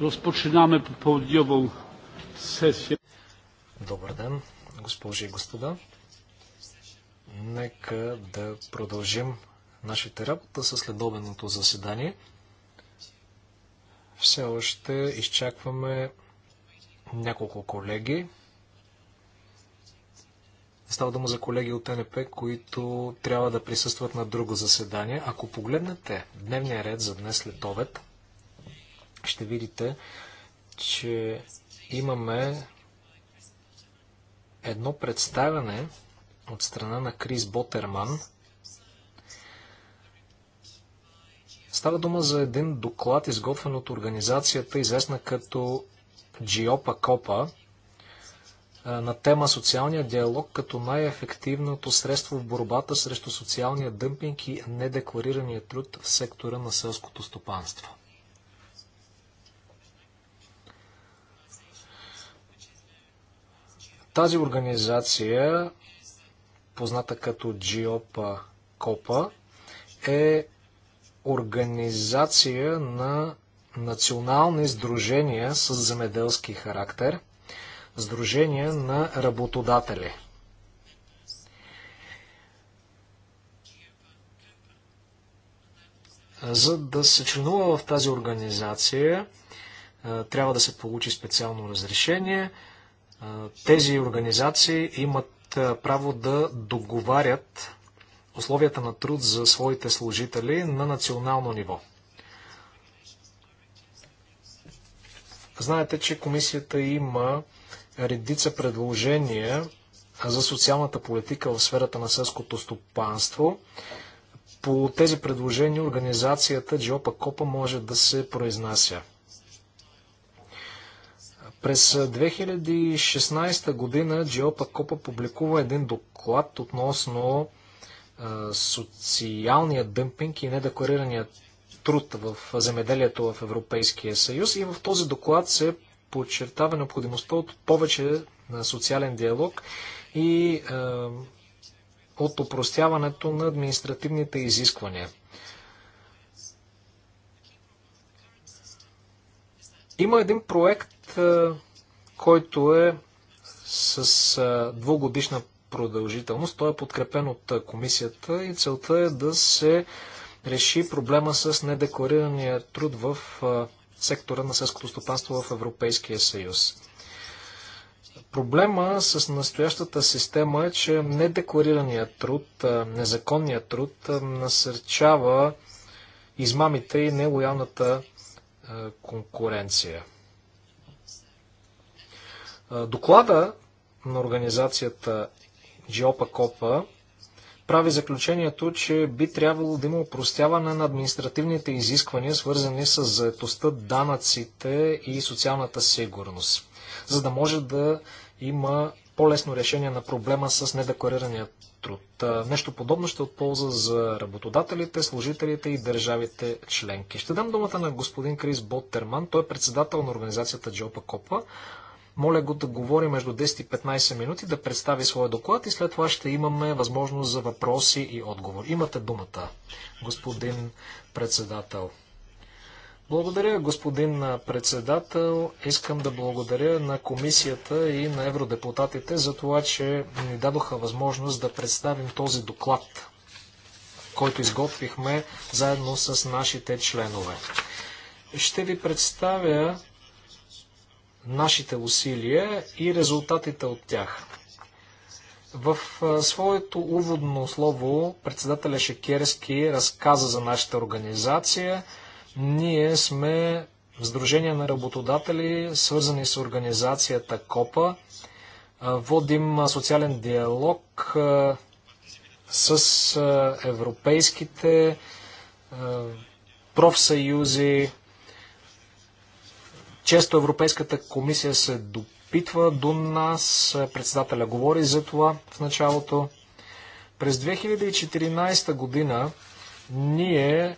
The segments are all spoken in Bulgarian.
Розпочинаме popołudniową сесия. Добър ден, госпожи и господа. Нека да продължим нашите работа със следобеното заседание. Все още изчакваме няколко колеги. Става дума за колеги от НП, които трябва да присъстват на друго заседание. Ако погледнете дневния ред за днес след обед, ще видите, че имаме едно представяне от страна на Крис Ботерман. Става дума за един доклад, изготвен от организацията, известна като Джиопа Копа, на тема социалния диалог като най-ефективното средство в борбата срещу социалния дъмпинг и недекларирания труд в сектора на селското стопанство. Тази организация, позната като GOPA КОПА, е организация на национални сдружения с земеделски характер, сдружения на работодатели. За да се членува в тази организация, трябва да се получи специално разрешение – тези организации имат право да договарят условията на труд за своите служители на национално ниво. Знаете, че комисията има редица предложения за социалната политика в сферата на сълското стопанство. По тези предложения организацията Джопа Копа може да се произнася. През 2016 година Джиопа Копа публикува един доклад относно социалния дъмпинг и недекларирания труд в земеделието в Европейския съюз и в този доклад се подчертава необходимостта от повече на социален диалог и е, от упростяването на административните изисквания. Има един проект е, който е с е, двугодишна продължителност. Той е подкрепен от е, комисията и целта е да се реши проблема с недекларирания труд в сектора на селското стопанство в Европейския съюз. Проблема с настоящата система е, че недекларираният труд, незаконният труд насърчава измамите и нелоялната конкуренция. Доклада на организацията Джиопа Копа прави заключението, че би трябвало да има упростяване на административните изисквания, свързани с заетостта, данъците и социалната сигурност, за да може да има по-лесно решение на проблема с недекларирания труд. Нещо подобно ще е от полза за работодателите, служителите и държавите членки. Ще дам думата на господин Крис Боттерман. Той е председател на организацията Джопа Копа. Моля го да говори между 10 и 15 минути, да представи своя доклад и след това ще имаме възможност за въпроси и отговор. Имате думата, господин председател. Благодаря, господин председател. Искам да благодаря на комисията и на евродепутатите за това, че ни дадоха възможност да представим този доклад, който изготвихме заедно с нашите членове. Ще ви представя нашите усилия и резултатите от тях. В своето уводно слово председателя Шекерски разказа за нашата организация. Ние сме в Сдружение на работодатели, свързани с организацията КОПА. Водим социален диалог с европейските профсъюзи, често Европейската комисия се допитва до нас, председателя говори за това в началото. През 2014 година ние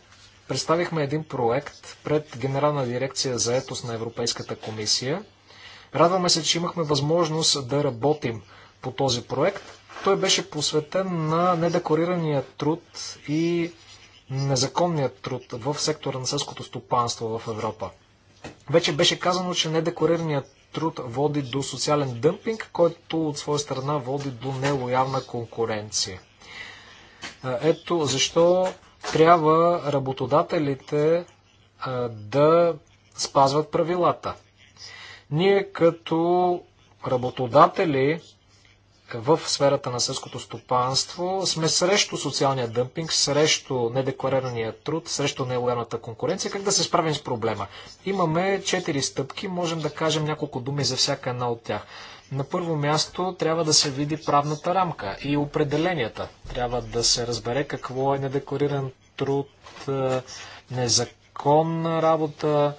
представихме един проект пред Генерална дирекция за етос на Европейската комисия. Радваме се, че имахме възможност да работим по този проект. Той беше посветен на недекорирания труд и незаконният труд в сектора на сълското стопанство в Европа. Вече беше казано, че недекорираният труд води до социален дъмпинг, който от своя страна води до нелоялна конкуренция. Ето защо трябва работодателите да спазват правилата. Ние като работодатели в сферата на сърското стопанство сме срещу социалния дъмпинг, срещу недекларирания труд, срещу нелоялната конкуренция. Как да се справим с проблема? Имаме четири стъпки, можем да кажем няколко думи за всяка една от тях. На първо място трябва да се види правната рамка и определенията. Трябва да се разбере какво е недеклариран труд, е, незаконна работа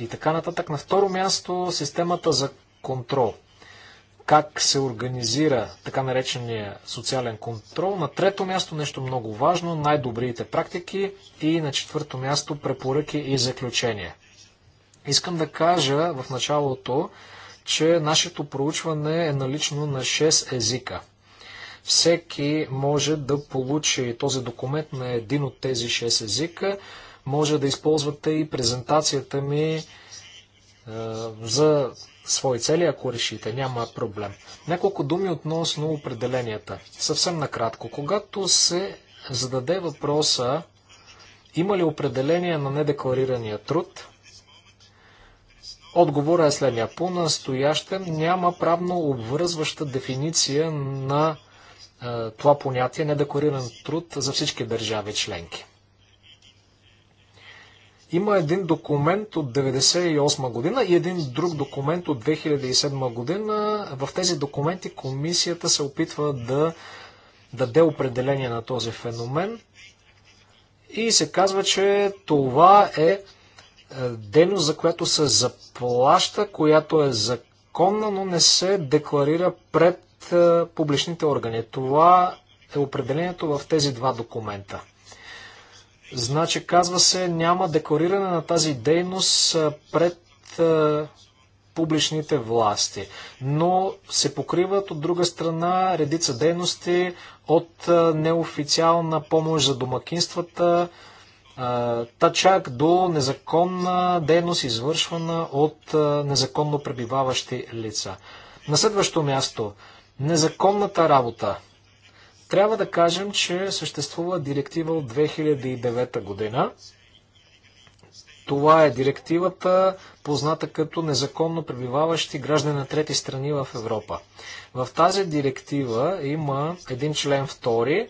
и така нататък. На второ място системата за контрол как се организира така наречения социален контрол. На трето място нещо много важно най-добрите практики и на четвърто място препоръки и заключения. Искам да кажа в началото, че нашето проучване е налично на 6 езика. Всеки може да получи този документ на един от тези 6 езика. Може да използвате и презентацията ми е, за свои цели, ако решите. Няма проблем. Няколко думи относно определенията. Съвсем накратко. Когато се зададе въпроса има ли определение на недекларирания труд, отговорът е следния. По настоящем няма правно обвързваща дефиниция на е, това понятие недеклариран труд за всички държави членки. Има един документ от 1998 година и един друг документ от 2007 година. В тези документи комисията се опитва да даде определение на този феномен и се казва, че това е, е дейност, за която се заплаща, която е законна, но не се декларира пред е, публичните органи. Това е определението в тези два документа. Значи, казва се, няма декориране на тази дейност пред публичните власти, но се покриват от друга страна редица дейности от неофициална помощ за домакинствата, чак до незаконна дейност, извършвана от незаконно пребиваващи лица. На следващо място, незаконната работа. Трябва да кажем, че съществува директива от 2009 година. Това е директивата, позната като незаконно пребиваващи граждани на трети страни в Европа. В тази директива има един член втори,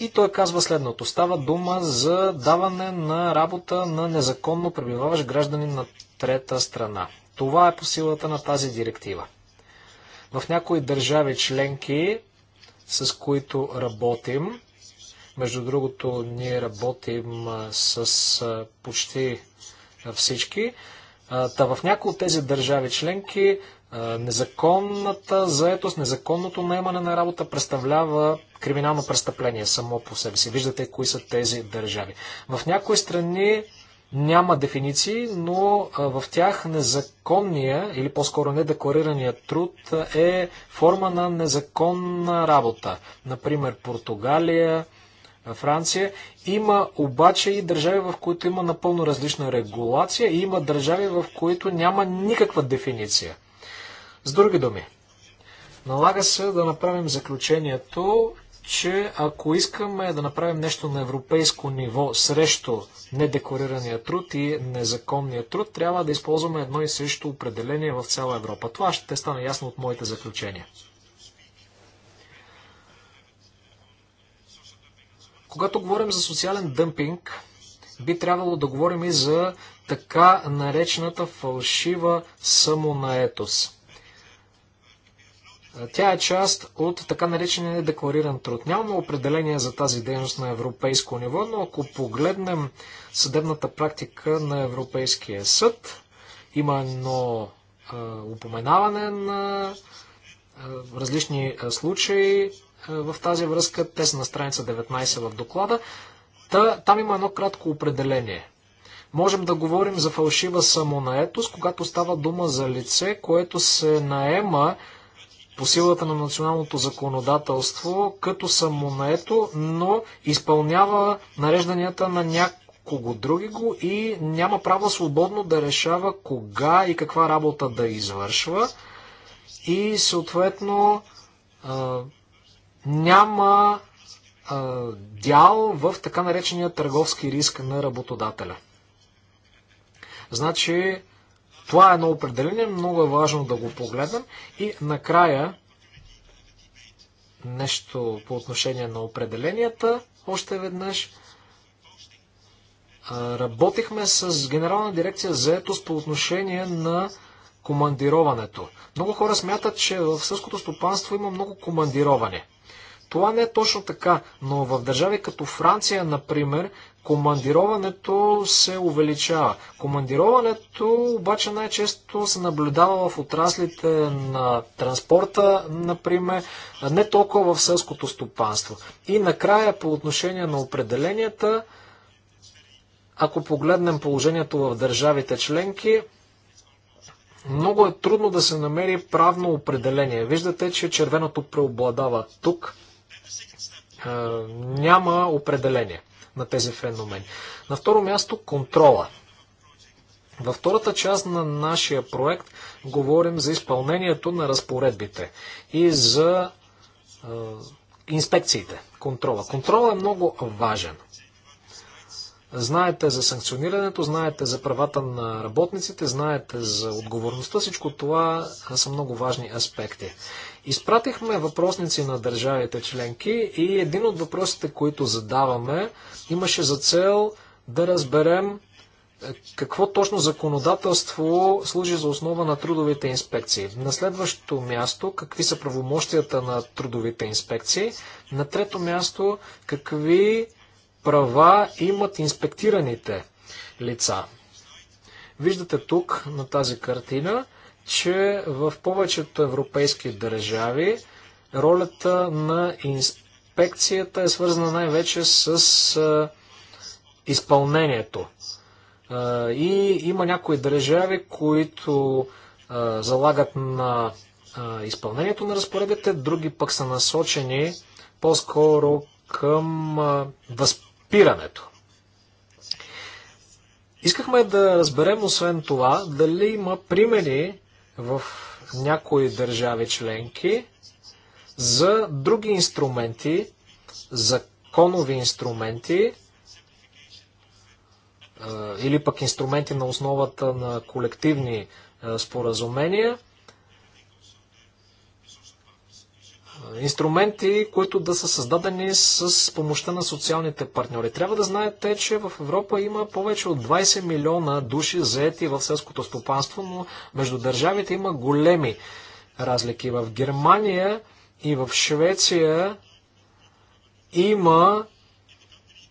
и той казва следното. Става дума за даване на работа на незаконно пребиваващ гражданин на трета страна. Това е по силата на тази директива. В някои държави членки с които работим. Между другото, ние работим с почти всички. Та в някои от тези държави членки незаконната заетост, незаконното наемане на работа представлява криминално престъпление само по себе си. Виждате кои са тези държави. В някои страни няма дефиниции, но в тях незаконния или по-скоро недекларирания труд е форма на незаконна работа. Например, Португалия, Франция. Има обаче и държави, в които има напълно различна регулация и има държави, в които няма никаква дефиниция. С други думи, налага се да направим заключението, че ако искаме да направим нещо на европейско ниво срещу недекларирания труд и незаконния труд, трябва да използваме едно и също определение в цяла Европа. Това ще стане ясно от моите заключения. Когато говорим за социален дъмпинг, би трябвало да говорим и за така наречената фалшива самонаетост. Тя е част от така наречения недеклариран труд. Нямаме определение за тази дейност на европейско ниво, но ако погледнем съдебната практика на Европейския съд, има едно а, упоменаване на а, различни а, случаи в тази връзка. Те са на страница 19 в доклада. Та, там има едно кратко определение. Можем да говорим за фалшива самонаетост, когато става дума за лице, което се наема по силата на националното законодателство като самонаето, но изпълнява нарежданията на някого други го и няма право свободно да решава кога и каква работа да извършва и съответно няма дял в така наречения търговски риск на работодателя. Значи, това е едно определение, много е важно да го погледнем. И накрая, нещо по отношение на определенията, още веднъж. Работихме с Генерална дирекция за етос по отношение на командироването. Много хора смятат, че в сълското стопанство има много командироване. Това не е точно така, но в държави като Франция, например, командироването се увеличава. Командироването обаче най-често се наблюдава в отраслите на транспорта, например, не толкова в селското стопанство. И накрая по отношение на определенията, ако погледнем положението в държавите членки, много е трудно да се намери правно определение. Виждате, че червеното преобладава тук няма определение на тези феномени. На второ място контрола. Във втората част на нашия проект говорим за изпълнението на разпоредбите и за е, инспекциите, контрола. Контрола е много важен. Знаете за санкционирането, знаете за правата на работниците, знаете за отговорността. Всичко това са много важни аспекти. Изпратихме въпросници на държавите членки и един от въпросите, които задаваме, имаше за цел да разберем е, какво точно законодателство служи за основа на трудовите инспекции? На следващото място, какви са правомощията на трудовите инспекции? На трето място, какви права имат инспектираните лица? Виждате тук на тази картина че в повечето европейски държави ролята на инспекцията е свързана най-вече с изпълнението. И има някои държави, които залагат на изпълнението на разпоредбите, други пък са насочени по-скоро към възпирането. Искахме да разберем, освен това, дали има примери в някои държави членки за други инструменти, законови инструменти е, или пък инструменти на основата на колективни е, споразумения – инструменти, които да са създадени с помощта на социалните партньори. Трябва да знаете, че в Европа има повече от 20 милиона души заети в селското стопанство, но между държавите има големи разлики. В Германия и в Швеция има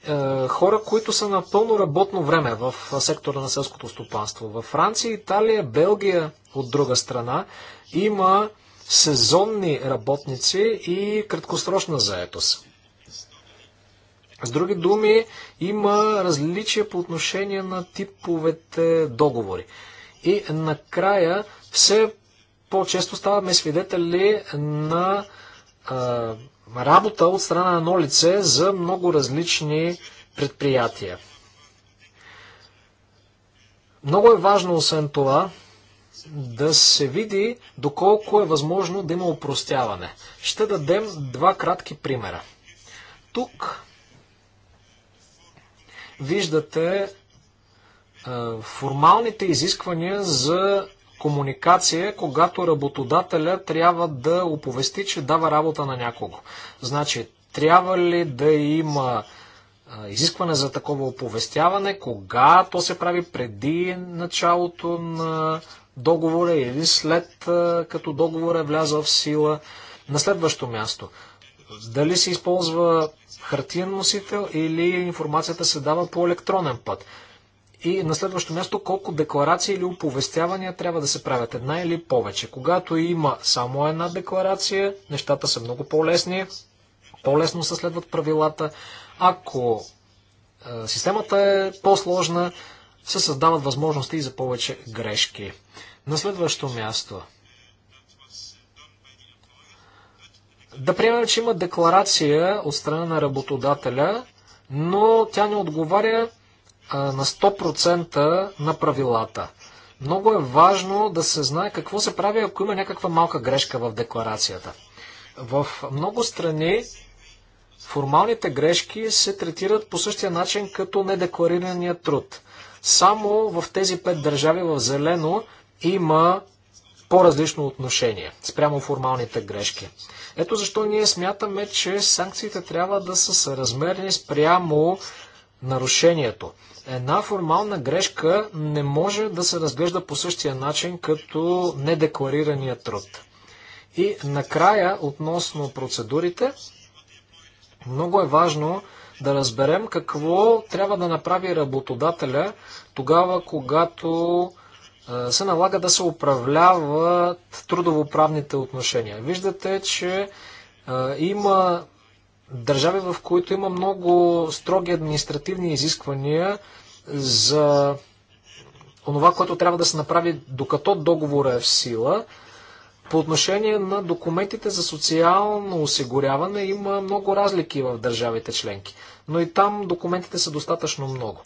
е, хора, които са на пълно работно време в сектора на селското стопанство. Във Франция, Италия, Белгия, от друга страна, има сезонни работници и краткосрочна заетост. С други думи, има различия по отношение на типовете договори. И накрая все по-често ставаме свидетели на а, работа от страна на едно лице за много различни предприятия. Много е важно, освен това, да се види доколко е възможно да има упростяване. Ще дадем два кратки примера. Тук виждате е, формалните изисквания за комуникация, когато работодателя трябва да оповести, че дава работа на някого. Значи, трябва ли да има е, изискване за такова оповестяване, кога то се прави преди началото на договора или след като договор е влязъл в сила. На следващо място, дали се използва хартиен носител или информацията се дава по електронен път. И на следващо място, колко декларации или оповестявания трябва да се правят, една или повече. Когато има само една декларация, нещата са много по-лесни, по-лесно се следват правилата. Ако е, системата е по-сложна, се създават възможности и за повече грешки. На следващо място. Да приемем, че има декларация от страна на работодателя, но тя не отговаря а, на 100% на правилата. Много е важно да се знае какво се прави, ако има някаква малка грешка в декларацията. В много страни формалните грешки се третират по същия начин като недекларирания труд. Само в тези пет държави в зелено има по-различно отношение спрямо формалните грешки. Ето защо ние смятаме, че санкциите трябва да са съразмерни спрямо нарушението. Една формална грешка не може да се разглежда по същия начин като недекларирания труд. И накрая, относно процедурите, много е важно да разберем какво трябва да направи работодателя тогава, когато се налага да се управляват трудовоправните отношения. Виждате, че има държави, в които има много строги административни изисквания за онова, което трябва да се направи докато договора е в сила. По отношение на документите за социално осигуряване има много разлики в държавите членки, но и там документите са достатъчно много.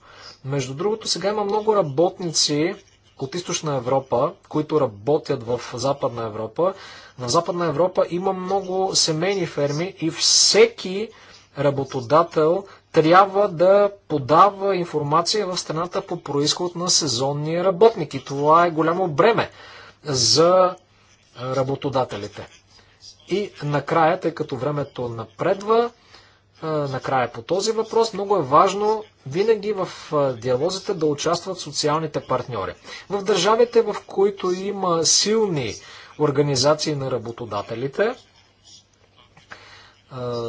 Между другото, сега има много работници от източна Европа, които работят в Западна Европа. В Западна Европа има много семейни ферми и всеки работодател трябва да подава информация в страната по происход на сезонния работник. И това е голямо бреме за работодателите. И накрая, тъй като времето напредва, накрая по този въпрос, много е важно винаги в диалозите да участват социалните партньори. В държавите, в които има силни организации на работодателите,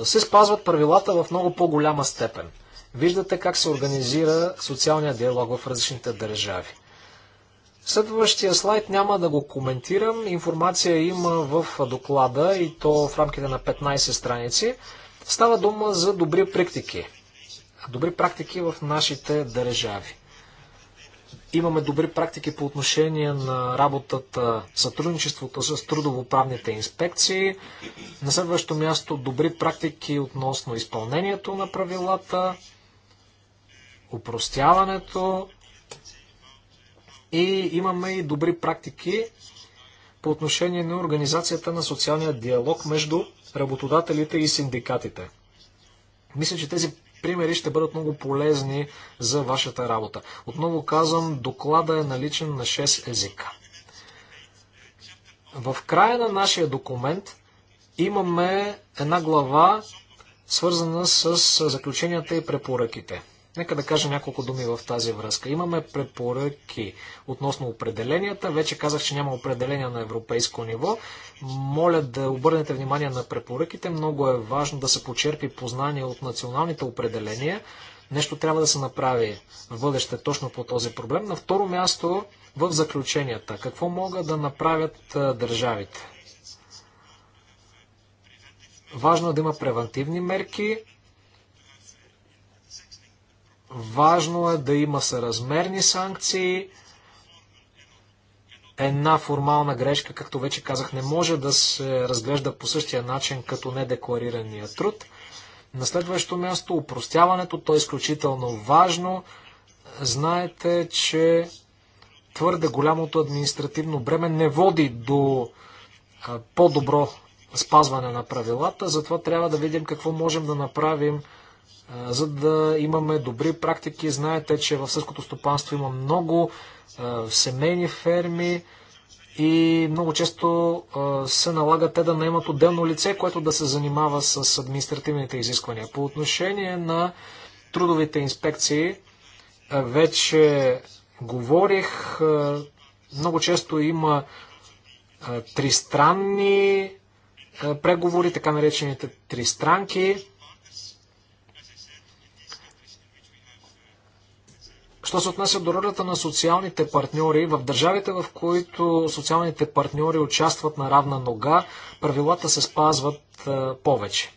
се спазват правилата в много по-голяма степен. Виждате как се организира социалния диалог в различните държави. Следващия слайд няма да го коментирам. Информация има в доклада и то в рамките на 15 страници. Става дума за добри практики. Добри практики в нашите държави. Имаме добри практики по отношение на работата, сътрудничеството с трудовоправните инспекции. На следващо място добри практики относно изпълнението на правилата, упростяването, и имаме и добри практики по отношение на организацията на социалния диалог между работодателите и синдикатите. Мисля, че тези примери ще бъдат много полезни за вашата работа. Отново казвам, доклада е наличен на 6 езика. В края на нашия документ имаме една глава, свързана с заключенията и препоръките. Нека да кажа няколко думи в тази връзка. Имаме препоръки относно определенията. Вече казах, че няма определения на европейско ниво. Моля да обърнете внимание на препоръките. Много е важно да се почерпи познание от националните определения. Нещо трябва да се направи в бъдеще точно по този проблем. На второ място в заключенията. Какво могат да направят държавите? Важно е да има превентивни мерки, Важно е да има съразмерни санкции. Една формална грешка, както вече казах, не може да се разглежда по същия начин като недекларирания труд. На следващо място, упростяването, то е изключително важно. Знаете, че твърде голямото административно бреме не води до по-добро спазване на правилата, затова трябва да видим какво можем да направим за да имаме добри практики. Знаете, че в сърското стопанство има много семейни ферми и много често се налага те да наемат отделно лице, което да се занимава с административните изисквания. По отношение на трудовите инспекции, вече говорих, много често има тристранни преговори, така наречените тристранки. Що се отнася до ролята на социалните партньори, в държавите, в които социалните партньори участват на равна нога, правилата се спазват повече.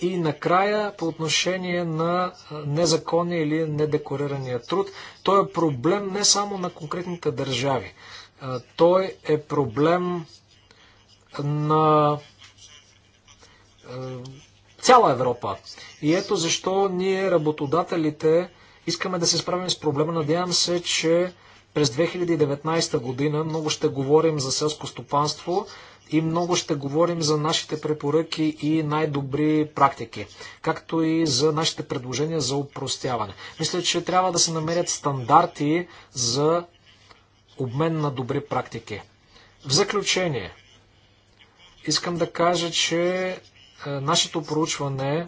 И накрая, по отношение на незаконния или недекорирания труд, той е проблем не само на конкретните държави. той е проблем на цяла Европа. И ето защо ние, работодателите, Искаме да се справим с проблема. Надявам се, че през 2019 година много ще говорим за селско стопанство и много ще говорим за нашите препоръки и най-добри практики, както и за нашите предложения за упростяване. Мисля, че трябва да се намерят стандарти за обмен на добри практики. В заключение, искам да кажа, че е, нашето проучване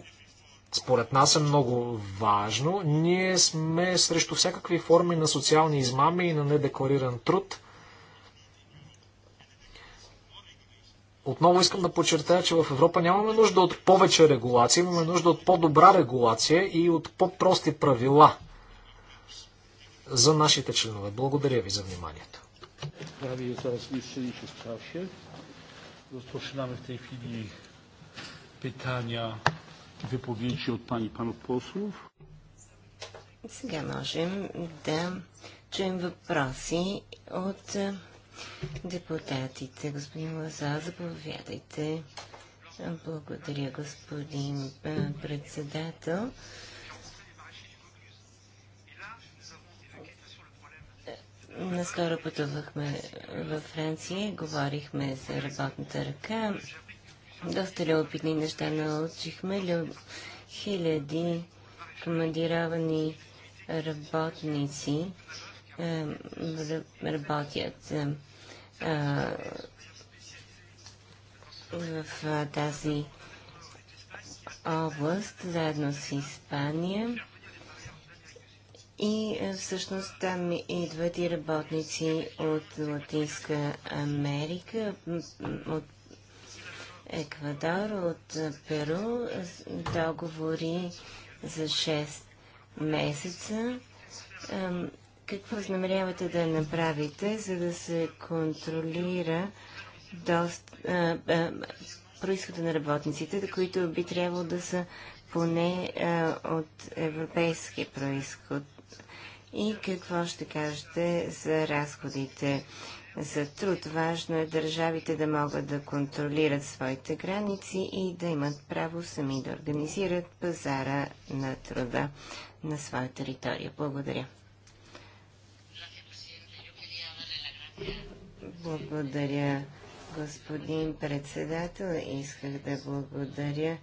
според нас е много важно. Ние сме срещу всякакви форми на социални измами и на недеклариран труд. Отново искам да подчертая, че в Европа нямаме нужда от повече регулация, имаме нужда от по-добра регулация и от по-прости правила за нашите членове. Благодаря ви за вниманието wypowiedzi od pani i panów posłów. Сега можем да чуем въпроси от е, депутатите. Господин Лаза, заповядайте. Благодаря, господин е, председател. Наскоро пътувахме във Франция, говорихме за работната ръка. Доста любопитни неща научихме. Хиляди командировани работници е, работят е, в тази област, заедно с Испания. И е, всъщност там идват и работници от Латинска Америка, от Еквадор от Перу договори за 6 месеца. Какво възнамерявате да направите, за да се контролира доста, а, а, происхода на работниците, които би трябвало да са поне а, от европейски происход? И какво ще кажете за разходите за труд. Важно е държавите да могат да контролират своите граници и да имат право сами да организират пазара на труда на своя територия. Благодаря. Благодаря, господин председател. Исках да благодаря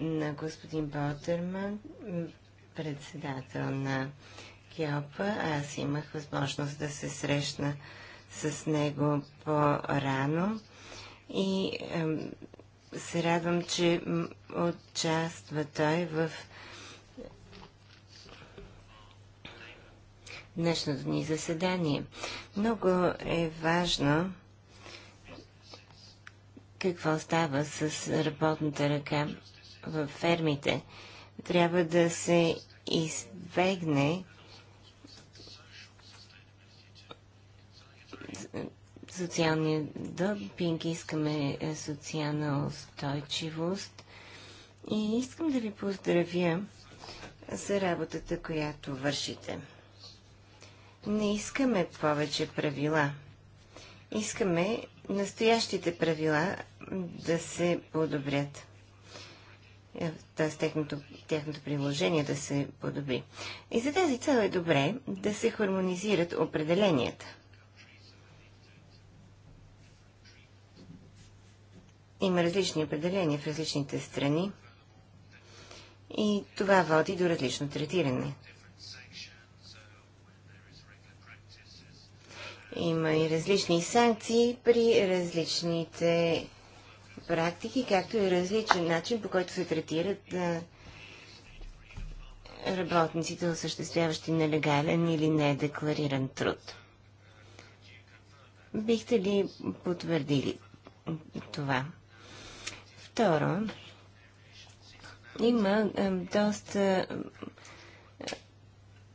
на господин Ботерман, председател на КИОПа. Аз имах възможност да се срещна с него по-рано и се радвам, че участва той в днешното ни заседание. Много е важно какво става с работната ръка в фермите. Трябва да се избегне социалния допинг, искаме е, социална устойчивост. И искам да ви поздравя за работата, която вършите. Не искаме повече правила. Искаме настоящите правила да се подобрят. Е, т.е. тяхното приложение да се подобри. И за тази цел е добре да се хармонизират определенията – Има различни определения в различните страни и това води до различно третиране. Има и различни санкции при различните практики, както и различен начин, по който се третират работниците, осъществяващи нелегален или недеклариран труд. Бихте ли потвърдили това? Второ, има е, доста е,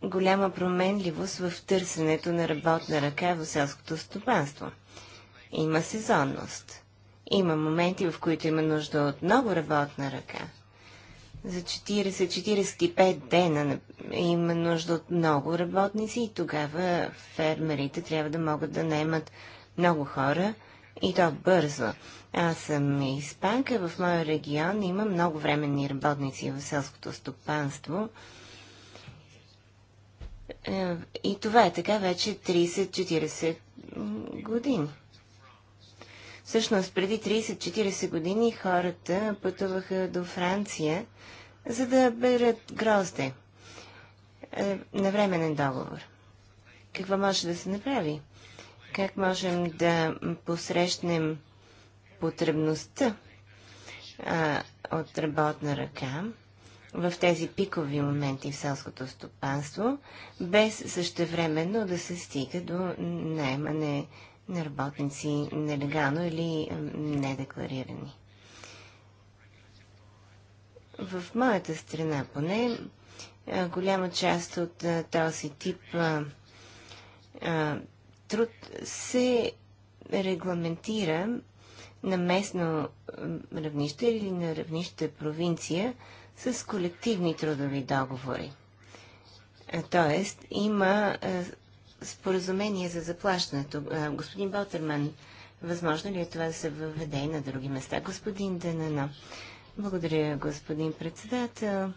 голяма променливост в търсенето на работна ръка в селското стопанство. Има сезонност. Има моменти, в които има нужда от много работна ръка. За 40-45 дена има нужда от много работници и тогава фермерите трябва да могат да наймат много хора и то бързо. Аз съм испанка, в моя регион има много временни работници в селското стопанство. Е, и това е така вече 30-40 години. Всъщност, преди 30-40 години хората пътуваха до Франция, за да берат грозде е, на временен договор. Какво може да се направи? как можем да посрещнем потребността а, от работна ръка в тези пикови моменти в селското стопанство, без същевременно да се стига до найемане на работници нелегално или недекларирани. В моята страна поне голяма част от този тип а, а, труд се регламентира на местно равнище или на равнище провинция с колективни трудови договори. Е, тоест, има е, споразумение за заплащането. Е, господин Балтерман, възможно ли е това да се въведе и на други места? Господин Денано. Благодаря, господин председател.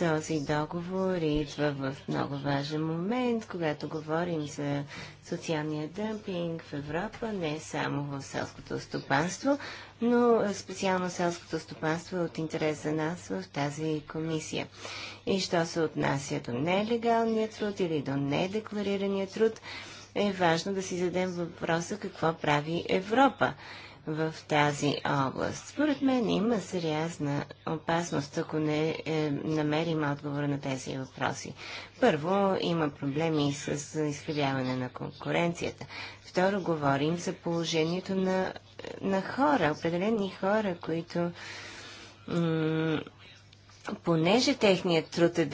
Този договор идва в много важен момент, когато говорим за социалния дъмпинг в Европа, не само в селското стопанство, но специално селското стопанство е от интерес за нас в тази комисия. И що се отнася до нелегалния труд или до недекларирания труд, е важно да си зададем въпроса какво прави Европа в тази област. Според мен има сериозна опасност, ако не е, намерим отговора на тези въпроси. Първо, има проблеми с изкривяване на конкуренцията. Второ, говорим за положението на, на хора, определени хора, които понеже техният труд е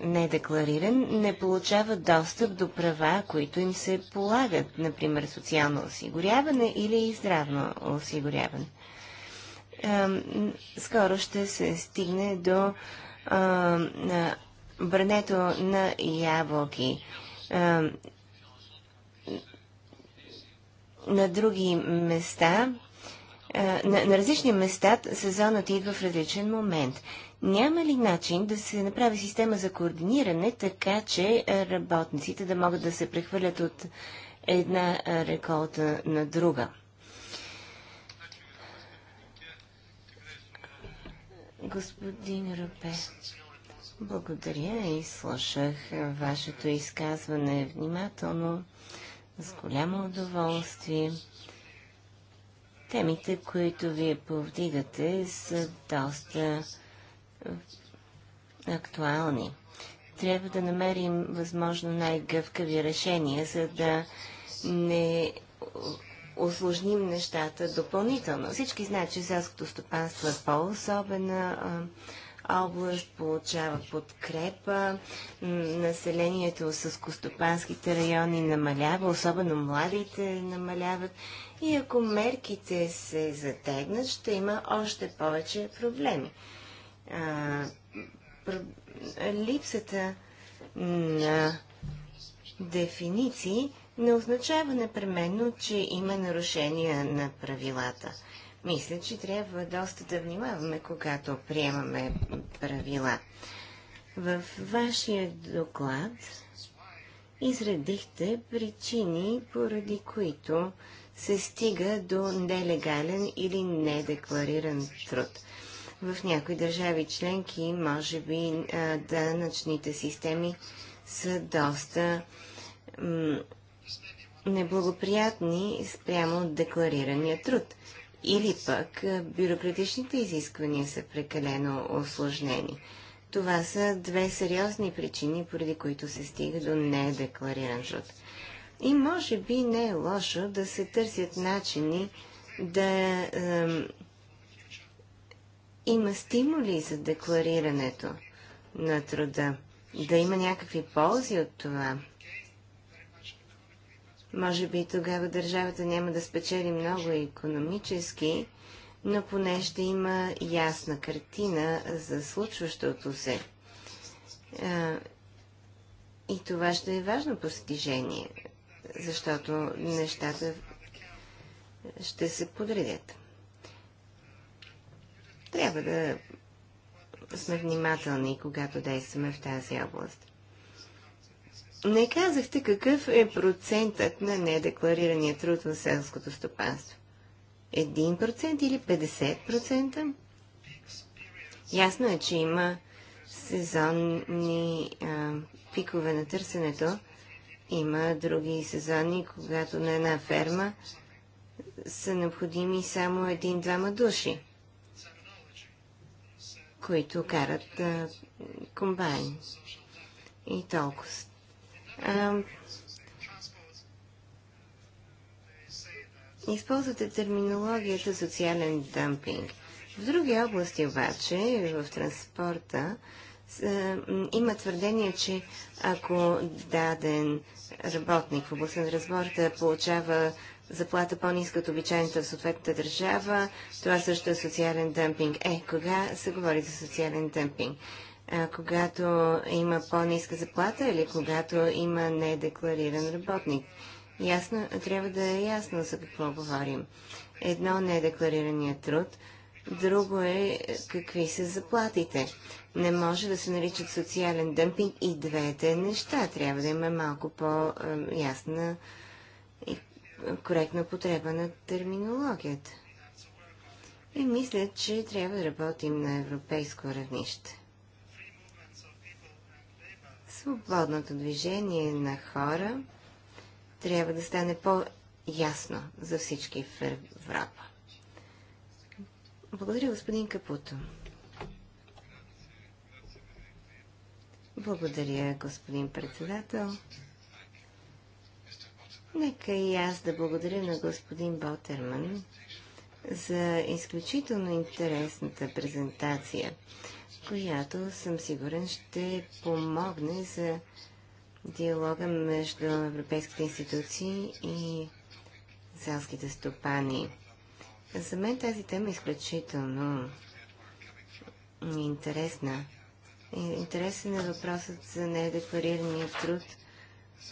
недеклариран, не получават достъп до права, които им се полагат, например социално осигуряване или здравно осигуряване. Скоро ще се стигне до брането на ябълки. На други места на, на различни места сезонът идва в различен момент. Няма ли начин да се направи система за координиране, така че работниците да могат да се прехвърлят от една реколта на друга? Господин Рупе, благодаря и слушах вашето изказване внимателно, с голямо удоволствие. Темите, които вие повдигате, са доста актуални. Трябва да намерим възможно най-гъвкави решения, за да не осложним нещата допълнително. Всички знаят, че селското стопанство е по-особена област, получава подкрепа, населението с костопанските райони намалява, особено младите намаляват и ако мерките се затегнат, ще има още повече проблеми липсата на дефиниции не означава непременно, че има нарушения на правилата. Мисля, че трябва доста да внимаваме, когато приемаме правила. В вашия доклад изредихте причини, поради които се стига до нелегален или недеклариран труд. В някои държави членки, може би, данъчните системи са доста неблагоприятни спрямо декларирания труд. Или пък бюрократичните изисквания са прекалено осложнени. Това са две сериозни причини, поради които се стига до недеклариран труд. И може би не е лошо да се търсят начини да има стимули за декларирането на труда, да има някакви ползи от това. Може би тогава държавата няма да спечели много економически, но поне ще има ясна картина за случващото се. и това ще е важно постижение, защото нещата ще се подредят. Трябва да сме внимателни, когато действаме в тази област. Не казахте какъв е процентът на недекларирания труд в селското стопанство. 1% или 50%? Ясно е, че има сезонни а, пикове на търсенето. Има други сезони, когато на една ферма са необходими само един-двама души които карат а, комбайн. И толкова. А, използвате терминологията социален дампинг. В други области обаче, в транспорта, има твърдение, че ако даден работник в областта на разборта получава заплата по-ниска от обичайната в съответната държава. Това също е социален демпинг. Е, кога се говори за социален демпинг? А, когато има по-ниска заплата или когато има недеклариран работник? Ясно, трябва да е ясно за какво говорим. Едно не е декларираният труд, друго е какви са заплатите. Не може да се наричат социален демпинг и двете неща. Трябва да има малко по-ясна и коректна потреба на терминологията. И мисля, че трябва да работим на европейско равнище. Свободното движение на хора трябва да стане по-ясно за всички в Европа. Благодаря, господин Капуто. Благодаря, господин председател. Нека и аз да благодаря на господин Ботерман за изключително интересната презентация, която съм сигурен ще помогне за диалога между европейските институции и селските стопани. За мен тази тема е изключително интересна. Интересен е въпросът за недекларирания труд –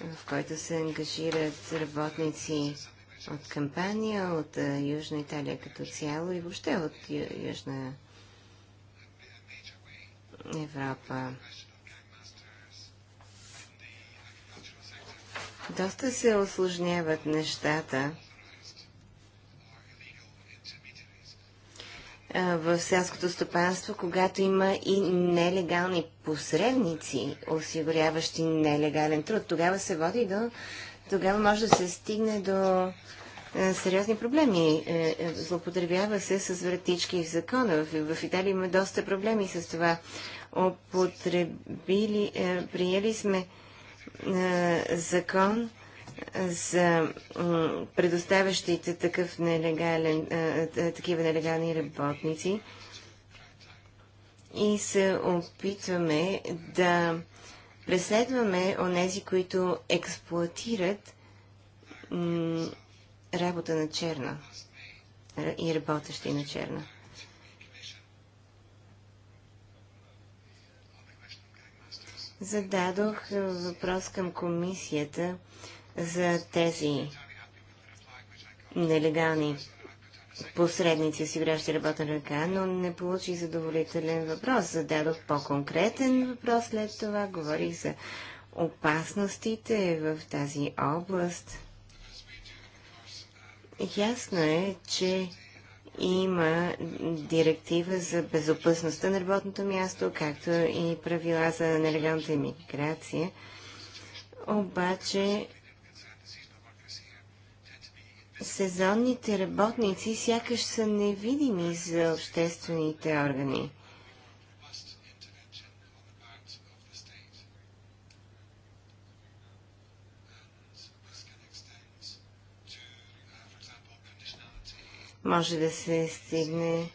в който се ангажират работници от Кампания, от Южна Италия като цяло и въобще от Южна Европа. Доста се осложняват нещата в селското стопанство, когато има и нелегални посредници, осигуряващи нелегален труд. Тогава се води до... Тогава може да се стигне до сериозни проблеми. Е, е, злоупотребява се с вратички в закона. В, Италия има доста проблеми с това. Употребили, е, приели сме закон, за предоставящите такъв нелегален, такива нелегални работници и се опитваме да преследваме онези, които експлуатират работа на черна и работещи на черна. Зададох въпрос към комисията за тези нелегални посредници, осигуряващи работна ръка, но не получих задоволителен въпрос. Зададох по-конкретен въпрос след това. Говорих за опасностите в тази област. Ясно е, че има директива за безопасността на работното място, както и правила за нелегалната иммиграция. Обаче сезонните работници сякаш са невидими за обществените органи. Може да се стигне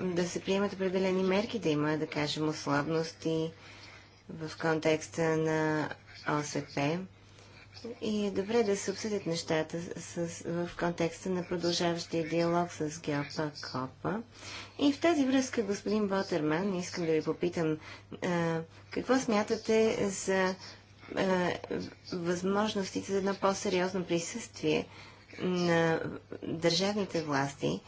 да се приемат определени мерки, да има, да кажем, условности в контекста на ОСП и е добре да се обсъдят нещата с, с, в контекста на продължаващия диалог с Геопа Копа. И в тази връзка, господин Ботерман, искам да ви попитам а, какво смятате за а, възможностите за едно по-сериозно присъствие на държавните власти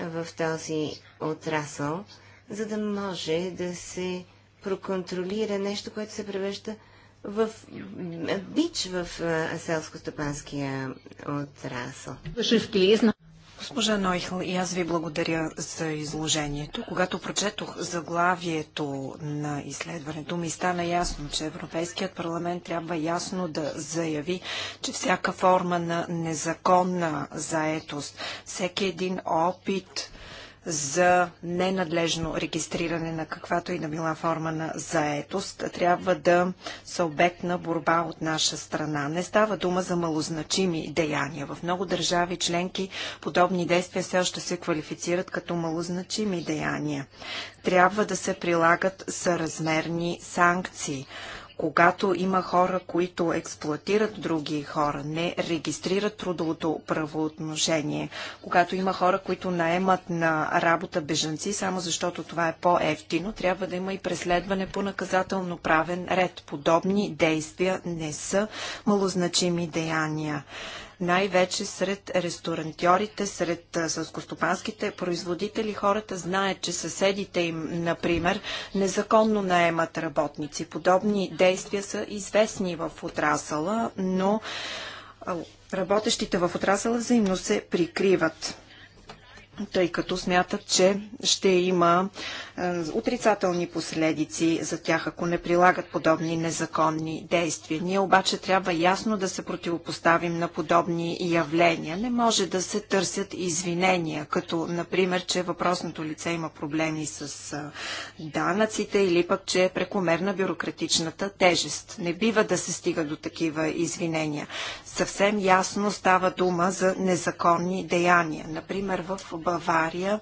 в този отрасъл, за да може да се проконтролира нещо, което се превежда в е, бич в е, селско-стопанския отрасъл. Госпожа Нойхл, и аз ви благодаря за изложението. Когато прочетох заглавието на изследването, ми стана ясно, че Европейският парламент трябва ясно да заяви, че всяка форма на незаконна заетост, всеки един опит за ненадлежно регистриране на каквато и да била форма на заетост трябва да са обект на борба от наша страна. Не става дума за малозначими деяния. В много държави членки подобни действия все още се квалифицират като малозначими деяния. Трябва да се прилагат съразмерни санкции когато има хора, които експлуатират други хора, не регистрират трудовото правоотношение, когато има хора, които наемат на работа бежанци, само защото това е по-ефтино, трябва да има и преследване по наказателно правен ред. Подобни действия не са малозначими деяния най-вече сред ресторантьорите, сред сълскостопанските производители. Хората знаят, че съседите им, например, незаконно наемат работници. Подобни действия са известни в отрасъла, но работещите в отрасъла взаимно се прикриват тъй като смятат, че ще има е, отрицателни последици за тях, ако не прилагат подобни незаконни действия. Ние обаче трябва ясно да се противопоставим на подобни явления. Не може да се търсят извинения, като например, че въпросното лице има проблеми с е, данъците или пък, че е прекомерна бюрократичната тежест. Не бива да се стига до такива извинения. Съвсем ясно става дума за незаконни деяния. Например, в Бавария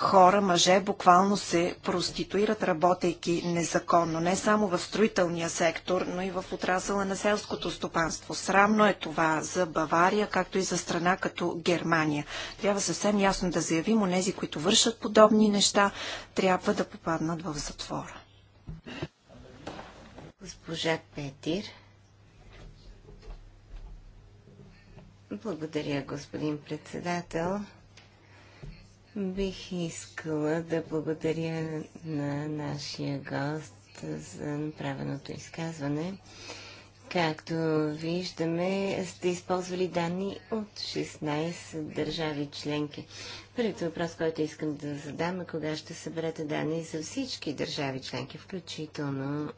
хора, мъже, буквално се проституират, работейки незаконно. Не само в строителния сектор, но и в отрасъла на селското стопанство. Срамно е това за Бавария, както и за страна като Германия. Трябва съвсем ясно да заявим, онези, които вършат подобни неща, трябва да попаднат в затвора. Госпожа Петир. Благодаря, господин председател. Бих искала да благодаря на нашия гост за направеното изказване. Както виждаме, сте използвали данни от 16 държави членки. Първият въпрос, който искам да задам е кога ще съберете данни за всички държави членки, включително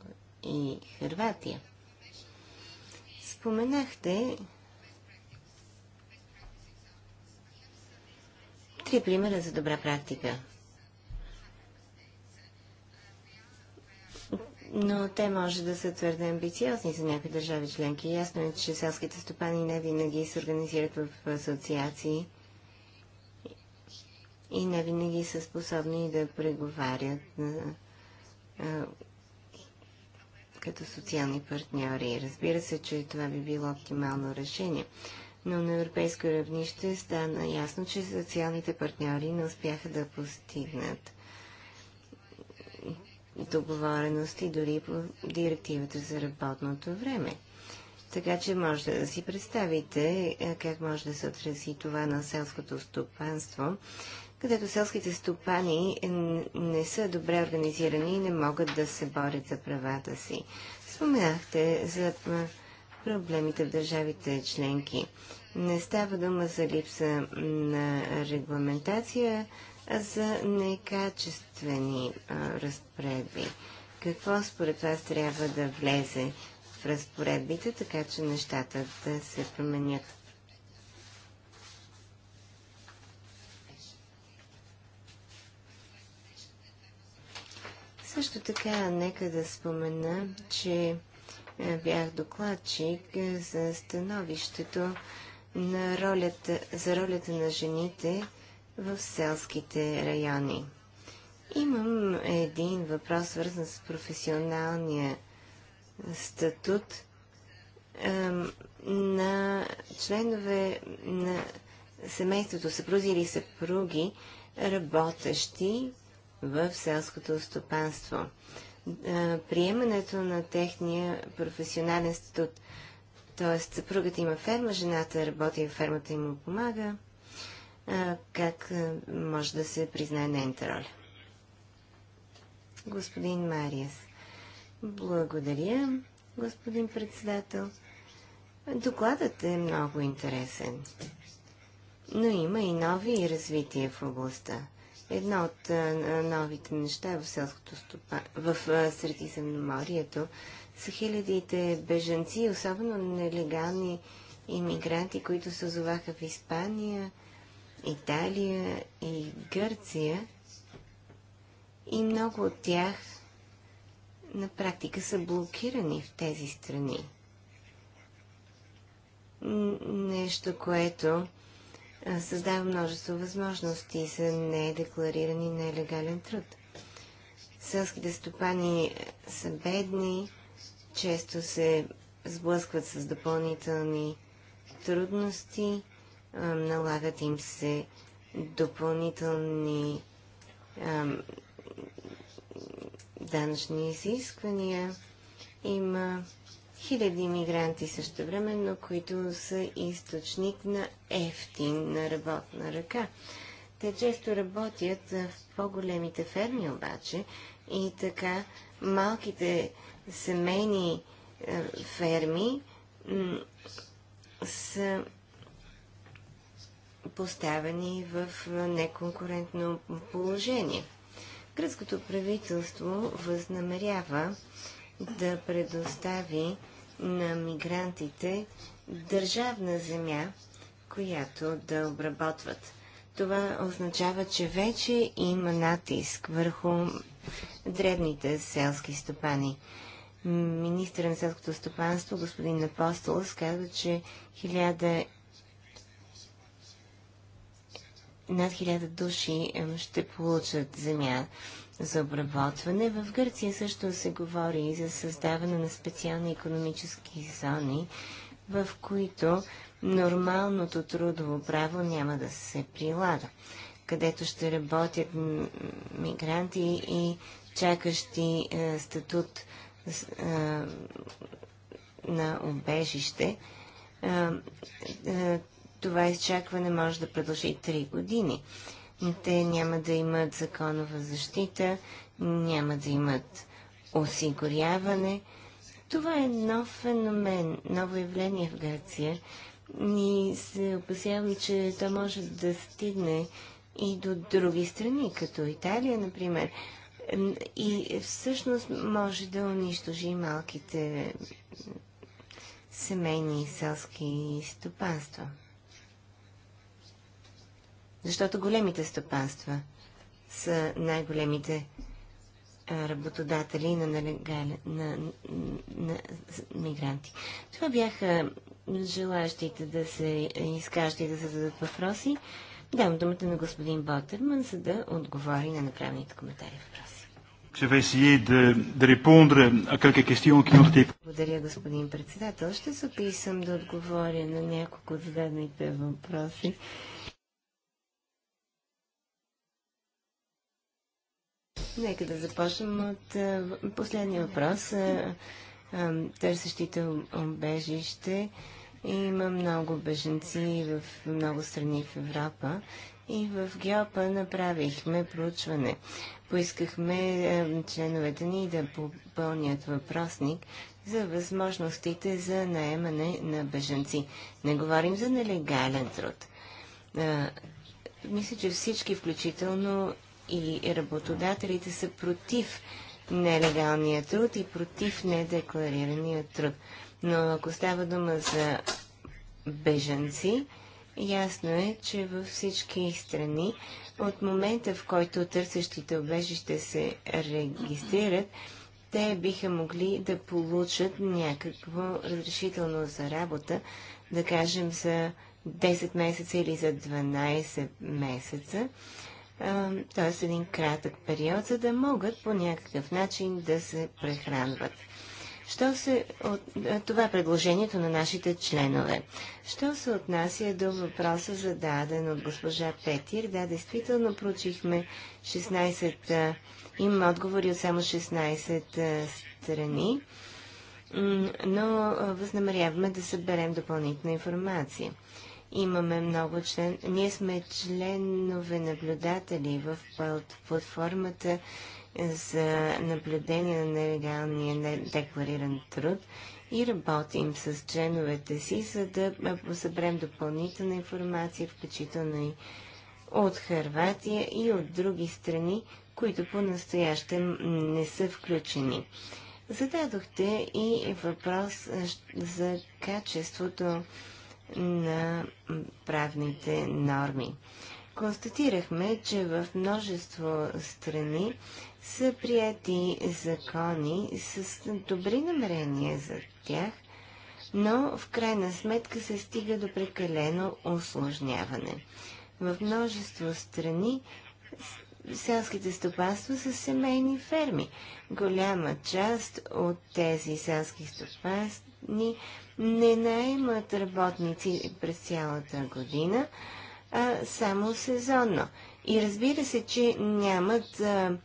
и Хрватия. Споменахте Три примера за добра практика. Но те може да са твърде амбициозни за някои държави членки. Ясно е, че селските стопани не винаги се организират в асоциации и не винаги са способни да преговарят а, като социални партньори. Разбира се, че това би било оптимално решение но на европейско равнище стана ясно, че социалните партньори не успяха да постигнат договорености дори по директивата за работното време. Така че може да си представите как може да се отрази това на селското стопанство, където селските стопани не са добре организирани и не могат да се борят за правата си. Споменахте за проблемите в държавите членки. Не става дума за липса на регламентация, а за некачествени разпоредби. Какво според вас трябва да влезе в разпоредбите, така че нещата да се променят? Също така, нека да спомена, че бях докладчик за становището на ролята, за ролята на жените в селските райони. Имам един въпрос, свързан с професионалния статут на членове на семейството, съпрузи или съпруги, работещи в селското стопанство приемането на техния професионален статут. Тоест, съпругата има ферма, жената работи в фермата и му помага. как може да се признае нейната роля? Господин Мариас. Благодаря, господин председател. Докладът е много интересен. Но има и нови развития в областта. Едно от новите неща е в селското стопа, в Средиземноморието са хилядите бежанци, особено нелегални иммигранти, които се озоваха в Испания, Италия и Гърция. И много от тях на практика са блокирани в тези страни. Нещо, което създава множество възможности за недеклариран и нелегален труд. Селските стопани са бедни, често се сблъскват с допълнителни трудности, налагат им се допълнителни ам, данъчни изисквания. Има хиляди мигранти също време, но които са източник на ефтин на работна ръка. Те често работят в по-големите ферми обаче и така малките семейни ферми са поставени в неконкурентно положение. Гръцкото правителство възнамерява да предостави на мигрантите държавна земя, която да обработват. Това означава, че вече има натиск върху дребните селски стопани. Министър на селското стопанство, господин Апостол, каза, че 1000... над хиляда души ще получат земя за обработване. В Гърция също се говори и за създаване на специални економически зони, в които нормалното трудово право няма да се прилага, където ще работят мигранти и чакащи е, статут е, на обежище. Е, това изчакване може да продължи 3 години те няма да имат законова защита, няма да имат осигуряване. Това е нов феномен, ново явление в Гърция. Ни се опасявам, че то може да стигне и до други страни, като Италия, например. И всъщност може да унищожи малките семейни и селски стопанства. Защото големите стопанства са най-големите работодатели на, нелегален, на, на, на мигранти. Това бяха желаящите да се изкажат и да се зададат въпроси. Дам думата на господин Ботерман, за да отговори на направените коментари въпроси. Благодаря, господин председател. Ще се опитам да отговоря на няколко от зададените въпроси. Нека да започнем от последния въпрос. Търсещите обежище. Има много беженци в много страни в Европа. И в Геопа направихме проучване. Поискахме членовете ни да попълнят въпросник за възможностите за наемане на беженци. Не говорим за нелегален труд. Мисля, че всички, включително и работодателите са против нелегалния труд и против недекларирания труд. Но ако става дума за бежанци, ясно е, че във всички страни от момента, в който търсещите обежище се регистрират, те биха могли да получат някакво разрешително за работа, да кажем за 10 месеца или за 12 месеца т.е. един кратък период, за да могат по някакъв начин да се прехранват. Що се от... Това е предложението на нашите членове. Що се отнася до въпроса зададен от госпожа Петир? Да, действително проучихме 16... Имам отговори от само 16 страни, но възнамеряваме да съберем допълнителна информация. Имаме много член... Ние сме членове наблюдатели в платформата за наблюдение на нелегалния деклариран труд и работим с членовете си, за да събрем допълнителна информация, включително и от Харватия и от други страни, които по-настоящем не са включени. Зададохте и въпрос за качеството на правните норми. Констатирахме, че в множество страни са прияти закони с добри намерения за тях, но в крайна сметка се стига до прекалено осложняване. В множество страни селските стопанства са семейни ферми. Голяма част от тези селски стопанства ни не наемат работници през цялата година, а само сезонно. И разбира се, че нямат а,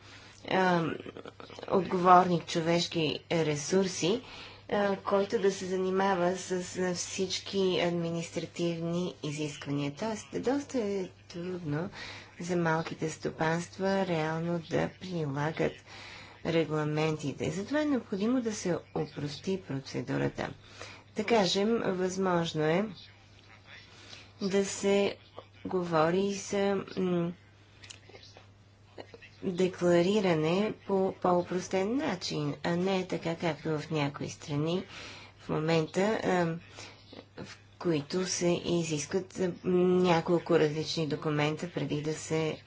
а, отговорни човешки ресурси, а, който да се занимава с, всички административни изисквания. Тоест, доста е трудно за малките стопанства реално да прилагат регламентите. Затова е необходимо да се опрости процедурата. Да кажем, възможно е да се говори за деклариране по по-упростен начин, а не така както в някои страни в момента, в които се изискват няколко различни документа преди да се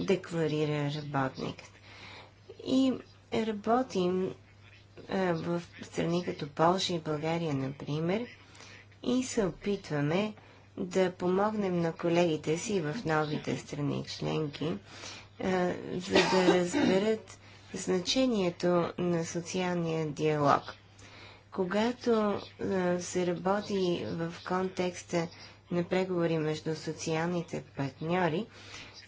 декларира работникът. И работим в страни като Польша и България, например, и се опитваме да помогнем на колегите си в новите страни членки, за да разберат значението на социалния диалог. Когато се работи в контекста на преговори между социалните партньори,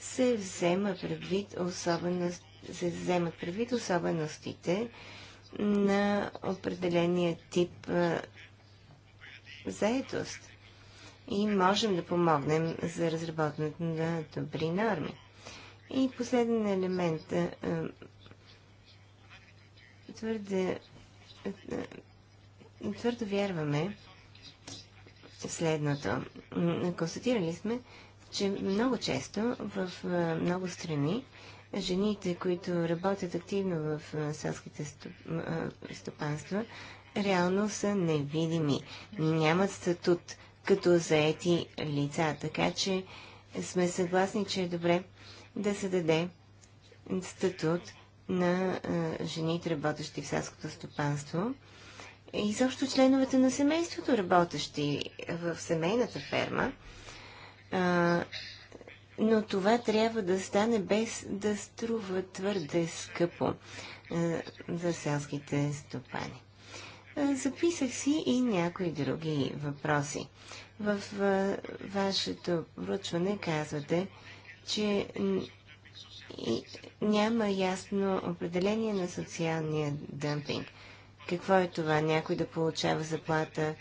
се, взема предвид особено, се вземат предвид особеностите на определения тип заетост, заедост и можем да помогнем за разработването на добри норми. И последен елемент. твърде, твърдо вярваме в следното. Констатирали сме, че много често в много страни жените, които работят активно в селските стопанства, реално са невидими. Нямат статут като заети лица. Така че сме съгласни, че е добре да се даде статут на жените, работещи в селското стопанство. И също членовете на семейството, работещи в семейната ферма, а, но това трябва да стане без да струва твърде скъпо а, за селските стопани. Записах си и някои други въпроси. В а, вашето вручване казвате, че няма ясно определение на социалния дъмпинг. Какво е това? Някой да получава заплата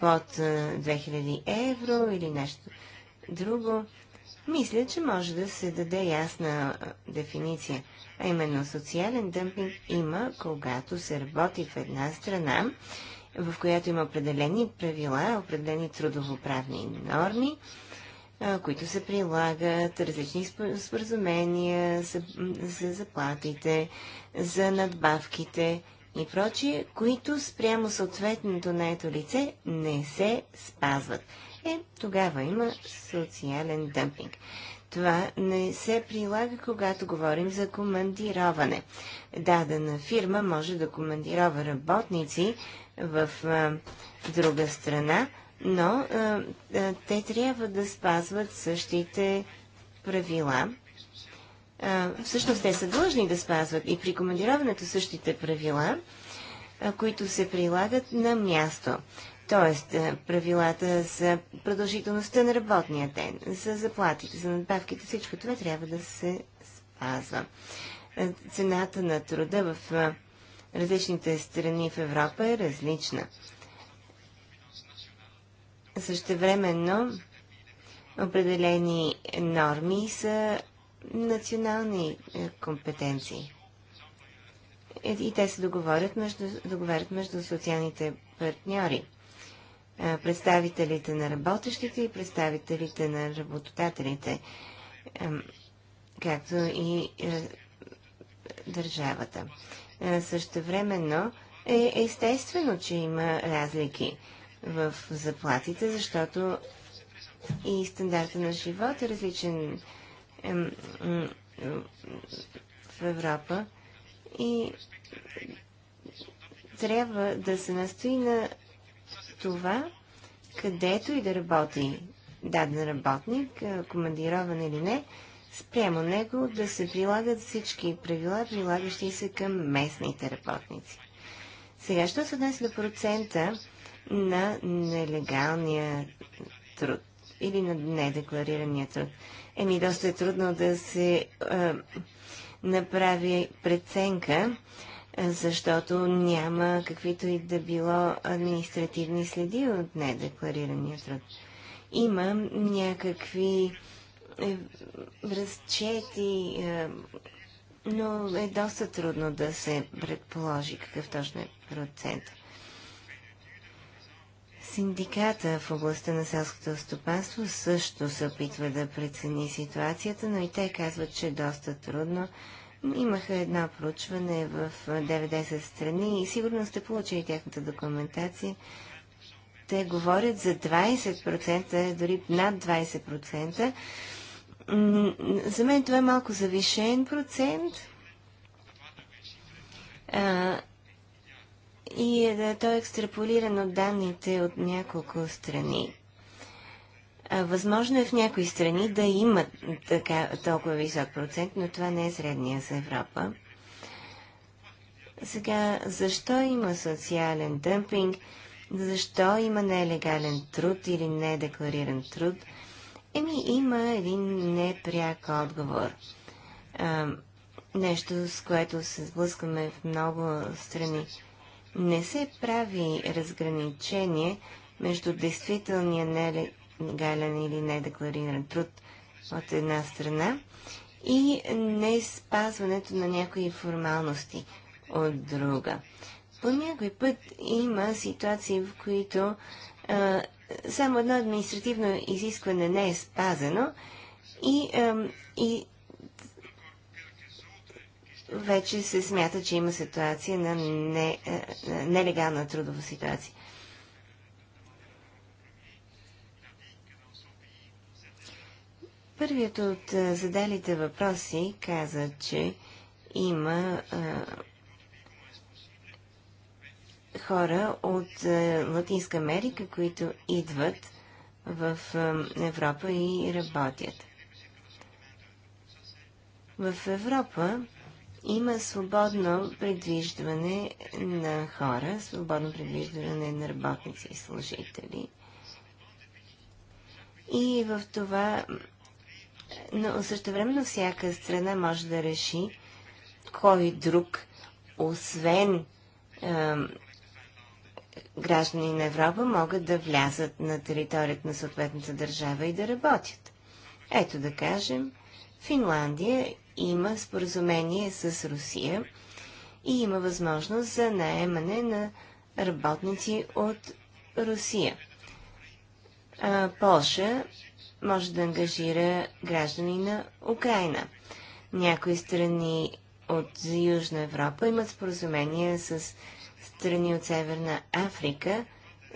под 2000 евро или нещо друго, мисля, че може да се даде ясна дефиниция. А именно социален дъмпинг има, когато се работи в една страна, в която има определени правила, определени трудовоправни норми, които се прилагат, различни споразумения за, за заплатите, за надбавките и прочие, които спрямо съответното наето лице не се спазват е тогава има социален дъмпинг. Това не се прилага, когато говорим за командироване. Дадена фирма може да командирова работници в а, друга страна, но а, а, те трябва да спазват същите правила. А, всъщност те са длъжни да спазват и при командироването същите правила, а, които се прилагат на място. Тоест, е, правилата за продължителността на работния ден, за заплатите, за надбавките, всичко това трябва да се спазва. Е, цената на труда в е, различните страни в Европа е различна. Същевременно, определени норми са национални компетенции. И те се договорят между, договарят между социалните партньори представителите на работещите и представителите на работодателите, както и държавата. Същевременно е естествено, че има разлики в заплатите, защото и стандарта на живот е различен в Европа и трябва да се настои на това, където и да работи даден работник, командирован или не, спрямо него да се прилагат всички правила, прилагащи се към местните работници. Сега, що се отнесе до процента на нелегалния труд или на недекларирания труд? Еми, доста е трудно да се е, направи преценка, защото няма каквито и да било административни следи от недекларирания труд. Има някакви е, разчети, е, но е доста трудно да се предположи какъв точно е процент. Синдиката в областта на селското стопанство също се опитва да прецени ситуацията, но и те казват, че е доста трудно Имаха едно проучване в 90 страни и сигурно сте получили тяхната документация. Те говорят за 20%, дори над 20%. За мен това е малко завишен процент. А, и е, да, той е екстраполиран от данните от няколко страни. Възможно е в някои страни да има така, толкова висок процент, но това не е средния за Европа. Сега, защо има социален дъмпинг? Защо има нелегален труд или недеклариран труд? Еми, има един непряк отговор. А, нещо, с което се сблъскваме в много страни. Не се прави разграничение между действителния нелегален легален или недеклариран труд от една страна и не спазването на някои формалности от друга. По някой път има ситуации, в които а, само едно административно изискване не е спазено и, а, и вече се смята, че има ситуация на, не, а, на нелегална трудова ситуация. Първият от задалите въпроси каза, че има а, хора от а, Латинска Америка, които идват в а, Европа и работят. В Европа има свободно предвиждане на хора, свободно предвиждане на работници и служители. И в това но също на всяка страна може да реши кой друг, освен е, граждани на Европа, могат да влязат на територията на съответната държава и да работят. Ето да кажем, Финландия има споразумение с Русия и има възможност за наемане на работници от Русия. А, Полша може да ангажира граждани на Украина. Някои страни от Южна Европа имат споразумения с страни от Северна Африка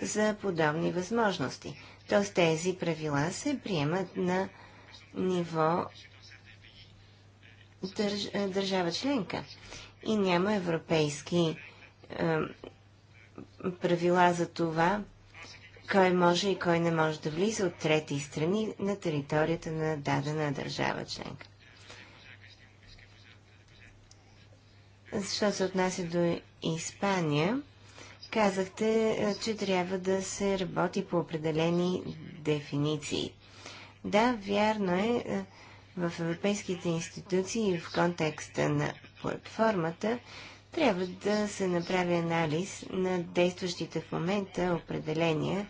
за подобни възможности. Тоест тези правила се приемат на ниво държ... Е, държава членка и няма европейски е, правила за това кой може и кой не може да влиза от трети страни на територията на дадена държава членка. Защо се отнася до Испания, казахте, е, че трябва да се работи по определени дефиниции. Да, вярно е, е в европейските институции и в контекста на платформата трябва да се направи анализ на действащите в момента определения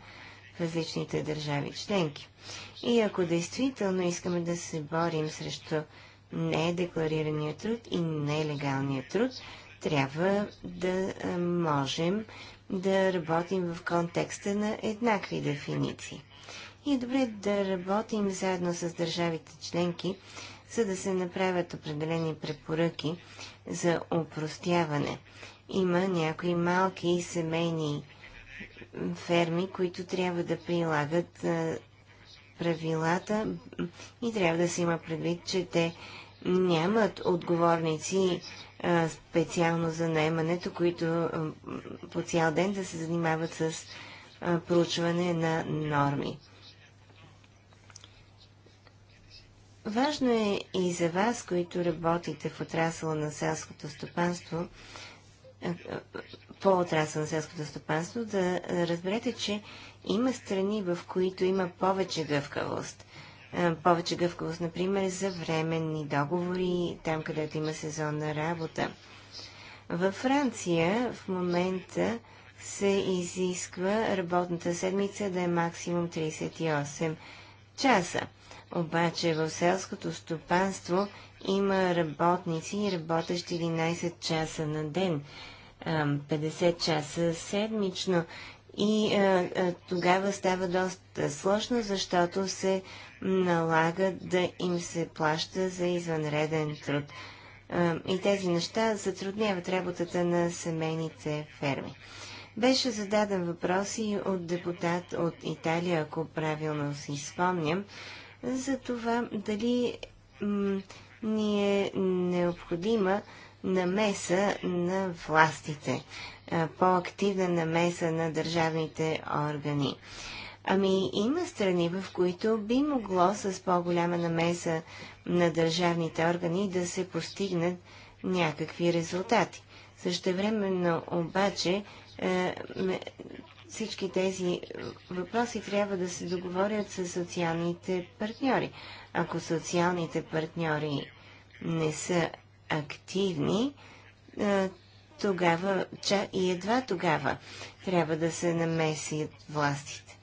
в различните държави членки. И ако действително искаме да се борим срещу недекларирания труд и нелегалния труд, трябва да можем да работим в контекста на еднакви дефиниции. И е добре да работим заедно с държавите членки, за да се направят определени препоръки за упростяване. Има някои малки семейни ферми, които трябва да прилагат правилата и трябва да се има предвид, че те нямат отговорници специално за наемането, които по цял ден да се занимават с проучване на норми. Важно е и за вас, които работите в отрасъла на селското стопанство, по отрасъл на селското стопанство, да разберете, че има страни, в които има повече гъвкавост. Повече гъвкавост, например, за временни договори, там където има сезонна работа. Във Франция в момента се изисква работната седмица да е максимум 38 часа. Обаче в селското стопанство има работници, работещи 11 часа на ден, 50 часа седмично. И а, а, тогава става доста сложно, защото се налага да им се плаща за извънреден труд. А, и тези неща затрудняват работата на семейните ферми. Беше зададен въпрос и от депутат от Италия, ако правилно си спомням, за това дали ни е необходима намеса на властите, по-активна намеса на държавните органи. Ами има страни, в които би могло с по-голяма намеса на държавните органи да се постигнат някакви резултати. Същевременно обаче е, всички тези е, въпроси трябва да се договорят с социалните партньори. Ако социалните партньори не са активни, е, тогава, ча и едва тогава, трябва да се намесят властите.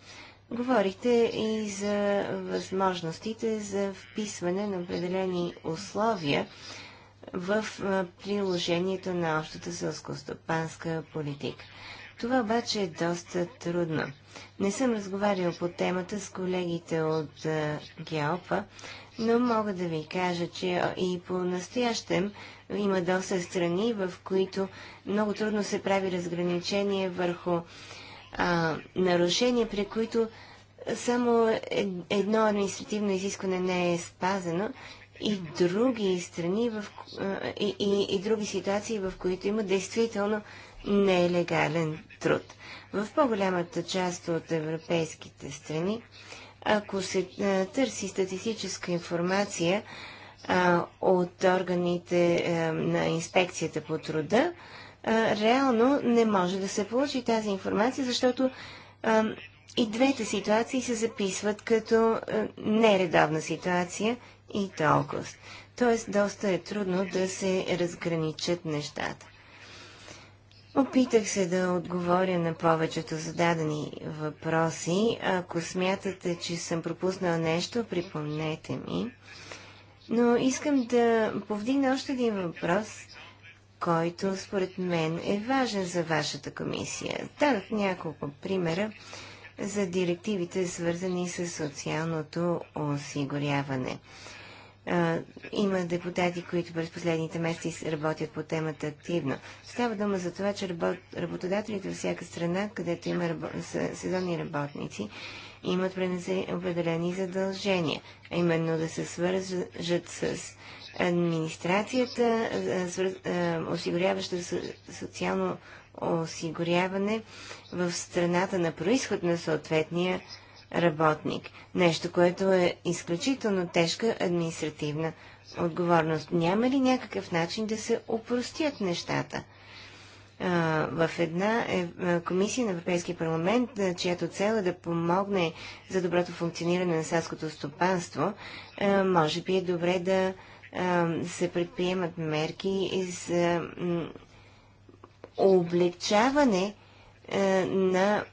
Говорите и за възможностите за вписване на определени условия в е, приложението на общата селско-стопанска политика. Това обаче е доста трудно. Не съм разговарял по темата с колегите от ГЕОПа, но мога да ви кажа, че и по-настоящем има доста страни, в които много трудно се прави разграничение върху а, нарушения, при които само е, едно административно изискване не е спазено и други страни в, и, и, и други ситуации, в които има действително нелегален труд. В по-голямата част от европейските страни, ако се търси статистическа информация от органите на инспекцията по труда, реално не може да се получи тази информация, защото и двете ситуации се записват като нередовна ситуация и толкова. Тоест, доста е трудно да се разграничат нещата. Опитах се да отговоря на повечето зададени въпроси. Ако смятате, че съм пропуснала нещо, припомнете ми. Но искам да повдигна още един въпрос, който според мен е важен за вашата комисия. Дадох няколко примера за директивите, свързани с социалното осигуряване. А, има депутати, които през последните месеци работят по темата активно. Става дума за това, че работ... работодателите във всяка страна, където има сезонни работници, имат определени задължения, а именно да се свържат с администрацията, осигуряваща социално осигуряване в страната на происход на съответния работник. Нещо, което е изключително тежка административна отговорност. Няма ли някакъв начин да се опростят нещата? в една е, комисия на Европейския парламент, чиято цел е да помогне за доброто функциониране на селското стопанство, може би е добре да се предприемат мерки за облегчаване на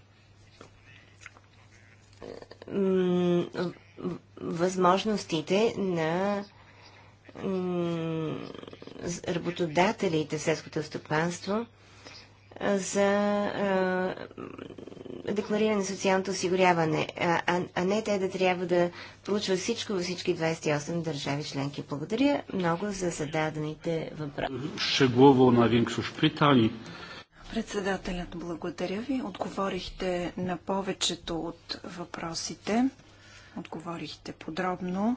възможностите на работодателите в селското стопанство за а, деклариране на социалното осигуряване, а, а не те да трябва да проучват всичко във всички 28 държави членки. Благодаря много за зададените въпроси. Szczegółowo на większość pytań. Председателят, благодаря ви. Отговорихте на повечето от въпросите. Отговорихте подробно.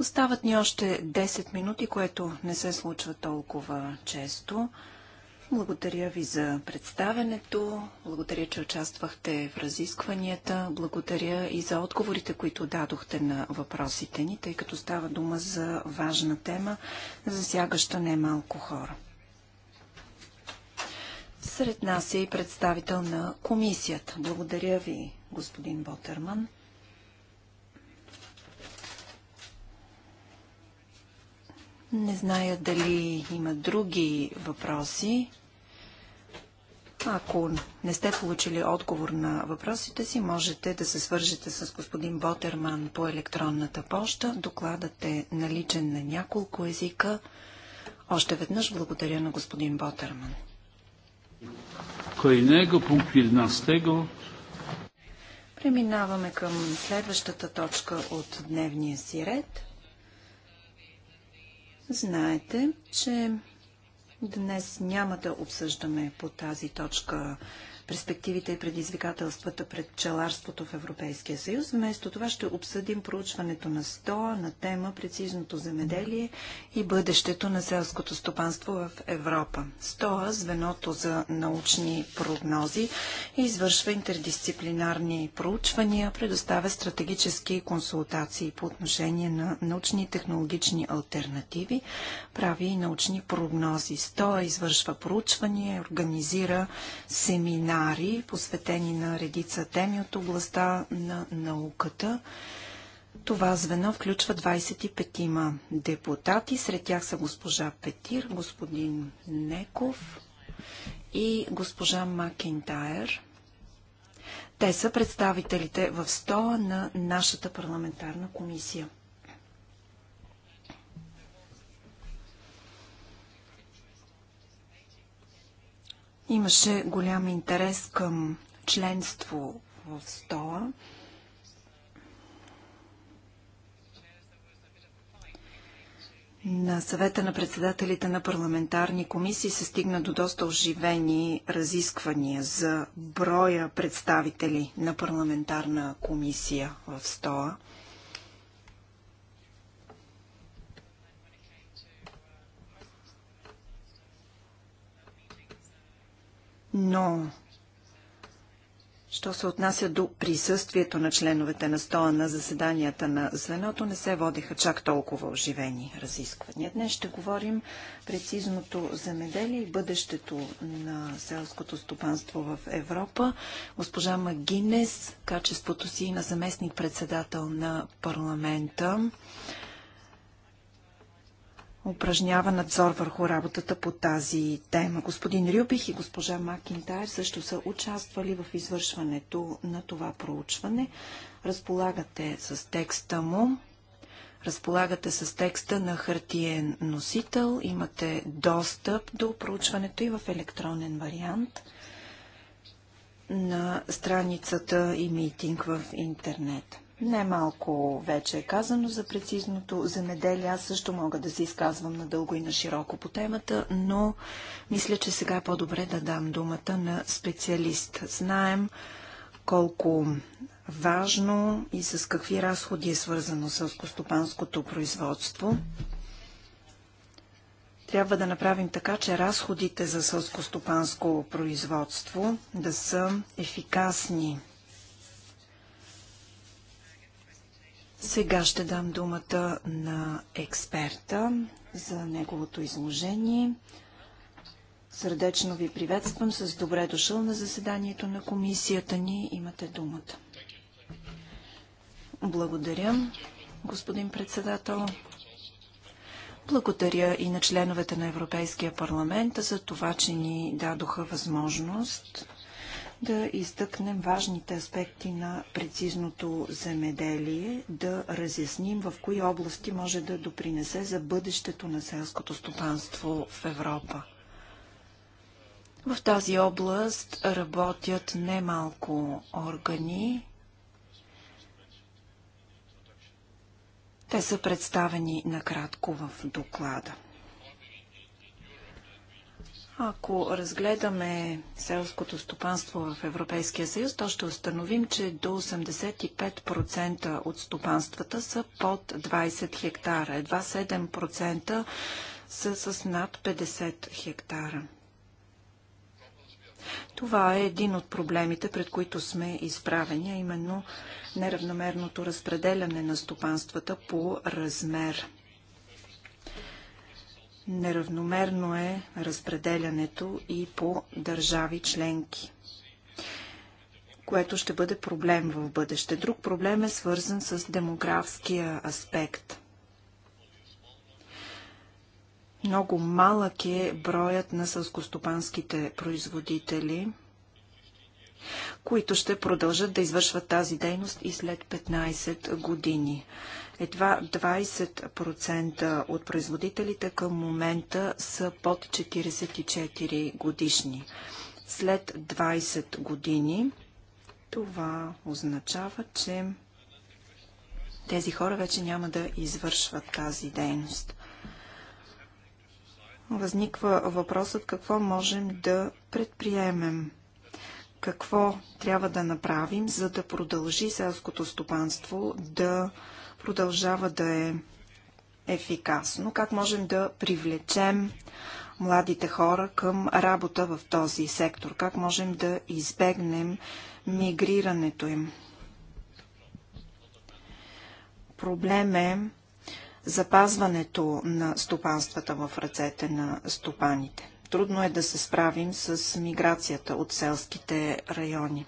Остават ни още 10 минути, което не се случва толкова често. Благодаря ви за представенето, благодаря, че участвахте в разискванията, благодаря и за отговорите, които дадохте на въпросите ни, тъй като става дума за важна тема, засягаща немалко хора. Сред нас е и представител на комисията. Благодаря ви, господин Ботърман. Не зная дали има други въпроси. Ако не сте получили отговор на въпросите си, можете да се свържете с господин Ботерман по електронната поща. Докладът е наличен на няколко езика. Още веднъж благодаря на господин Ботерман kolejnego punktu 11. Преминаваме към следващата точка от дневния си ред. Знаете, че днес няма да обсъждаме по тази точка перспективите и предизвикателствата пред пчеларството в Европейския съюз. Вместо това ще обсъдим проучването на СТОА на тема прецизното земеделие и бъдещето на селското стопанство в Европа. СТОА, звеното за научни прогнози, извършва интердисциплинарни проучвания, предоставя стратегически консултации по отношение на научни и технологични альтернативи, прави и научни прогнози. СТОА извършва проучвания, организира семинари, семинари, посветени на редица теми от областта на науката. Това звено включва 25-ма депутати. Сред тях са госпожа Петир, господин Неков и госпожа Макентайр. Те са представителите в стола на нашата парламентарна комисия. Имаше голям интерес към членство в стола. На съвета на председателите на парламентарни комисии се стигна до доста оживени разисквания за броя представители на парламентарна комисия в СТОА. Но, що се отнася до присъствието на членовете на стола на заседанията на звеното, не се водиха чак толкова оживени разисквания. Днес ще говорим прецизното земеделие и бъдещето на селското стопанство в Европа. Госпожа Магинес, качеството си на заместник-председател на парламента, упражнява надзор върху работата по тази тема. Господин Рюбих и госпожа Макинтайр също са участвали в извършването на това проучване. Разполагате с текста му. Разполагате с текста на хартиен носител, имате достъп до проучването и в електронен вариант на страницата и митинг в интернет. Най-малко вече е казано за прецизното земеделие. Аз също мога да се изказвам надълго и на широко по темата, но мисля, че сега е по-добре да дам думата на специалист. Знаем колко важно и с какви разходи е свързано костопанското производство. Трябва да направим така, че разходите за сълскостопанско производство да са ефикасни – Сега ще дам думата на експерта за неговото изложение. Сърдечно ви приветствам с добре дошъл на заседанието на комисията ни. Имате думата. Благодаря, господин председател. Благодаря и на членовете на Европейския парламент за това, че ни дадоха възможност да изтъкнем важните аспекти на прецизното земеделие, да разясним в кои области може да допринесе за бъдещето на селското стопанство в Европа. В тази област работят немалко органи. Те са представени накратко в доклада. Ако разгледаме селското стопанство в Европейския съюз, то ще установим, че до 85% от стопанствата са под 20 хектара. Едва 7% са с над 50 хектара. Това е един от проблемите, пред които сме изправени, а именно неравномерното разпределяне на стопанствата по размер. Неравномерно е разпределянето и по държави членки което ще бъде проблем в бъдеще. Друг проблем е свързан с демографския аспект. Много малък е броят на сълскостопанските производители, които ще продължат да извършват тази дейност и след 15 години. Едва 20% от производителите към момента са под 44 годишни. След 20 години това означава, че тези хора вече няма да извършват тази дейност. Възниква въпросът какво можем да предприемем. Какво трябва да направим, за да продължи селското стопанство да продължава да е ефикасно. Как можем да привлечем младите хора към работа в този сектор? Как можем да избегнем мигрирането им? Проблем е запазването на стопанствата в ръцете на стопаните. Трудно е да се справим с миграцията от селските райони.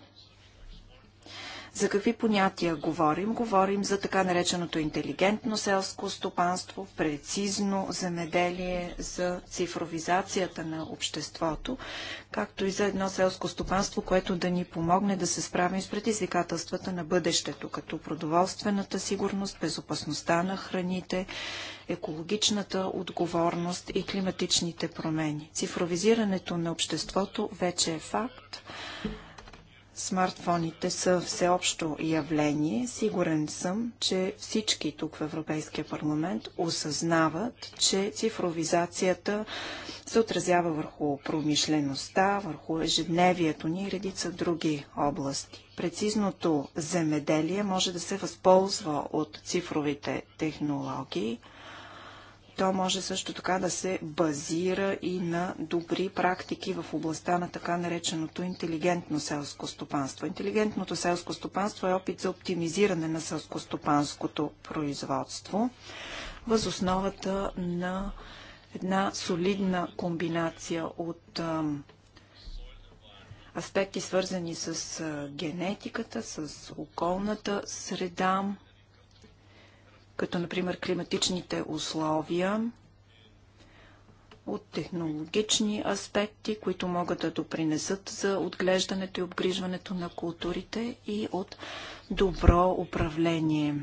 За какви понятия говорим? Говорим за така нареченото интелигентно селско стопанство, прецизно земеделие, за цифровизацията на обществото, както и за едно селско стопанство, което да ни помогне да се справим с предизвикателствата на бъдещето, като продоволствената сигурност, безопасността на храните, екологичната отговорност и климатичните промени. Цифровизирането на обществото вече е факт. Смартфоните са всеобщо явление. Сигурен съм, че всички тук в Европейския парламент осъзнават, че цифровизацията се отразява върху промишлеността, върху ежедневието ни и редица други области. Прецизното земеделие може да се възползва от цифровите технологии – то може също така да се базира и на добри практики в областта на така нареченото интелигентно селско стопанство. Интелигентното селско стопанство е опит за оптимизиране на селскостопанското производство въз основата на една солидна комбинация от аспекти, свързани с генетиката, с околната среда, като например климатичните условия, от технологични аспекти, които могат да допринесат за отглеждането и обгрижването на културите и от добро управление.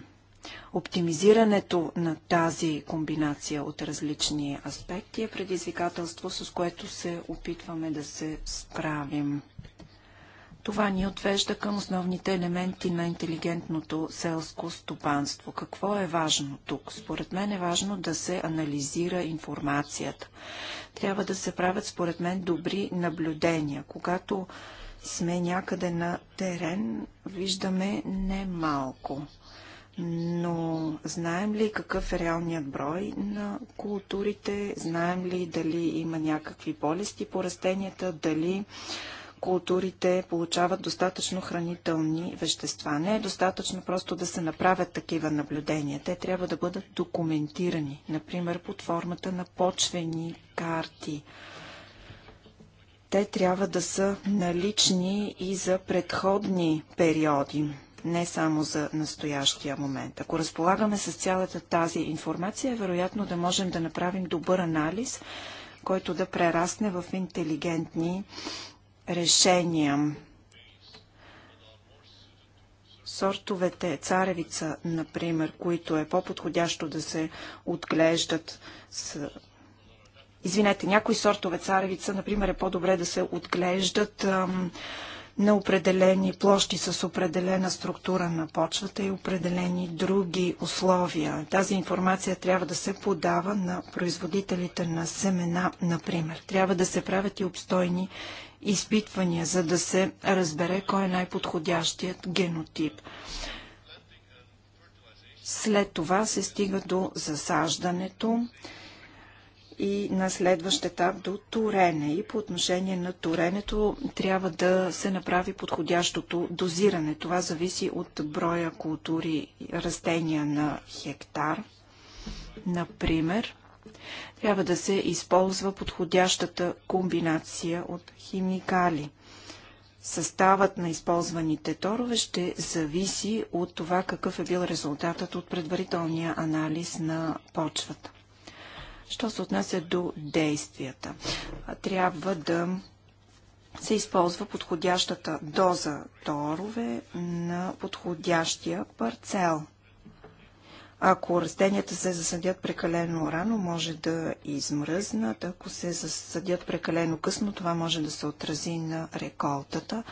Оптимизирането на тази комбинация от различни аспекти е предизвикателство, с което се опитваме да се справим. Това ни отвежда към основните елементи на интелигентното селско стопанство. Какво е важно тук? Според мен е важно да се анализира информацията. Трябва да се правят, според мен, добри наблюдения. Когато сме някъде на терен, виждаме немалко. Но знаем ли какъв е реалният брой на културите? Знаем ли дали има някакви болести по растенията? Дали културите получават достатъчно хранителни вещества. Не е достатъчно просто да се направят такива наблюдения. Те трябва да бъдат документирани, например под формата на почвени карти. Те трябва да са налични и за предходни периоди, не само за настоящия момент. Ако разполагаме с цялата тази информация, е вероятно да можем да направим добър анализ, който да прерасне в интелигентни решения. Сортовете царевица, например, които е по-подходящо да се отглеждат с Извинете, някои сортове царевица, например, е по-добре да се отглеждат ам, на определени площи с определена структура на почвата и определени други условия. Тази информация трябва да се подава на производителите на семена, например. Трябва да се правят и обстойни изпитвания, за да се разбере кой е най-подходящият генотип. След това се стига до засаждането и на следващ етап до турене. И по отношение на туренето трябва да се направи подходящото дозиране. Това зависи от броя култури растения на хектар. Например, трябва да се използва подходящата комбинация от химикали. Съставът на използваните торове ще зависи от това какъв е бил резултатът от предварителния анализ на почвата. Що се отнася до действията? Трябва да се използва подходящата доза торове на подходящия парцел. Ако растенията се засадят прекалено рано, може да измръзнат. Ако се засадят прекалено късно, това може да се отрази на реколтата.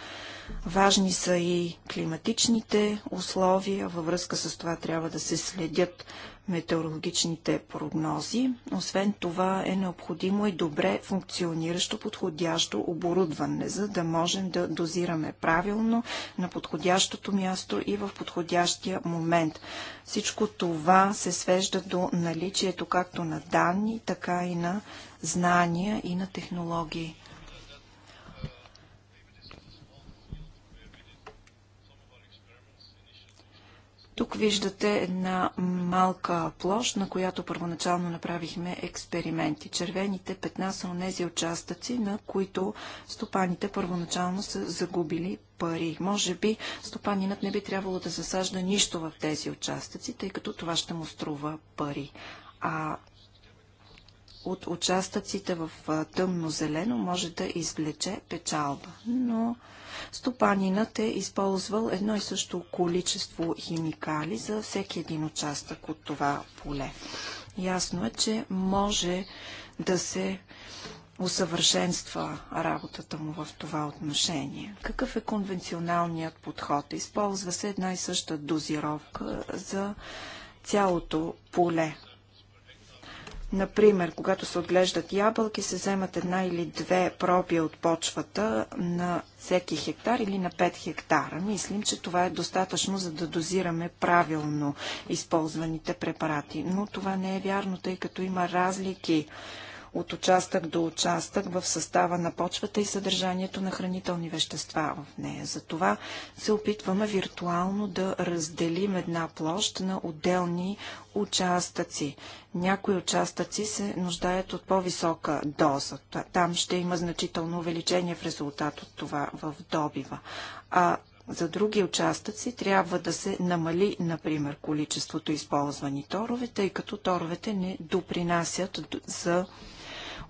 Важни са и климатичните условия. Във връзка с това трябва да се следят метеорологичните прогнози. Освен това е необходимо и добре функциониращо подходящо оборудване, за да можем да дозираме правилно на подходящото място и в подходящия момент. Всичко това се свежда до наличието както на данни, така и на знания и на технологии. Тук виждате една малка площ, на която първоначално направихме експерименти. Червените петна са онези участъци, на които стопаните първоначално са загубили пари. Може би стопанинът не би трябвало да засажда нищо в тези участъци, тъй като това ще му струва пари. А от участъците в тъмно-зелено може да извлече печалба. Но стопанинът е използвал едно и също количество химикали за всеки един участък от това поле. Ясно е, че може да се усъвършенства работата му в това отношение. Какъв е конвенционалният подход? Използва се една и съща дозировка за цялото поле Например, когато се отглеждат ябълки, се вземат една или две проби от почвата на всеки хектар или на 5 хектара. Мислим, че това е достатъчно, за да дозираме правилно използваните препарати. Но това не е вярно, тъй като има разлики от участък до участък в състава на почвата и съдържанието на хранителни вещества в нея. Затова се опитваме виртуално да разделим една площ на отделни участъци. Някои участъци се нуждаят от по-висока доза. Там ще има значително увеличение в резултат от това в добива. А за други участъци трябва да се намали, например, количеството използвани торове, тъй като торовете не допринасят за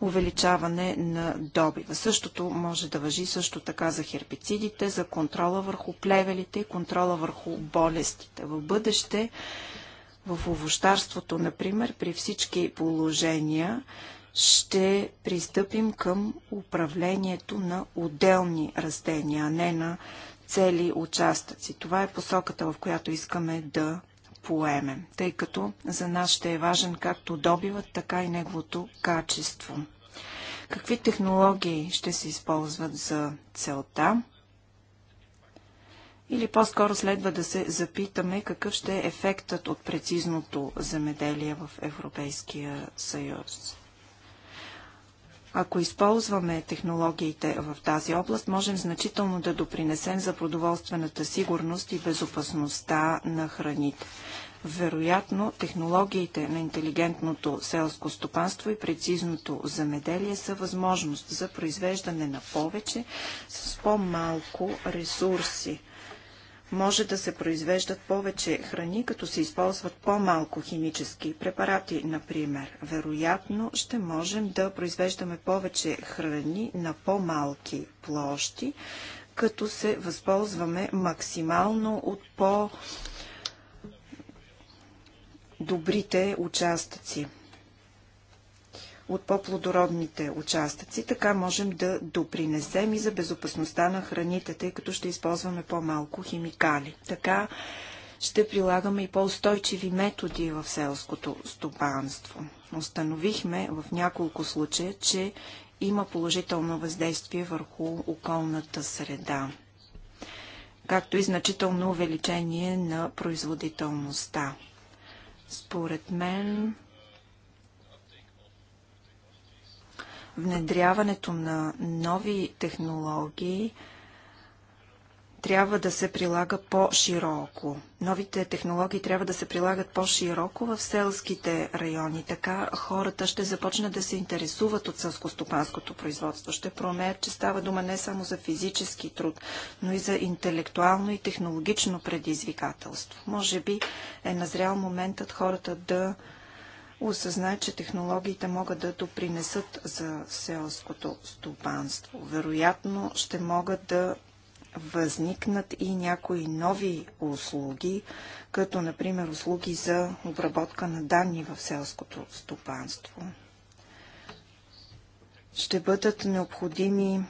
увеличаване на добива. Същото може да въжи също така за хербицидите, за контрола върху плевелите и контрола върху болестите. В бъдеще в овощарството, например, при всички положения ще пристъпим към управлението на отделни растения, а не на цели участъци. Това е посоката, в която искаме да поемем, тъй като за нас ще е важен както добивът, така и неговото качество. Какви технологии ще се използват за целта? Или по-скоро следва да се запитаме какъв ще е ефектът от прецизното земеделие в Европейския съюз. Ако използваме технологиите в тази област, можем значително да допринесем за продоволствената сигурност и безопасността на храните. Вероятно, технологиите на интелигентното селско стопанство и прецизното замеделие са възможност за произвеждане на повече с по-малко ресурси може да се произвеждат повече храни, като се използват по-малко химически препарати, например. Вероятно ще можем да произвеждаме повече храни на по-малки площи, като се възползваме максимално от по- добрите участъци от по-плодородните участъци. Така можем да допринесем и за безопасността на храните, тъй като ще използваме по-малко химикали. Така ще прилагаме и по-устойчиви методи в селското стопанство. Установихме в няколко случая, че има положително въздействие върху околната среда, както и значително увеличение на производителността. Според мен внедряването на нови технологии трябва да се прилага по-широко. Новите технологии трябва да се прилагат по-широко в селските райони. Така хората ще започнат да се интересуват от селско-стопанското производство. Ще промеят, че става дума не само за физически труд, но и за интелектуално и технологично предизвикателство. Може би е назрял моментът хората да осъзнае, че технологиите могат да допринесат за селското стопанство. Вероятно ще могат да възникнат и някои нови услуги, като например услуги за обработка на данни в селското стопанство. Ще бъдат необходими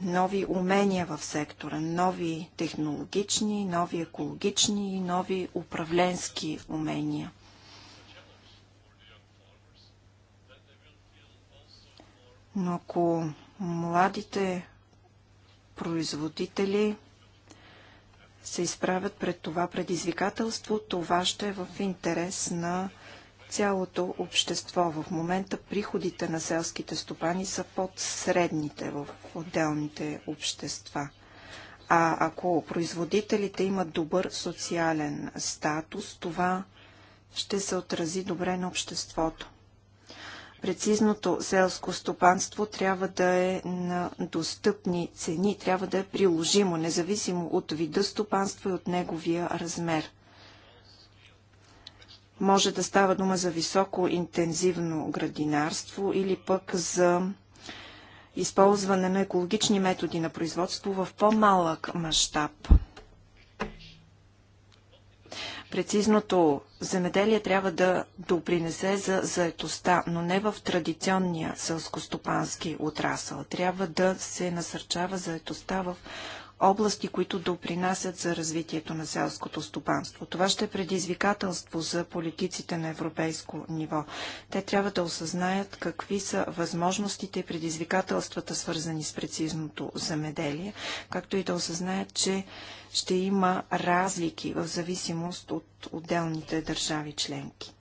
нови умения в сектора, нови технологични, нови екологични и нови управленски умения. Но ако младите производители се изправят пред това предизвикателство, това ще е в интерес на цялото общество. В момента приходите на селските стопани са под средните в отделните общества. А ако производителите имат добър социален статус, това ще се отрази добре на обществото прецизното селско стопанство трябва да е на достъпни цени, трябва да е приложимо, независимо от вида стопанство и от неговия размер. Може да става дума за високо интензивно градинарство или пък за използване на екологични методи на производство в по-малък мащаб. Прецизното земеделие трябва да допринесе за заетостта, но не в традиционния селскостопански отрасъл. Трябва да се насърчава заетостта в области, които допринасят за развитието на селското стопанство. Това ще е предизвикателство за политиците на европейско ниво. Те трябва да осъзнаят какви са възможностите и предизвикателствата, свързани с прецизното замеделие, както и да осъзнаят, че ще има разлики в зависимост от отделните държави членки.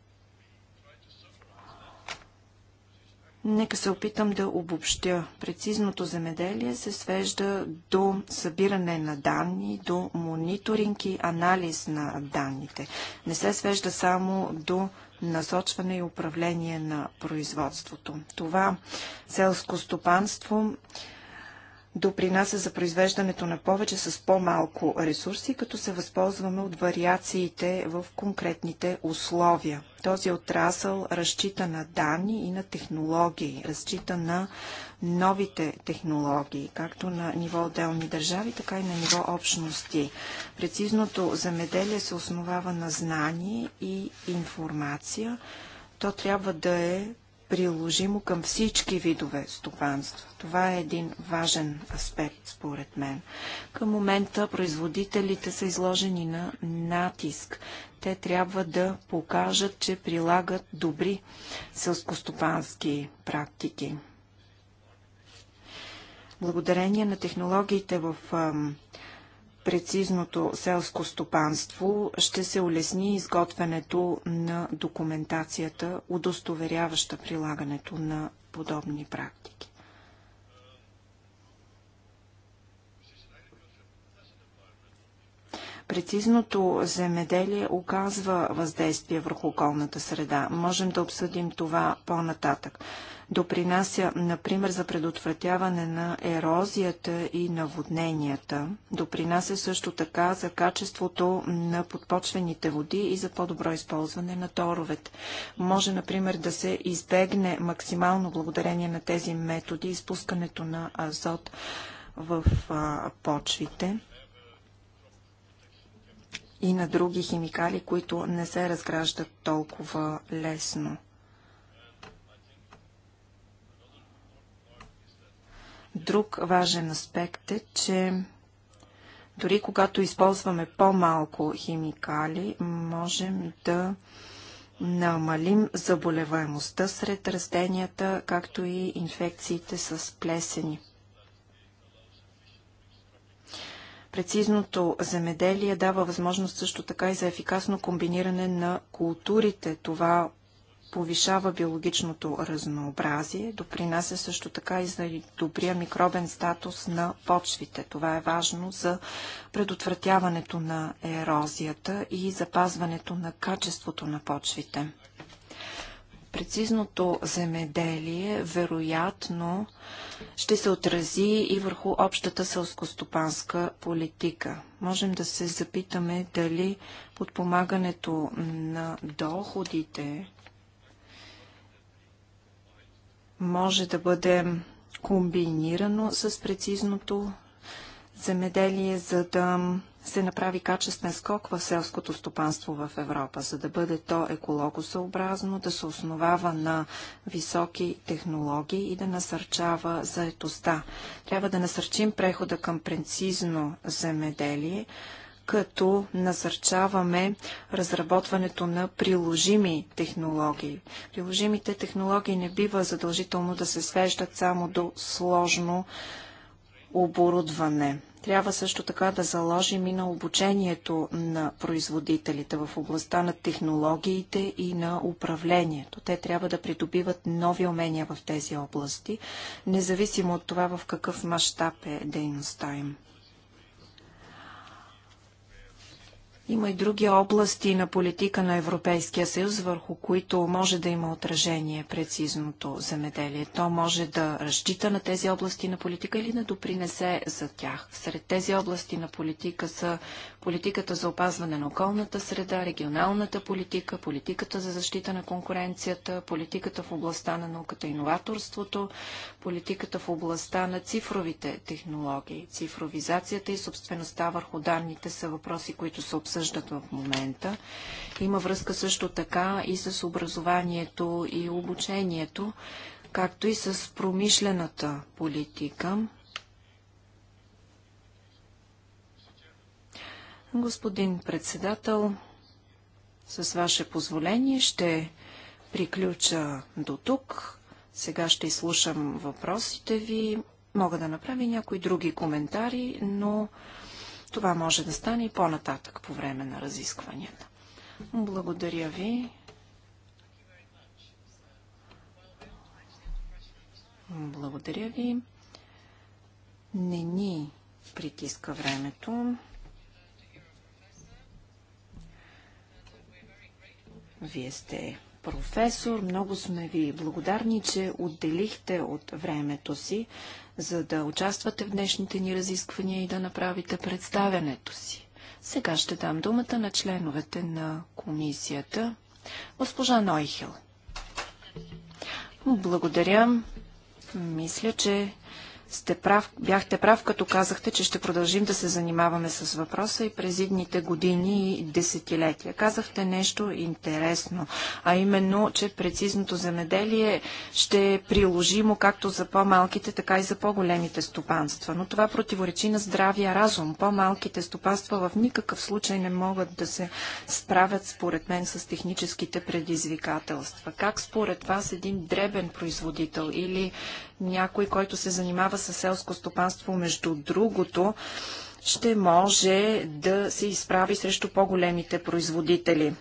Нека се опитам да обобщя. Прецизното земеделие се свежда до събиране на данни, до мониторинг и анализ на данните. Не се свежда само до насочване и управление на производството. Това селско стопанство допринася за произвеждането на повече с по-малко ресурси, като се възползваме от вариациите в конкретните условия. Този отрасъл разчита на данни и на технологии, разчита на новите технологии, както на ниво отделни държави, така и на ниво общности. Прецизното замеделие се основава на знание и информация. То трябва да е приложимо към всички видове стопанства. Това е един важен аспект, според мен. Към момента производителите са изложени на натиск. Те трябва да покажат, че прилагат добри селскостопански практики. Благодарение на технологиите в прецизното селско стопанство ще се улесни изготвянето на документацията, удостоверяваща прилагането на подобни практики. Прецизното земеделие оказва въздействие върху околната среда. Можем да обсъдим това по-нататък допринася, например, за предотвратяване на ерозията и наводненията. Допринася също така за качеството на подпочвените води и за по-добро използване на торовете. Може, например, да се избегне максимално благодарение на тези методи изпускането на азот в а, почвите и на други химикали, които не се разграждат толкова лесно. Друг важен аспект е, че дори когато използваме по-малко химикали, можем да намалим заболеваемостта сред растенията, както и инфекциите с плесени. Прецизното земеделие дава възможност също така и за ефикасно комбиниране на културите. Това повишава биологичното разнообразие, допринася също така и за добрия микробен статус на почвите. Това е важно за предотвратяването на ерозията и запазването на качеството на почвите. Прецизното земеделие вероятно ще се отрази и върху общата селскостопанска политика. Можем да се запитаме дали подпомагането на доходите може да бъде комбинирано с прецизното земеделие, за да се направи качествен скок в селското стопанство в Европа, за да бъде то екологосъобразно, да се основава на високи технологии и да насърчава заетостта. Трябва да насърчим прехода към прецизно земеделие, като насърчаваме разработването на приложими технологии. Приложимите технологии не бива задължително да се свеждат само до сложно оборудване. Трябва също така да заложим и на обучението на производителите в областта на технологиите и на управлението. Те трябва да придобиват нови умения в тези области, независимо от това в какъв мащаб е дейността им. Има и други области на политика на Европейския съюз, върху които може да има отражение прецизното земеделие. То може да разчита на тези области на политика или да допринесе за тях. Сред тези области на политика са политиката за опазване на околната среда, регионалната политика, политиката за защита на конкуренцията, политиката в областта на науката и новаторството, политиката в областта на цифровите технологии. Цифровизацията и собствеността върху данните са въпроси, които се обсъждат в момента. Има връзка също така и с образованието и обучението, както и с промишлената политика. Господин председател, с ваше позволение ще приключа до тук. Сега ще изслушам въпросите ви. Мога да направя някои други коментари, но това може да стане и по-нататък по време на разискванията. Благодаря ви. Благодаря ви. Не ни притиска времето. Вие сте професор, много сме ви благодарни, че отделихте от времето си, за да участвате в днешните ни разисквания и да направите представянето си. Сега ще дам думата на членовете на комисията. Госпожа Нойхел. Благодаря. Мисля, че сте прав, бяхте прав, като казахте, че ще продължим да се занимаваме с въпроса и през идните години и десетилетия. Казахте нещо интересно, а именно, че прецизното земеделие ще е приложимо както за по-малките, така и за по-големите стопанства. Но това противоречи на здравия разум. По-малките стопанства в никакъв случай не могат да се справят, според мен, с техническите предизвикателства. Как според вас един дребен производител или някой, който се занимава занимава с селско стопанство, между другото, ще може да се изправи срещу по-големите производители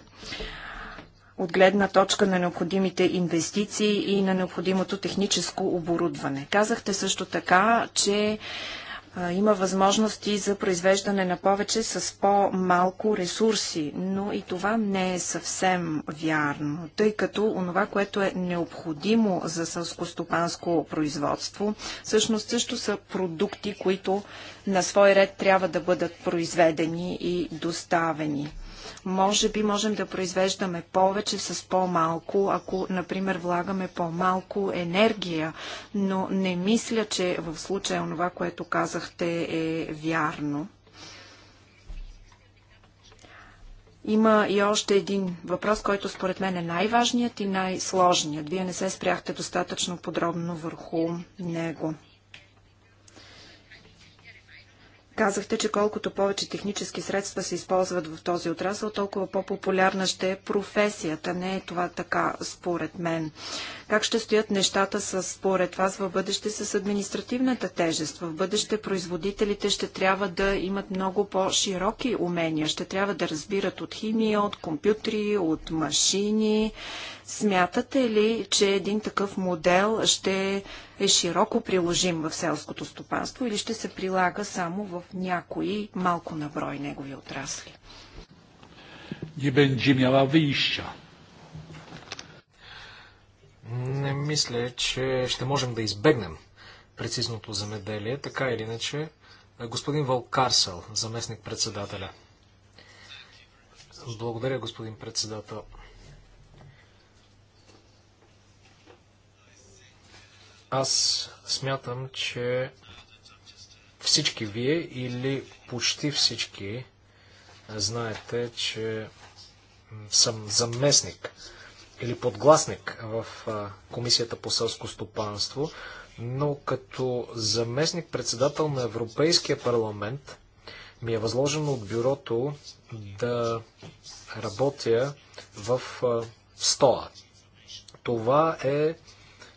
от гледна точка на необходимите инвестиции и на необходимото техническо оборудване. Казахте също така, че има възможности за произвеждане на повече с по-малко ресурси, но и това не е съвсем вярно, тъй като онова, което е необходимо за сълскостопанско производство, всъщност също са продукти, които на свой ред трябва да бъдат произведени и доставени. Може би можем да произвеждаме повече с по-малко, ако, например, влагаме по-малко енергия, но не мисля, че в случая това, което казахте е вярно. Има и още един въпрос, който според мен е най-важният и най-сложният. Вие не се спряхте достатъчно подробно върху него. Казахте, че колкото повече технически средства се използват в този отрасъл, толкова по-популярна ще е професията. Не е това така, според мен. Как ще стоят нещата с, според вас в бъдеще с административната тежест? В бъдеще производителите ще трябва да имат много по-широки умения. Ще трябва да разбират от химия, от компютри, от машини. Смятате ли, че един такъв модел ще е широко приложим в селското стопанство или ще се прилага само в някои малко наброй негови отрасли? Не będzie miała вища. Не мисля, че ще можем да избегнем прецизното замеделие, така или иначе. Господин Волкарсел, заместник председателя. Благодаря, господин председател. Аз смятам, че всички вие или почти всички знаете, че съм заместник или подгласник в Комисията по селско стопанство, но като заместник председател на Европейския парламент ми е възложено от бюрото да работя в СТОА. Това е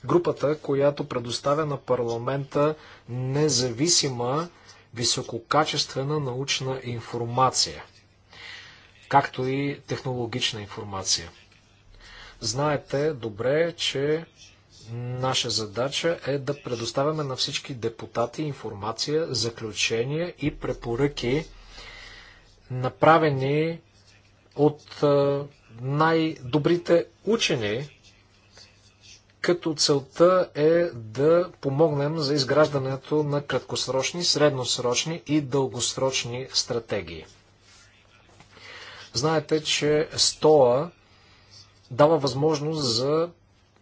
групата, която предоставя на парламента независима, висококачествена научна информация, както и технологична информация. Знаете добре, че наша задача е да предоставяме на всички депутати информация, заключения и препоръки, направени от най-добрите учени като целта е да помогнем за изграждането на краткосрочни, средносрочни и дългосрочни стратегии. Знаете, че СТОА дава възможност за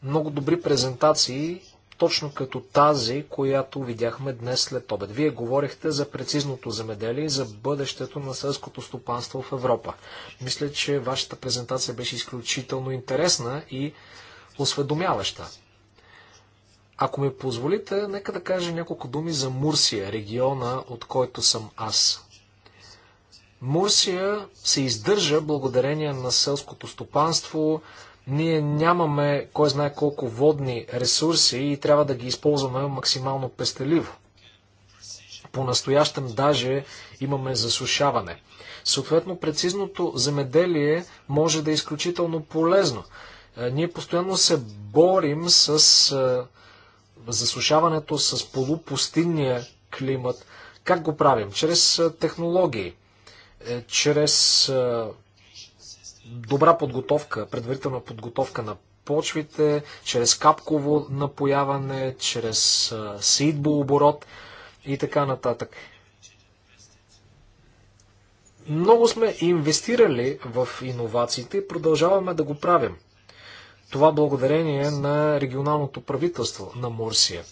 много добри презентации, точно като тази, която видяхме днес след обед. Вие говорихте за прецизното земеделие и за бъдещето на селското стопанство в Европа. Мисля, че вашата презентация беше изключително интересна и осведомяваща. Ако ми позволите, нека да кажа няколко думи за Мурсия, региона, от който съм аз. Мурсия се издържа благодарение на селското стопанство. Ние нямаме кой знае колко водни ресурси и трябва да ги използваме максимално пестеливо. По-настоящем даже имаме засушаване. Съответно, прецизното земеделие може да е изключително полезно. Ние постоянно се борим с засушаването, с полупустинния климат. Как го правим? Чрез технологии, е, чрез добра подготовка, предварителна подготовка на почвите, чрез капково напояване, чрез оборот и така нататък. Много сме инвестирали в иновациите и продължаваме да го правим. Това благодарение на регионалното правителство на Мурсия.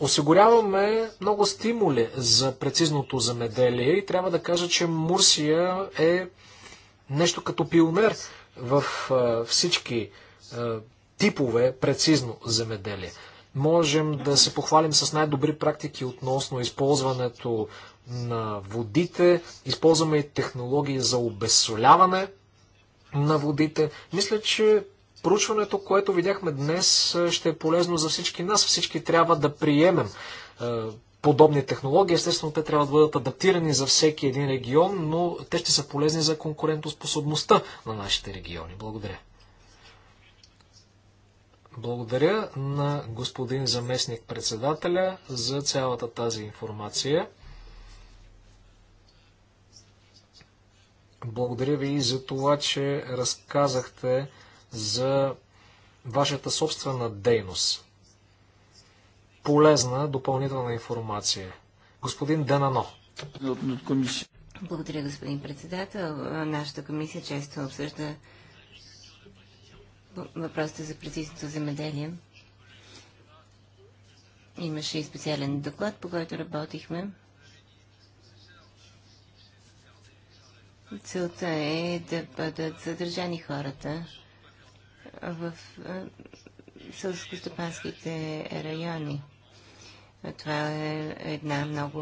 Осигуряваме много стимули за прецизното замеделие и трябва да кажа, че Мурсия е нещо като пионер в всички типове прецизно земеделие. Можем да се похвалим с най-добри практики относно използването на водите, използваме и технологии за обесоляване на водите. Мисля, че проучването, което видяхме днес, е, ще е полезно за всички нас. Всички трябва да приемем е, подобни технологии. Естествено, те трябва да бъдат адаптирани за всеки един регион, но те ще са полезни за конкурентоспособността на нашите региони. Благодаря. Благодаря на господин заместник председателя за цялата тази информация. Благодаря ви и за това, че разказахте за вашата собствена дейност. Полезна допълнителна информация. Господин Денано. Благодаря, господин председател. Нашата комисия често обсъжда въпросите за прецизното земеделие. Имаше и специален доклад, по който работихме. Целта е да бъдат задържани хората в сълскостопанските райони. Това е една много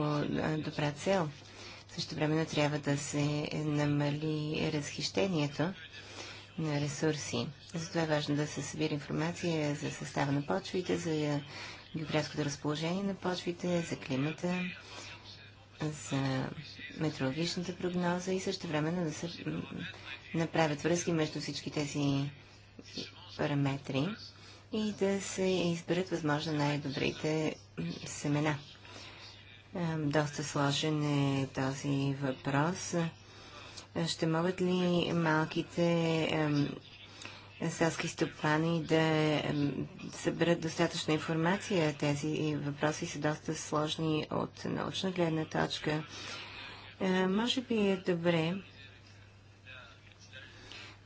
добра цел. Също времено трябва да се намали разхищението на ресурси. Затова е важно да се събира информация за състава на почвите, за географското разположение на почвите, за климата, за метеорологичната прогноза и също времено да се направят връзки между всички тези параметри и да се изберат възможно най-добрите семена. Доста сложен е този въпрос. Ще могат ли малките селски стопани да съберат достатъчно информация? Тези въпроси са доста сложни от научна гледна точка е, може би е добре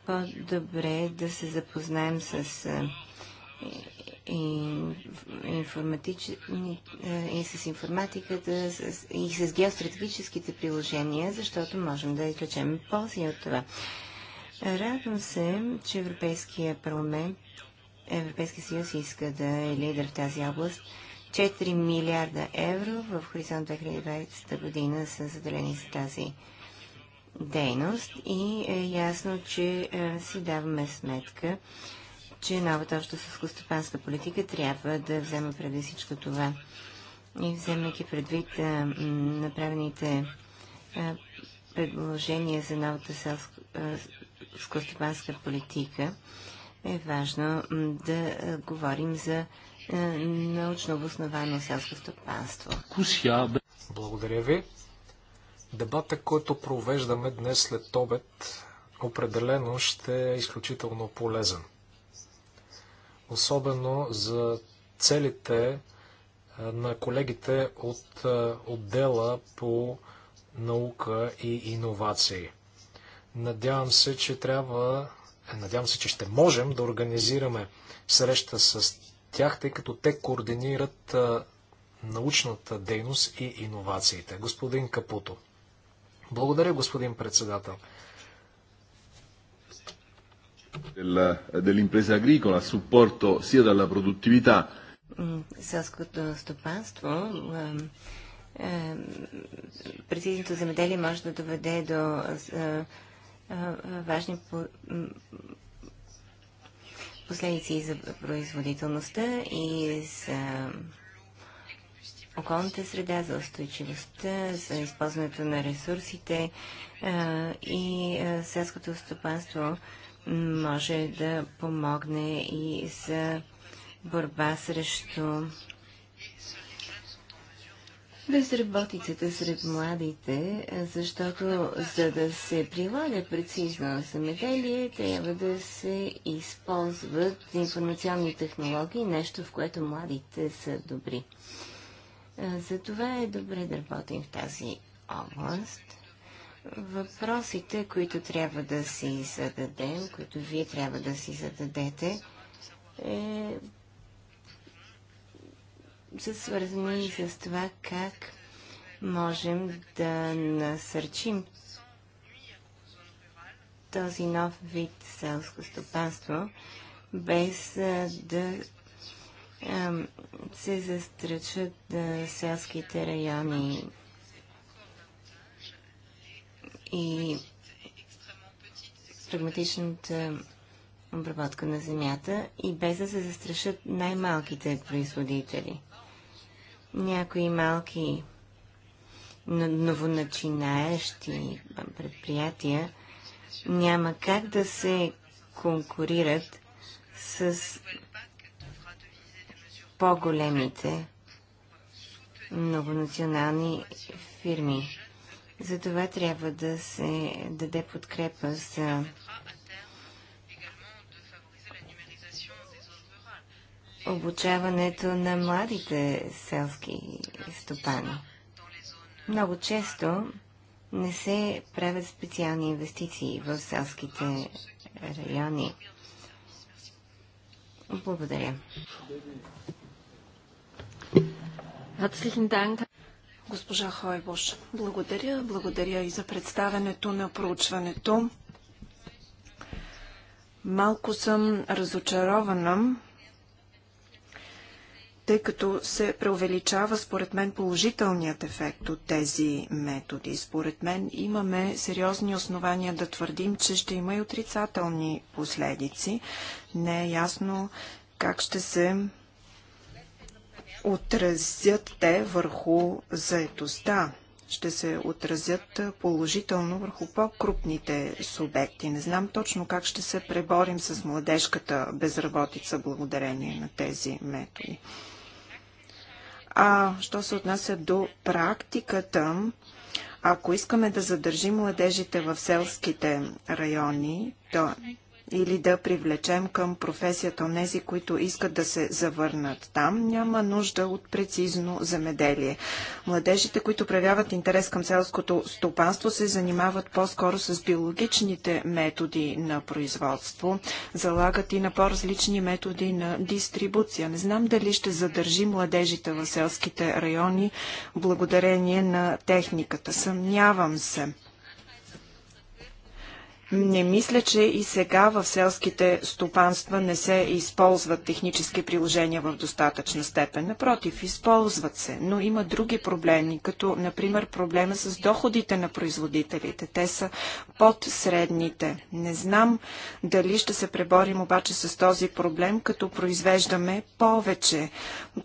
по-добре да се запознаем с е, е, и с информатиката и с геостратегическите приложения, защото можем да излечем ползи от това. Радвам се, че Европейския парламент, Европейския съюз иска да е лидер в тази област – 4 милиарда евро в хоризонт 2020 година са заделени за тази дейност и е ясно, че е, си даваме сметка, че новата обща селскостопанска политика трябва да взема преди всичко това. И вземайки предвид е, направените е, предложения за новата е, селскостопанска политика, е важно да е, говорим за е, научно обосновано селско стопанство. Благодаря ви. Дебата, който провеждаме днес след обед, определено ще е изключително полезен. Особено за целите е, на колегите от е, отдела по наука и иновации. Надявам се, че трябва, надявам се, че ще можем да организираме среща с тях, тъй като те координират научната дейност и иновациите. Господин Капуто. Благодаря, господин председател. Dell'impresa agricola a supporto sia dalla produttività. Селското стопанство, прецизното земеделие може да доведе до важни последици и за производителността, и за околната среда, за устойчивостта, за използването на ресурсите и селското стопанство може да помогне и за борба срещу безработицата сред младите, защото за да се прилага прецизно земеделие, трябва да се използват информационни технологии, нещо в което младите са добри. Затова е добре да работим в тази област. Въпросите, които трябва да си зададем, които вие трябва да си зададете, е са свързани и с това как можем да насърчим този нов вид селско стопанство, без да се застръчват селските райони и прагматичната обработка на земята и без да се застрашат най-малките производители някои малки новоначинаещи предприятия няма как да се конкурират с по-големите многонационални фирми. Затова трябва да се даде подкрепа за обучаването на младите селски стопани. Много често не се правят специални инвестиции в селските райони. Благодаря. Госпожа Хойбош, благодаря. Благодаря и за представенето на проучването. Малко съм разочарована тъй като се преувеличава според мен положителният ефект от тези методи. Според мен имаме сериозни основания да твърдим, че ще има и отрицателни последици. Не е ясно как ще се отразят те върху заетостта. Ще се отразят положително върху по-крупните субекти. Не знам точно как ще се преборим с младежката безработица благодарение на тези методи. А що се отнася до практиката, ако искаме да задържим младежите в селските райони, то или да привлечем към професията онези, които искат да се завърнат там, няма нужда от прецизно земеделие. Младежите, които проявяват интерес към селското стопанство, се занимават по-скоро с биологичните методи на производство, залагат и на по-различни методи на дистрибуция. Не знам дали ще задържи младежите в селските райони благодарение на техниката. Съмнявам се. Не мисля, че и сега в селските стопанства не се използват технически приложения в достатъчна степен. Напротив, използват се, но има други проблеми, като например проблема с доходите на производителите. Те са под средните. Не знам дали ще се преборим обаче с този проблем, като произвеждаме повече,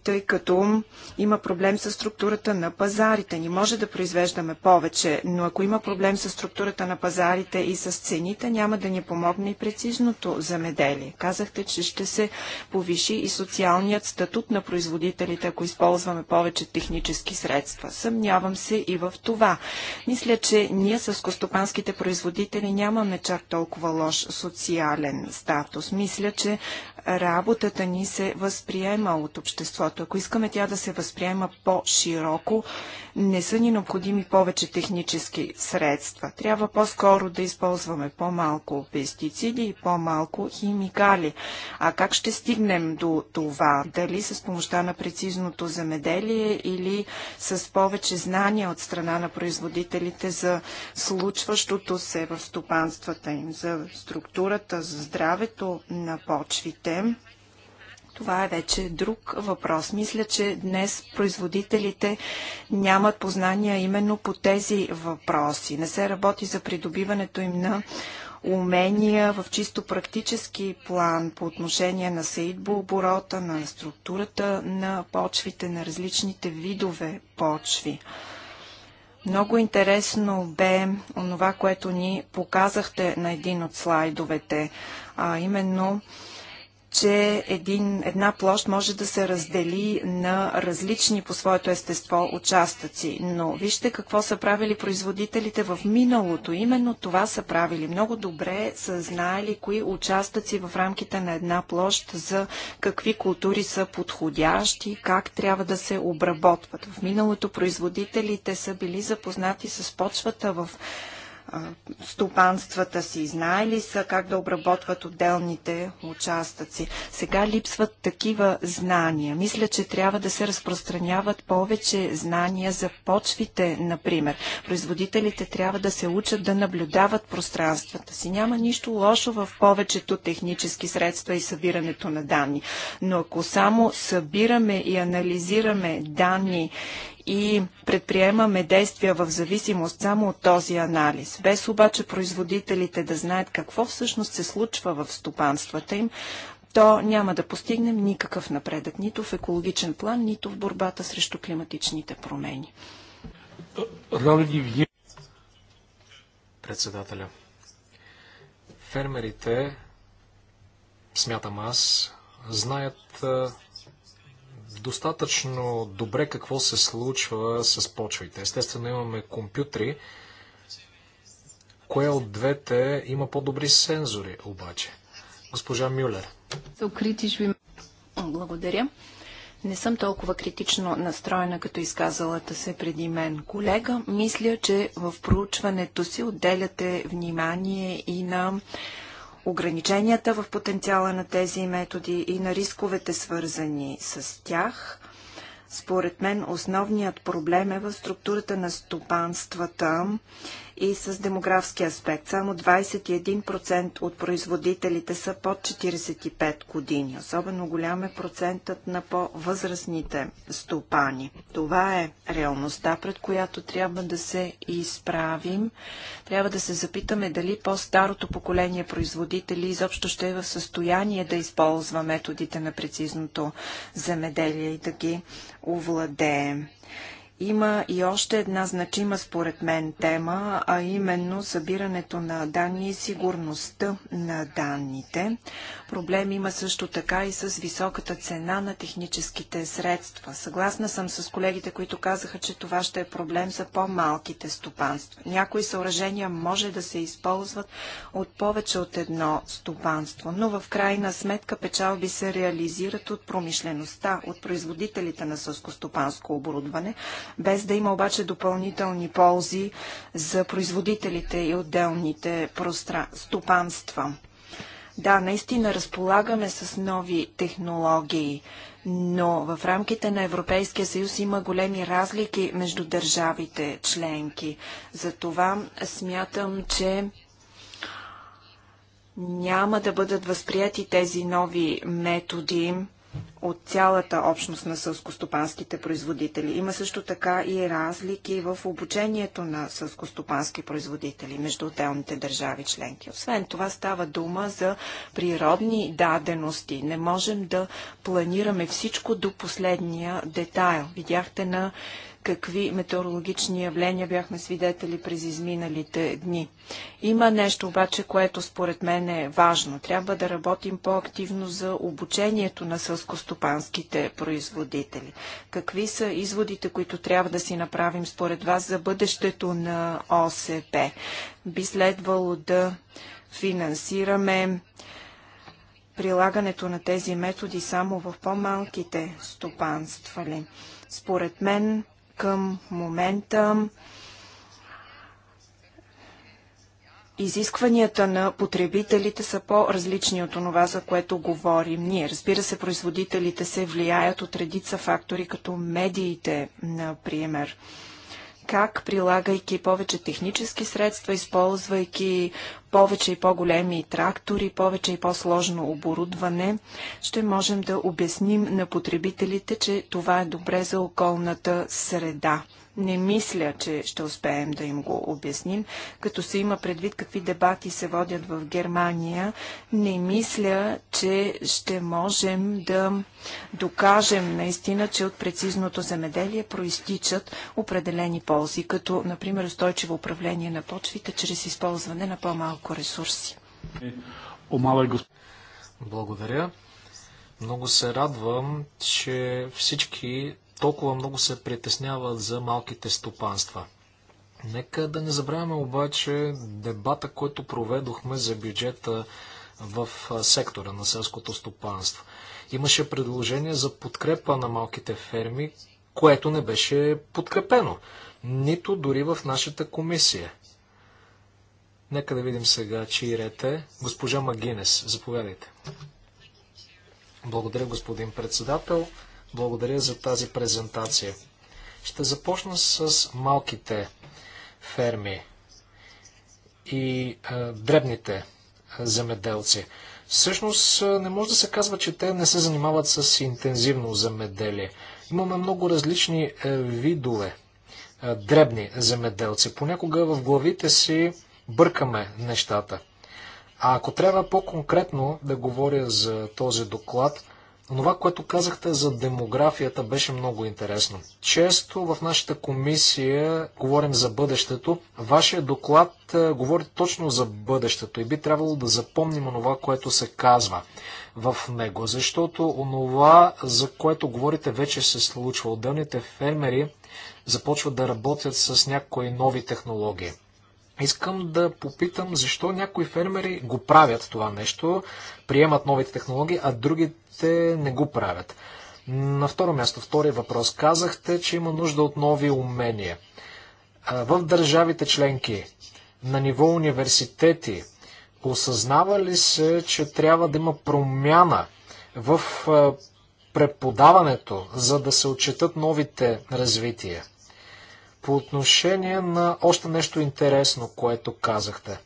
тъй като има проблем с структурата на пазарите. Ни може да произвеждаме повече, но ако има проблем с структурата на пазарите и с цените, цените, няма да ни помогне и прецизното замеделие. Казахте, че ще се повиши и социалният статут на производителите, ако използваме повече технически средства. Съмнявам се и в това. Мисля, че ние с костопанските производители нямаме чак толкова лош социален статус. Мисля, че работата ни се възприема от обществото. Ако искаме тя да се възприема по-широко, не са ни необходими повече технически средства. Трябва по-скоро да използваме използваме по-малко пестициди и по-малко химикали. А как ще стигнем до това? Дали с помощта на прецизното замеделие или с повече знания от страна на производителите за случващото се в стопанствата им, за структурата, за здравето на почвите? Това е вече друг въпрос. Мисля, че днес производителите нямат познания именно по тези въпроси. Не се работи за придобиването им на умения в чисто практически план по отношение на оборота, на структурата на почвите, на различните видове почви. Много интересно бе онова, което ни показахте на един от слайдовете, а именно че един, една площ може да се раздели на различни по своето естество участъци. Но вижте какво са правили производителите в миналото. Именно това са правили. Много добре са знаели кои участъци в рамките на една площ за какви култури са подходящи, как трябва да се обработват. В миналото производителите са били запознати с почвата в стопанствата си, знаели са как да обработват отделните участъци. Сега липсват такива знания. Мисля, че трябва да се разпространяват повече знания за почвите, например. Производителите трябва да се учат да наблюдават пространствата си. Няма нищо лошо в повечето технически средства и събирането на данни. Но ако само събираме и анализираме данни и предприемаме действия в зависимост само от този анализ, без обаче производителите да знаят какво всъщност се случва в стопанствата им, то няма да постигнем никакъв напредък, нито в екологичен план, нито в борбата срещу климатичните промени. Председателя. Фермерите, смятам аз, знаят достатъчно добре какво се случва с почвите. Естествено имаме компютри. Кое от двете има по-добри сензори обаче? Госпожа Мюлер. Благодаря. Не съм толкова критично настроена, като изказалата се преди мен колега. Мисля, че в проучването си отделяте внимание и на ограниченията в потенциала на тези методи и на рисковете свързани с тях. Според мен основният проблем е в структурата на стопанствата и с демографски аспект. Само 21% от производителите са под 45 години. Особено голям е процентът на по-възрастните стопани. Това е реалността, пред която трябва да се изправим. Трябва да се запитаме дали по-старото поколение производители изобщо ще е в състояние да използва методите на прецизното земеделие и да ги овладеем. Има и още една значима според мен тема, а именно събирането на данни и сигурността на данните. Проблем има също така и с високата цена на техническите средства. Съгласна съм с колегите, които казаха, че това ще е проблем за по-малките стопанства. Някои съоръжения може да се използват от повече от едно стопанство, но в крайна сметка печалби се реализират от промишлеността, от производителите на сълскостопанско оборудване, без да има обаче допълнителни ползи за производителите и отделните стопанства. Да, наистина разполагаме с нови технологии, но в рамките на Европейския съюз има големи разлики между държавите членки. Затова смятам, че няма да бъдат възприяти тези нови методи от цялата общност на сълскостопанските производители. Има също така и разлики в обучението на сълскостопански производители между отделните държави членки. Освен това става дума за природни дадености. Не можем да планираме всичко до последния детайл. Видяхте на какви метеорологични явления бяхме свидетели през изминалите дни. Има нещо обаче, което според мен е важно. Трябва да работим по-активно за обучението на сълскостопанските производители. Какви са изводите, които трябва да си направим според вас за бъдещето на ОСП? Би следвало да финансираме прилагането на тези методи само в по-малките стопанства ли? Според мен към момента изискванията на потребителите са по-различни от това, за което говорим ние. Разбира се, производителите се влияят от редица фактори, като медиите, например как, прилагайки повече технически средства, използвайки повече и по-големи трактори, повече и по-сложно оборудване, ще можем да обясним на потребителите, че това е добре за околната среда. Не мисля, че ще успеем да им го обясним. Като се има предвид какви дебати се водят в Германия, не мисля, че ще можем да докажем наистина, че от прецизното земеделие проистичат определени ползи, като например устойчиво управление на почвите чрез използване на по-малко ресурси. Благодаря. Много се радвам, че всички толкова много се притесняват за малките стопанства. Нека да не забравяме обаче дебата, който проведохме за бюджета в сектора на селското стопанство. Имаше предложение за подкрепа на малките ферми, което не беше подкрепено, нито дори в нашата комисия. Нека да видим сега, чий ред е. Госпожа Магинес, заповядайте. Благодаря, господин председател. Благодаря за тази презентация. Ще започна с малките ферми и а, дребните земеделци. Всъщност не може да се казва, че те не се занимават с интензивно земеделие. Имаме много различни видове дребни земеделци. Понякога в главите си бъркаме нещата. А ако трябва по-конкретно да говоря за този доклад, Онова, което казахте за демографията, беше много интересно. Често в нашата комисия говорим за бъдещето. Вашия доклад е, говори точно за бъдещето и би трябвало да запомним онова, което се казва в него, защото онова, за което говорите, вече се случва. Отделните фермери започват да работят с някои нови технологии. Искам да попитам защо някои фермери го правят това нещо, приемат новите технологии, а другите не го правят. На второ място, втория въпрос. Казахте, че има нужда от нови умения. В държавите членки, на ниво университети, осъзнава ли се, че трябва да има промяна в преподаването, за да се отчетат новите развития? По отношение на още нещо интересно, което казахте.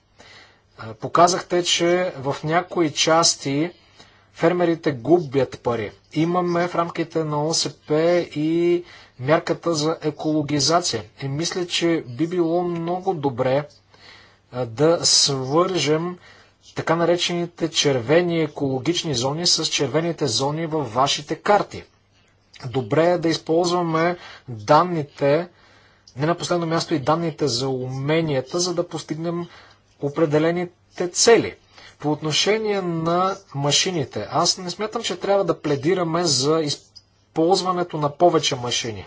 Показахте, че в някои части фермерите губят пари. Имаме в рамките на ОСП и мярката за екологизация. И мисля, че би било много добре да свържем така наречените червени екологични зони с червените зони във вашите карти. Добре е да използваме данните не на последно място и данните за уменията, за да постигнем определените цели. По отношение на машините, аз не смятам, че трябва да пледираме за използването на повече машини.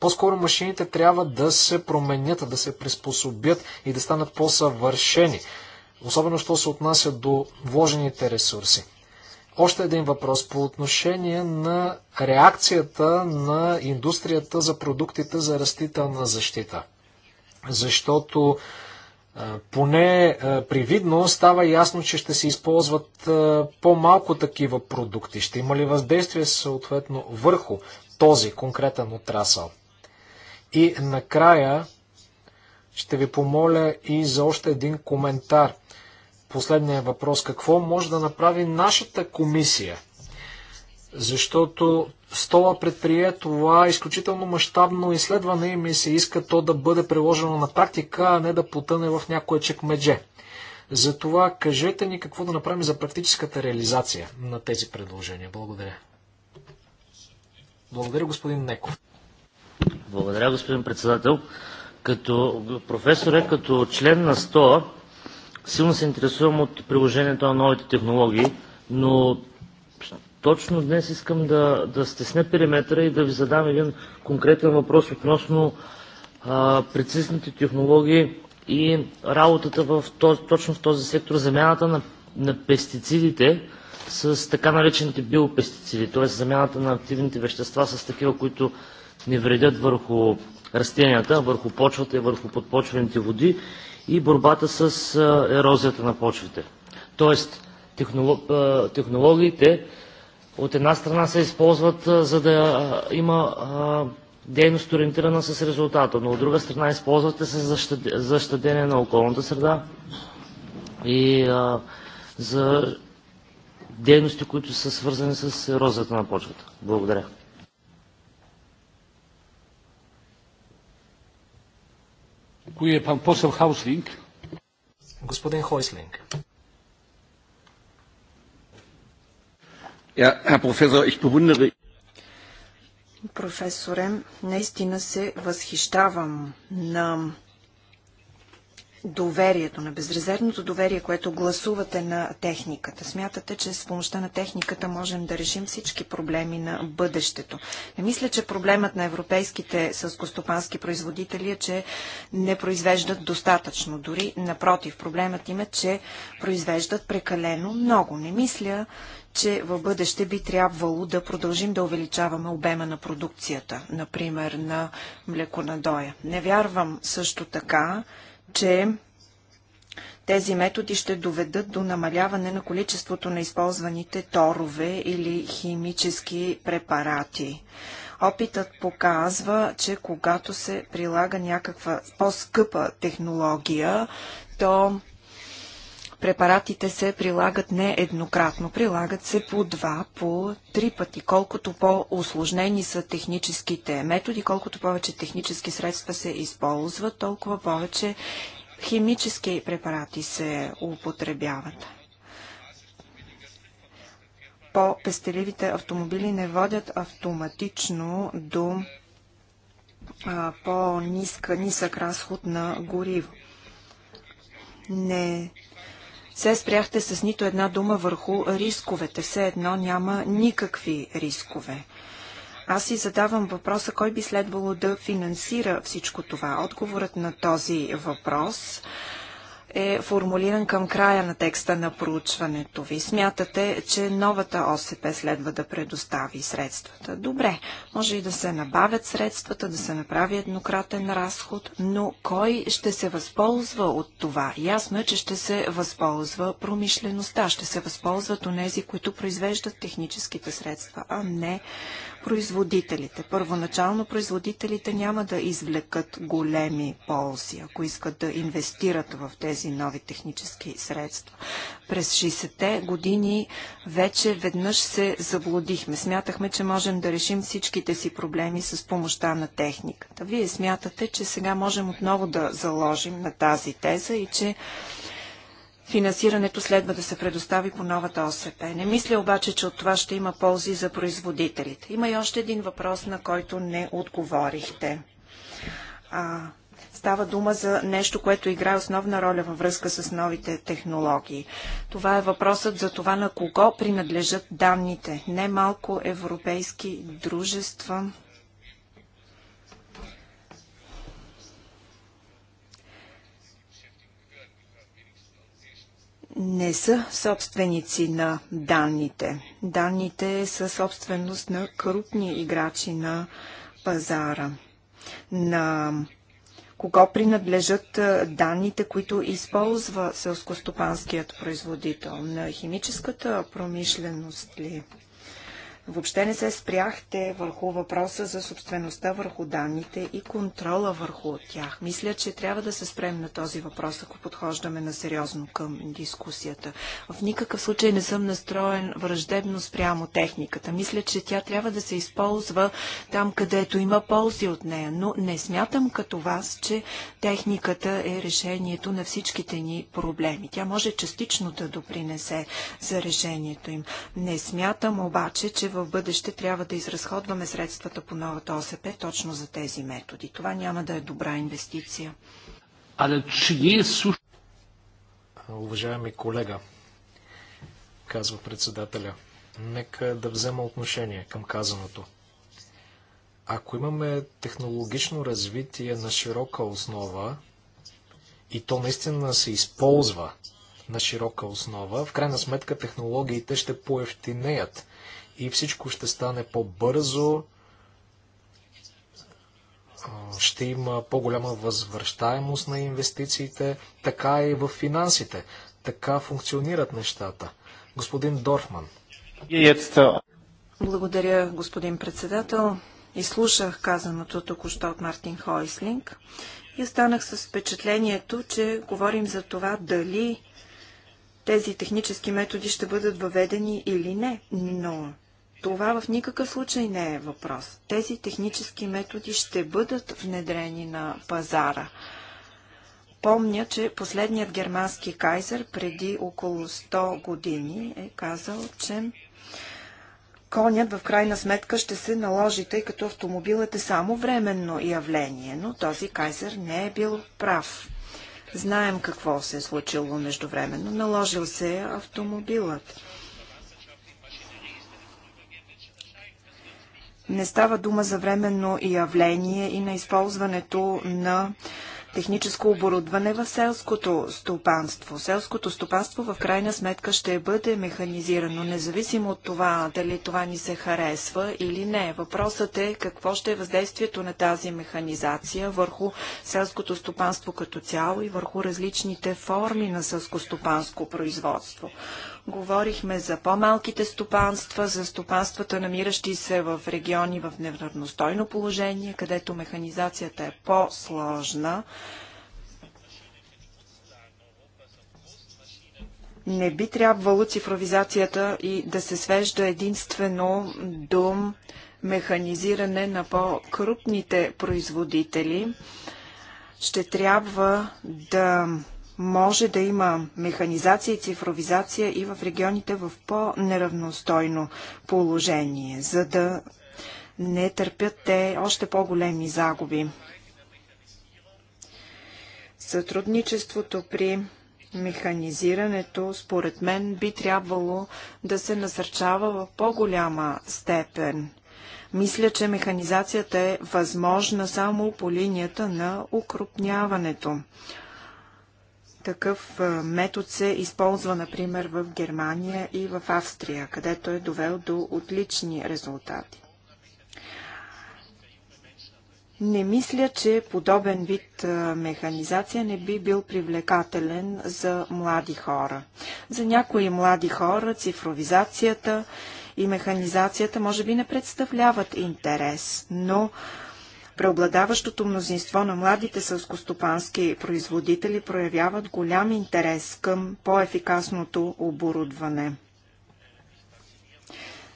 По-скоро машините трябва да се променят, да се приспособят и да станат по-съвършени. Особено, що се отнася до вложените ресурси. Още един въпрос по отношение на реакцията на индустрията за продуктите за растителна защита. Защото поне привидно става ясно, че ще се използват по-малко такива продукти. Ще има ли въздействие съответно върху този конкретен отрасъл? И накрая ще ви помоля и за още един коментар – последния въпрос. Какво може да направи нашата комисия? Защото Стола предприе това изключително мащабно изследване и ми се иска то да бъде приложено на практика, а не да потъне в някое чекмедже. Затова кажете ни какво да направим за практическата реализация на тези предложения. Благодаря. Благодаря, господин Неков. Благодаря, господин председател. Като е като член на СТОА, силно се интересувам от приложението на новите технологии, но точно днес искам да, да стесня периметъра и да ви задам един конкретен въпрос относно а, прецизните технологии и работата в този, точно в този сектор, замяната на, на пестицидите с така наречените биопестициди, т.е. замяната на активните вещества с такива, които не вредят върху растенията, върху почвата и върху подпочвените води и борбата с ерозията на почвите. Тоест, технологиите от една страна се използват, за да има дейност ориентирана с резултата, но от друга страна използвате се за щадение на околната среда и за дейности, които са свързани с ерозията на почвата. Благодаря. Господин Хойслинг. професоре, наистина се възхищавам на доверието, на безрезервното доверие, което гласувате на техниката. Смятате, че с помощта на техниката можем да решим всички проблеми на бъдещето. Не мисля, че проблемът на европейските сълскостопански производители е, че не произвеждат достатъчно. Дори, напротив, проблемът им е, че произвеждат прекалено много. Не мисля, че в бъдеще би трябвало да продължим да увеличаваме обема на продукцията, например на млеконадоя. Не вярвам също така, че тези методи ще доведат до намаляване на количеството на използваните торове или химически препарати. Опитът показва, че когато се прилага някаква по-скъпа технология, то препаратите се прилагат не еднократно, прилагат се по два, по три пъти. Колкото по-осложнени са техническите методи, колкото повече технически средства се използват, толкова повече химически препарати се употребяват. По-пестеливите автомобили не водят автоматично до по-нисък разход на гориво не се спряхте с нито една дума върху рисковете. Все едно няма никакви рискове. Аз си задавам въпроса, кой би следвало да финансира всичко това. Отговорът на този въпрос е формулиран към края на текста на проучването ви. Смятате, че новата ОСП следва да предостави средствата. Добре, може и да се набавят средствата, да се направи еднократен разход, но кой ще се възползва от това? Ясно е, че ще се възползва промишлеността, ще се възползват тези, които произвеждат техническите средства, а не производителите. Първоначално производителите няма да извлекат големи ползи, ако искат да инвестират в тези нови технически средства. През 60-те години вече веднъж се заблудихме. Смятахме, че можем да решим всичките си проблеми с помощта на техниката. Вие смятате, че сега можем отново да заложим на тази теза и че Финансирането следва да се предостави по новата ОСП. Не мисля обаче, че от това ще има ползи за производителите. Има и още един въпрос, на който не отговорихте. А, става дума за нещо, което играе основна роля във връзка с новите технологии. Това е въпросът за това на кого принадлежат данните. Немалко европейски дружества не са собственици на данните. Данните са собственост на крупни играчи на пазара. На кого принадлежат данните, които използва селскостопанският производител? На химическата промишленост ли? Въобще не се спряхте върху въпроса за собствеността върху данните и контрола върху тях. Мисля, че трябва да се спрем на този въпрос, ако подхождаме на сериозно към дискусията. В никакъв случай не съм настроен враждебно спрямо техниката. Мисля, че тя трябва да се използва там, където има ползи от нея, но не смятам като вас, че техниката е решението на всичките ни проблеми. Тя може частично да допринесе за решението им. Не смятам обаче, че в бъдеще трябва да изразходваме средствата по новата ОСП точно за тези методи. Това няма да е добра инвестиция. Але че ние е суш... Уважаеми колега, казва председателя, нека да взема отношение към казаното. Ако имаме технологично развитие на широка основа и то наистина се използва на широка основа, в крайна сметка технологиите ще поевтинеят и всичко ще стане по-бързо, ще има по-голяма възвръщаемост на инвестициите, така и в финансите. Така функционират нещата. Господин Дорфман. Благодаря, господин председател. Изслушах казаното току-що от Мартин Хойслинг и останах с впечатлението, че говорим за това дали тези технически методи ще бъдат въведени или не. Но това в никакъв случай не е въпрос. Тези технически методи ще бъдат внедрени на пазара. Помня, че последният германски кайзер преди около 100 години е казал, че конят в крайна сметка ще се наложи, тъй като автомобилът е само временно явление, но този кайзер не е бил прав. Знаем какво се е случило междувременно. Наложил се е автомобилът. Не става дума за временно явление и на използването на техническо оборудване в селското стопанство. Селското стопанство в крайна сметка ще бъде механизирано, независимо от това дали това ни се харесва или не. Въпросът е какво ще е въздействието на тази механизация върху селското стопанство като цяло и върху различните форми на селскостопанско производство. Говорихме за по-малките стопанства, за стопанствата, намиращи се в региони в неравностойно положение, където механизацията е по-сложна. не би трябвало цифровизацията и да се свежда единствено до механизиране на по-крупните производители. Ще трябва да може да има механизация и цифровизация и в регионите в по-неравностойно положение, за да не търпят те още по-големи загуби. Сътрудничеството при механизирането, според мен, би трябвало да се насърчава в по-голяма степен. Мисля, че механизацията е възможна само по линията на укрупняването. Такъв метод се използва, например, в Германия и в Австрия, където е довел до отлични резултати. Не мисля, че подобен вид механизация не би бил привлекателен за млади хора. За някои млади хора цифровизацията и механизацията може би не представляват интерес, но Преобладаващото мнозинство на младите сълскостопански производители проявяват голям интерес към по-ефикасното оборудване.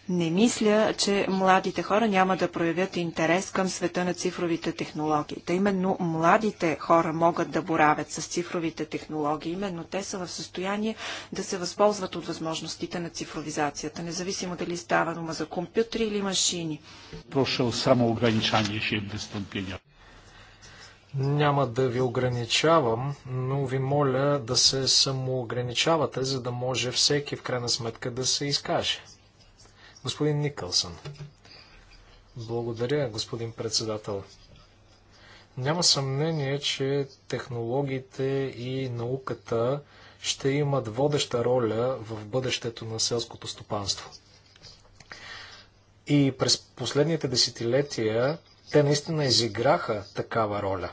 Не мисля, че младите хора няма да проявят интерес към света на цифровите технологии. Та именно младите хора могат да боравят с цифровите технологии. Именно те са в състояние да се възползват от възможностите на цифровизацията, независимо дали става дума за компютри или машини. Прошу само ограничение ще выступления. Няма да ви ограничавам, но ви моля да се самоограничавате, за да може всеки в крайна сметка да се изкаже. Господин Никълсън. Благодаря, господин председател. Няма съмнение, че технологиите и науката ще имат водеща роля в бъдещето на селското стопанство. И през последните десетилетия те наистина изиграха такава роля.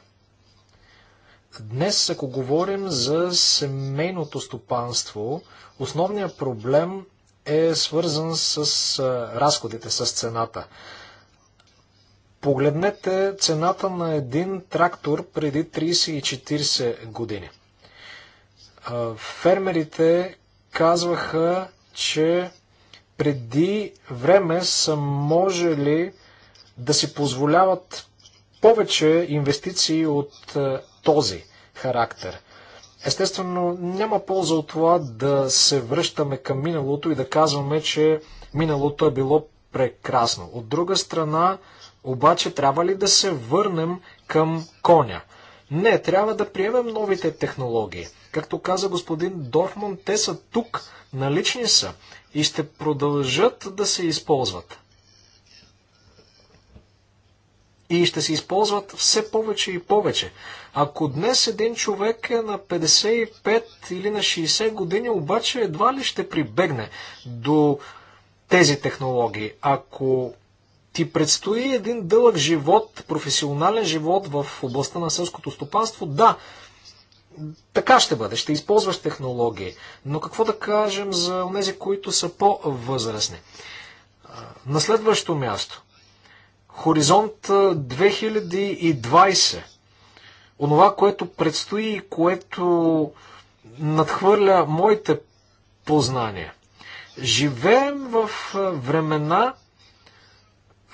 Днес, ако говорим за семейното стопанство, основният проблем е свързан с разходите, с цената. Погледнете цената на един трактор преди 30 и 40 години. Фермерите казваха, че преди време са можели да си позволяват повече инвестиции от този характер. Естествено, няма полза от това да се връщаме към миналото и да казваме, че миналото е било прекрасно. От друга страна, обаче, трябва ли да се върнем към коня? Не, трябва да приемем новите технологии. Както каза господин Дорфман, те са тук, налични са и ще продължат да се използват и ще се използват все повече и повече. Ако днес един човек е на 55 или на 60 години, обаче едва ли ще прибегне до тези технологии. Ако ти предстои един дълъг живот, професионален живот в областта на селското стопанство, да, така ще бъде, ще използваш технологии. Но какво да кажем за тези, които са по-възрастни? На следващо място, Хоризонт 2020. Онова, което предстои и което надхвърля моите познания. Живеем в времена,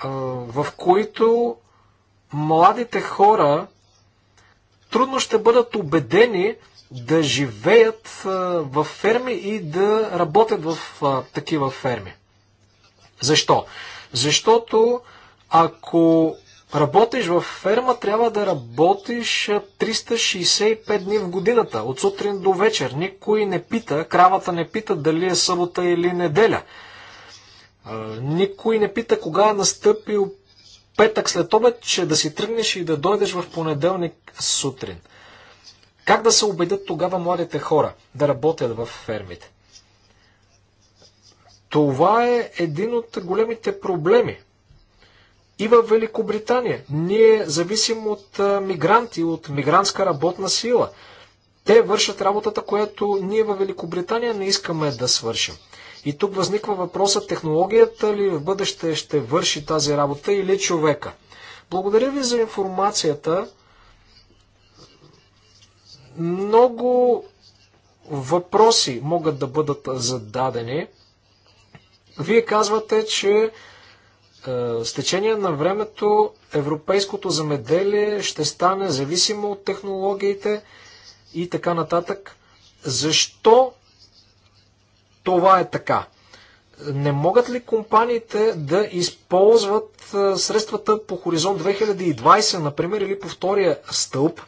в които младите хора трудно ще бъдат убедени да живеят в ферми и да работят в такива ферми. Защо? Защото ако работиш в ферма, трябва да работиш 365 дни в годината, от сутрин до вечер. Никой не пита, кравата не пита дали е събота или неделя. Никой не пита кога е настъпил петък след обед, че да си тръгнеш и да дойдеш в понеделник сутрин. Как да се убедят тогава младите хора да работят в фермите? Това е един от големите проблеми и във Великобритания. Ние зависим от мигранти, от мигрантска работна сила. Те вършат работата, която ние във Великобритания не искаме да свършим. И тук възниква въпроса, технологията ли в бъдеще ще върши тази работа или човека. Благодаря ви за информацията. Много въпроси могат да бъдат зададени. Вие казвате, че е, с течение на времето европейското замеделие ще стане зависимо от технологиите и така нататък. Защо това е така? Не могат ли компаниите да използват е, средствата по Хоризонт 2020, например, или по втория стълб,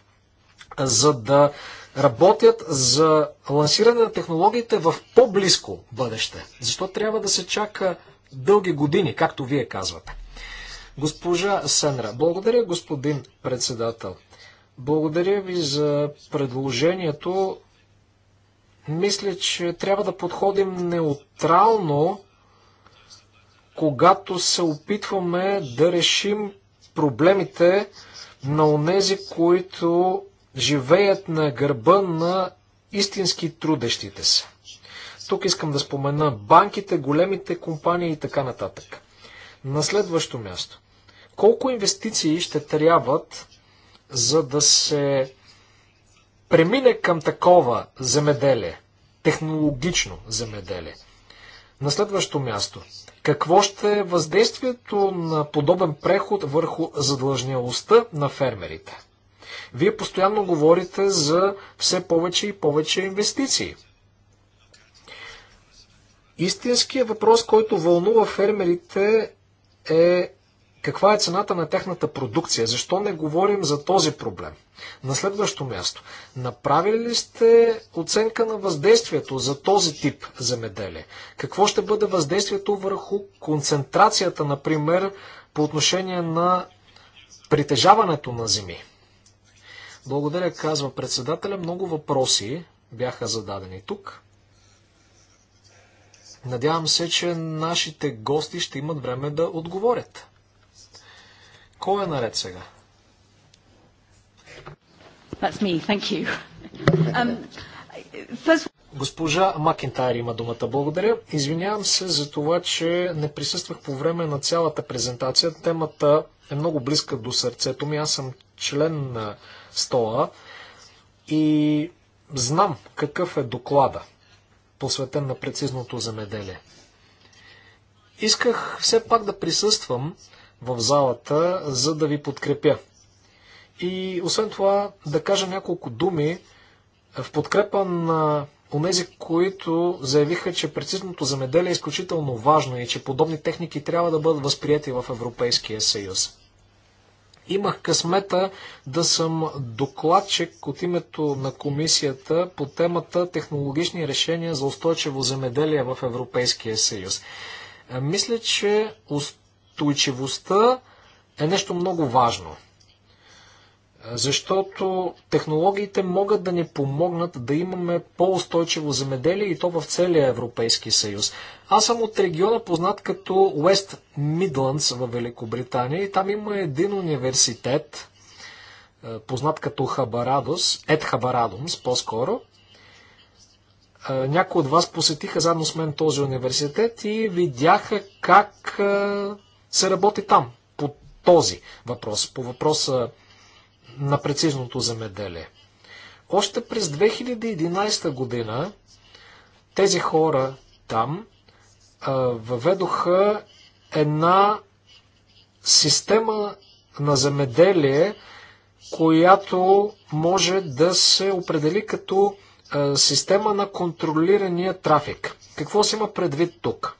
за да работят за лансиране на технологиите в по-близко бъдеще? Защо трябва да се чака дълги години, както вие казвате. Госпожа Сенра, благодаря господин председател. Благодаря ви за предложението. Мисля, че трябва да подходим неутрално, когато се опитваме да решим проблемите на онези, които живеят на гърба на истински трудещите се. Тук искам да спомена банките, големите компании и така нататък. На следващо място. Колко инвестиции ще трябват, за да се премине към такова земеделие, технологично земеделие? На следващо място. Какво ще е въздействието на подобен преход върху задлъжнялостта на фермерите? Вие постоянно говорите за все повече и повече инвестиции. Истинският въпрос, който вълнува фермерите е каква е цената на тяхната продукция? Защо не говорим за този проблем? На следващо място, направили ли сте оценка на въздействието за този тип земеделие? Какво ще бъде въздействието върху концентрацията, например, по отношение на притежаването на земи? Благодаря, казва председателя. Много въпроси бяха зададени тук. Надявам се, че нашите гости ще имат време да отговорят. Кой е наред сега? That's me. Thank you. Um, first... Госпожа Макентайр има думата. Благодаря. Извинявам се за това, че не присъствах по време на цялата презентация. Темата е много близка до сърцето ми. Аз съм член на СТОА и знам какъв е доклада посветен на прецизното земеделие. Исках все пак да присъствам в залата, за да ви подкрепя. И освен това да кажа няколко думи в подкрепа на онези, които заявиха, че прецизното земеделие е изключително важно и че подобни техники трябва да бъдат възприяти в Европейския съюз. Имах късмета да съм докладчик от името на комисията по темата технологични решения за устойчиво земеделие в Европейския съюз. Е, мисля, че устойчивостта е нещо много важно защото технологиите могат да ни помогнат да имаме по-устойчиво земеделие и то в целия Европейски съюз. Аз съм от региона познат като West Midlands в Великобритания и там има един университет, е, познат като Хабарадос, Ед Хабарадомс по-скоро. Е, някои от вас посетиха заедно с мен този университет и видяха как е, се работи там по този въпрос, по въпроса на прецизното земеделие. Още през 2011 година тези хора там а, въведоха една система на земеделие, която може да се определи като а, система на контролирания трафик. Какво се има предвид тук?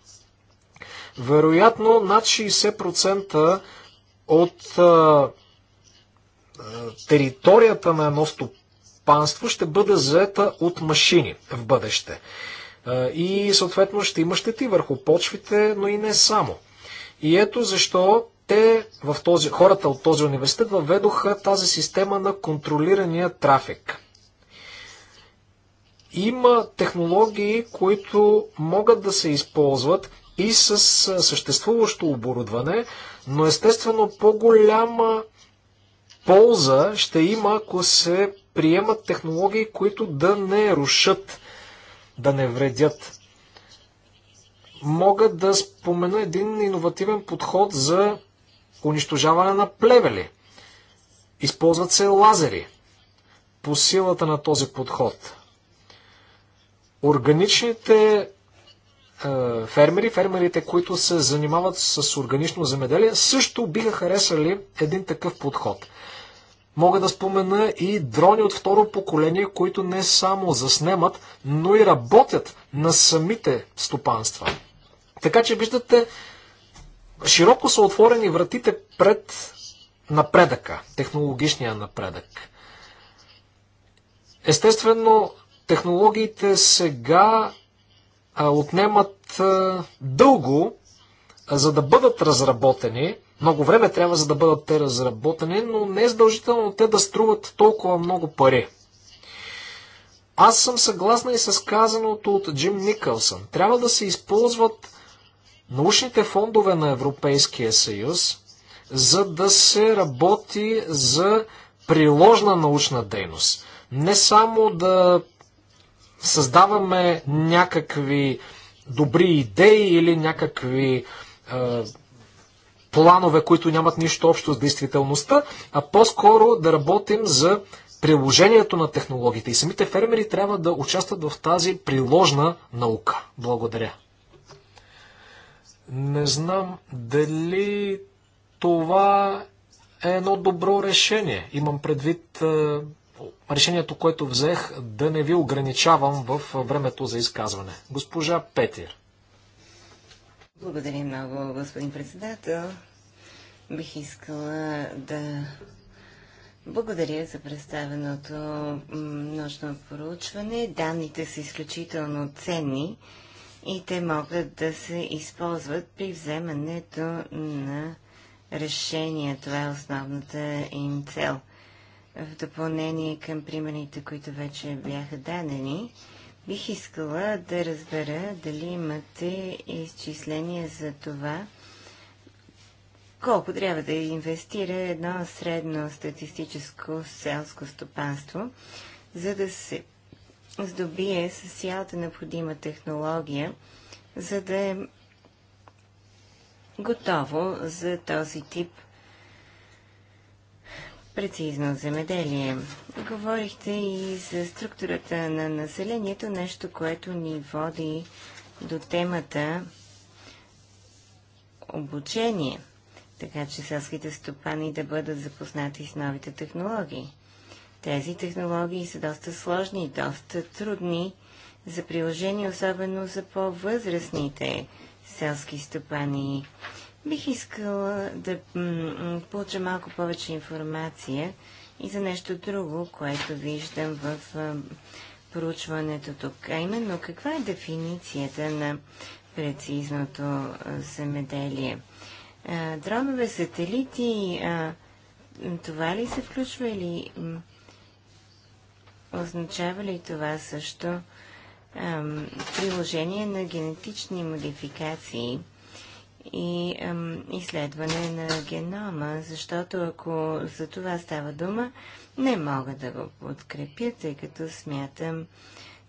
Вероятно над 60% от а, територията на едно стопанство ще бъде заета от машини в бъдеще. И съответно ще има щети върху почвите, но и не само. И ето защо те в този, хората от този университет въведоха тази система на контролирания трафик. Има технологии, които могат да се използват и с съществуващо оборудване, но естествено по-голяма полза ще има, ако се приемат технологии, които да не рушат, да не вредят. Мога да спомена един иновативен подход за унищожаване на плевели. Използват се лазери по силата на този подход. Органичните е, фермери, фермерите, които се занимават с органично земеделие, също биха харесали един такъв подход. Мога да спомена и дрони от второ поколение, които не само заснемат, но и работят на самите стопанства. Така че виждате, широко са отворени вратите пред напредъка, технологичния напредък. Естествено, технологиите сега отнемат дълго, за да бъдат разработени, много време трябва за да бъдат те разработени, но не е задължително те да струват толкова много пари. Аз съм съгласна и с казаното от Джим Никълсън. Трябва да се използват научните фондове на Европейския съюз, за да се работи за приложна научна дейност. Не само да създаваме някакви добри идеи или някакви е, планове, които нямат нищо общо с действителността, а по-скоро да работим за приложението на технологиите. И самите фермери трябва да участват в тази приложна наука. Благодаря. Не знам дали това е едно добро решение. Имам предвид е, решението, което взех, да не ви ограничавам в времето за изказване. Госпожа Петир. Благодаря много, господин председател. Бих искала да благодаря за представеното нощно проучване. Данните са изключително ценни и те могат да се използват при вземането на решения. Това е основната им цел. В допълнение към примерите, които вече бяха дадени, Бих искала да разбера дали имате изчисления за това, колко трябва да инвестира едно средно статистическо селско стопанство, за да се здобие с цялата необходима технология, за да е готово за този тип прецизно земеделие. Говорихте и за структурата на населението, нещо, което ни води до темата обучение, така че селските стопани да бъдат запознати с новите технологии. Тези технологии са доста сложни, доста трудни за приложение, особено за по-възрастните селски стопани. Бих искала да получа малко повече информация и за нещо друго, което виждам в проучването тук. А именно, каква е дефиницията на прецизното земеделие? Дронове, сателити, това ли се включва или означава ли това също приложение на генетични модификации – и ам, изследване на генома, защото ако за това става дума, не мога да го подкрепя, тъй като смятам,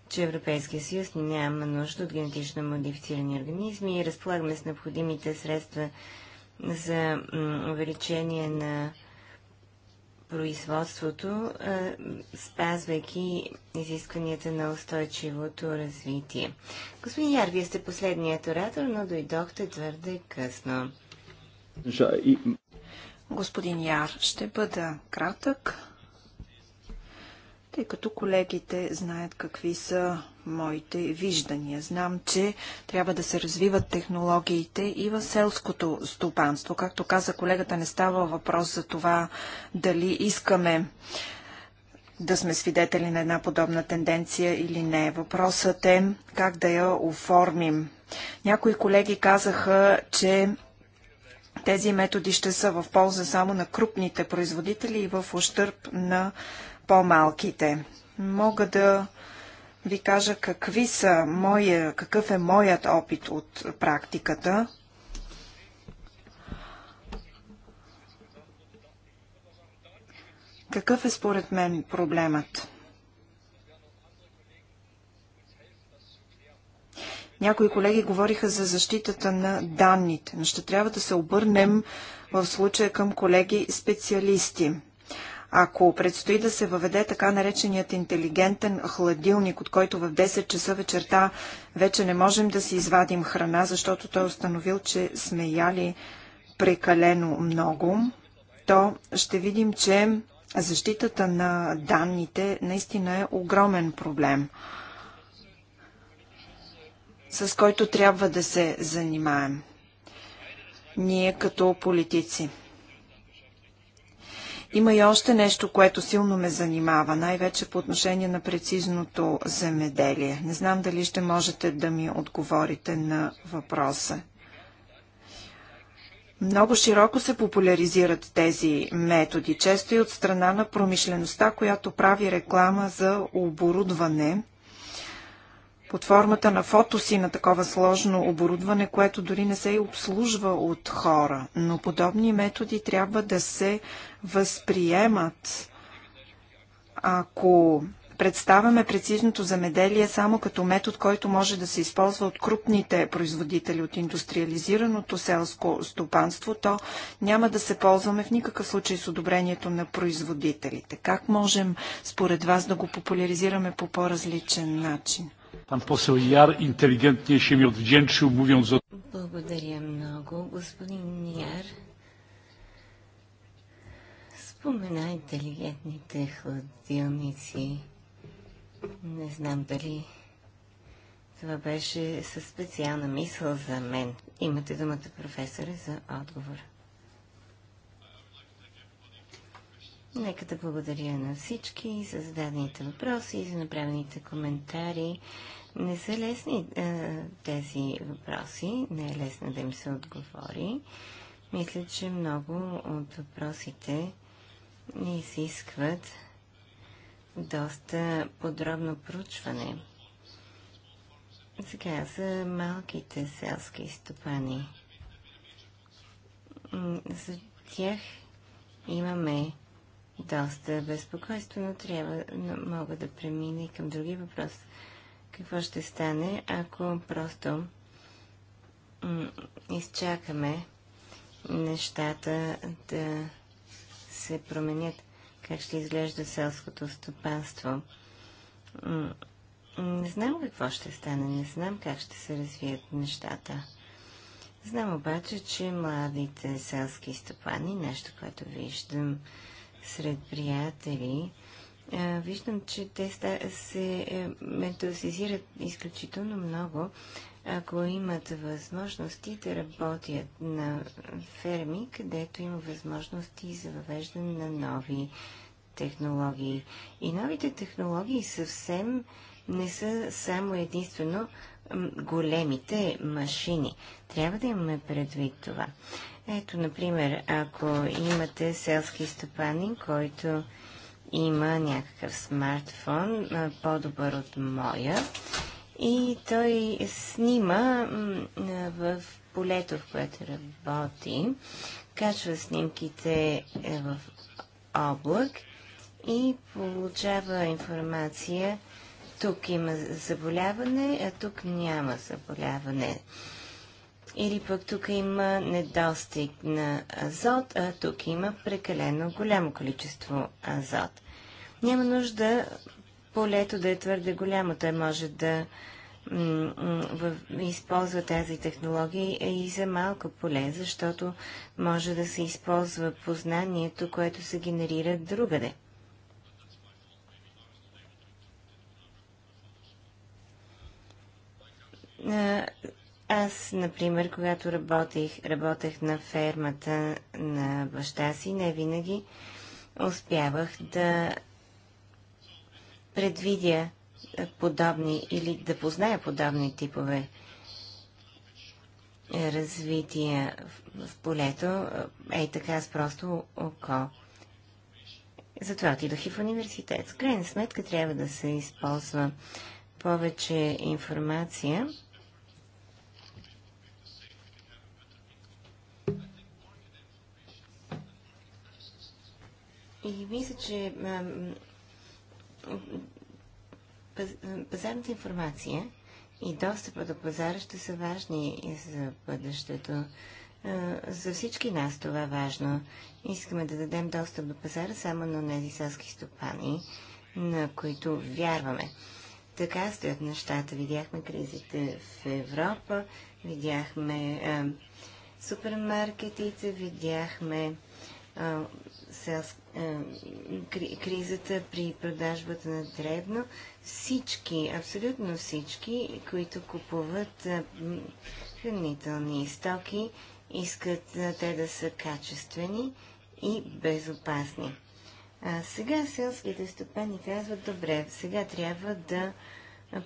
че Европейския съюз няма нужда от генетично модифицирани организми и разполагаме с необходимите средства за увеличение на производството, спазвайки изискванията на устойчивото развитие. Господин Яр, вие сте последният оратор, но дойдохте твърде късно. Господин Яр, ще бъда кратък, тъй като колегите знаят какви са моите виждания. Знам, че трябва да се развиват технологиите и в селското стопанство. Както каза колегата, не става въпрос за това дали искаме да сме свидетели на една подобна тенденция или не. Въпросът е как да я оформим. Някои колеги казаха, че тези методи ще са в полза само на крупните производители и в ущърп на по-малките. Мога да ви кажа какви са моя, какъв е моят опит от практиката. Какъв е според мен проблемът? Някои колеги говориха за защитата на данните, но ще трябва да се обърнем в случая към колеги специалисти. Ако предстои да се въведе така нареченият интелигентен хладилник, от който в 10 часа вечерта вече не можем да си извадим храна, защото той е установил, че сме яли прекалено много, то ще видим, че защитата на данните наистина е огромен проблем, с който трябва да се занимаем ние като политици. Има и още нещо, което силно ме занимава, най-вече по отношение на прецизното земеделие. Не знам дали ще можете да ми отговорите на въпроса. Много широко се популяризират тези методи, често и от страна на промишлеността, която прави реклама за оборудване – под формата на фотоси на такова сложно оборудване, което дори не се обслужва от хора. Но подобни методи трябва да се възприемат. Ако представяме прецизното замеделие само като метод, който може да се използва от крупните производители от индустриализираното селско стопанство, то няма да се ползваме в никакъв случай с одобрението на производителите. Как можем според вас да го популяризираме по по-различен начин? Pan poseł Jar inteligentnie się mi odwdzięczył, mówiąc o... Благодаря много, господин Яр. Спомена интелигентните хладилници. Не знам дали това беше със специална мисъл за мен. Имате думата, професоре, за отговор. Нека да благодаря на всички за зададените въпроси и за направените коментари. Не са лесни а, тези въпроси, не е лесно да им се отговори. Мисля, че много от въпросите ни изискват доста подробно проучване. Сега за малките селски стопани. За тях имаме доста безпокойство, но трябва, но мога да премина и към други въпрос. Какво ще стане, ако просто изчакаме нещата да се променят? Как ще изглежда селското стопанство? Не знам какво ще стане, не знам как ще се развият нещата. Знам обаче, че младите селски стопани, нещо, което виждам, сред приятели, виждам, че те се е, ентусизират изключително много, ако имат възможности да работят на ферми, където има възможности за въвеждане на нови технологии. И новите технологии съвсем не са само единствено големите машини. Трябва да имаме предвид това. Ето, например, ако имате селски стопанин, който има някакъв смартфон, по-добър от моя, и той снима в полето, в което работи, качва снимките е, в облак и получава информация тук има заболяване, а тук няма заболяване или пък тук има недостиг на азот, а тук има прекалено голямо количество азот. Няма нужда полето да е твърде голямо. Той може да използва тази технология и за малко поле, защото може да се използва познанието, което се генерира другаде. Аз, например, когато работех, работех на фермата на баща си, не винаги успявах да предвидя подобни или да позная подобни типове развития в полето, ей така с просто око. Затова отидох и в университет. С крайна сметка трябва да се използва повече информация И мисля, че пазарната информация и достъпа до пазара ще са важни за бъдещето. За всички нас това е важно. Искаме да дадем достъп до пазара само на тези селски стопани, на които вярваме. Така стоят нещата. Видяхме кризите в Европа, видяхме е, супермаркетите, видяхме е, селск... Е, кризата при продажбата на дребно, всички, абсолютно всички, които купуват е, хранителни стоки, искат е, те да са качествени и безопасни. А сега селските стопани казват, добре, сега трябва да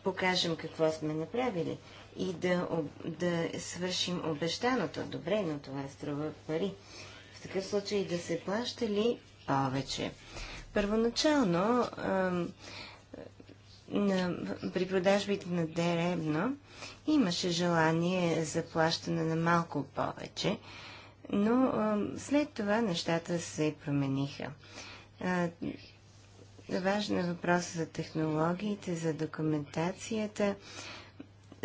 покажем какво сме направили и да, да свършим обещаното. Добре, но това струва пари такъв случай да се плаща ли повече? Първоначално на, при продажбите на Деребно имаше желание за плащане на малко повече, но а, след това нещата се промениха. А, важен е въпрос за технологиите, за документацията.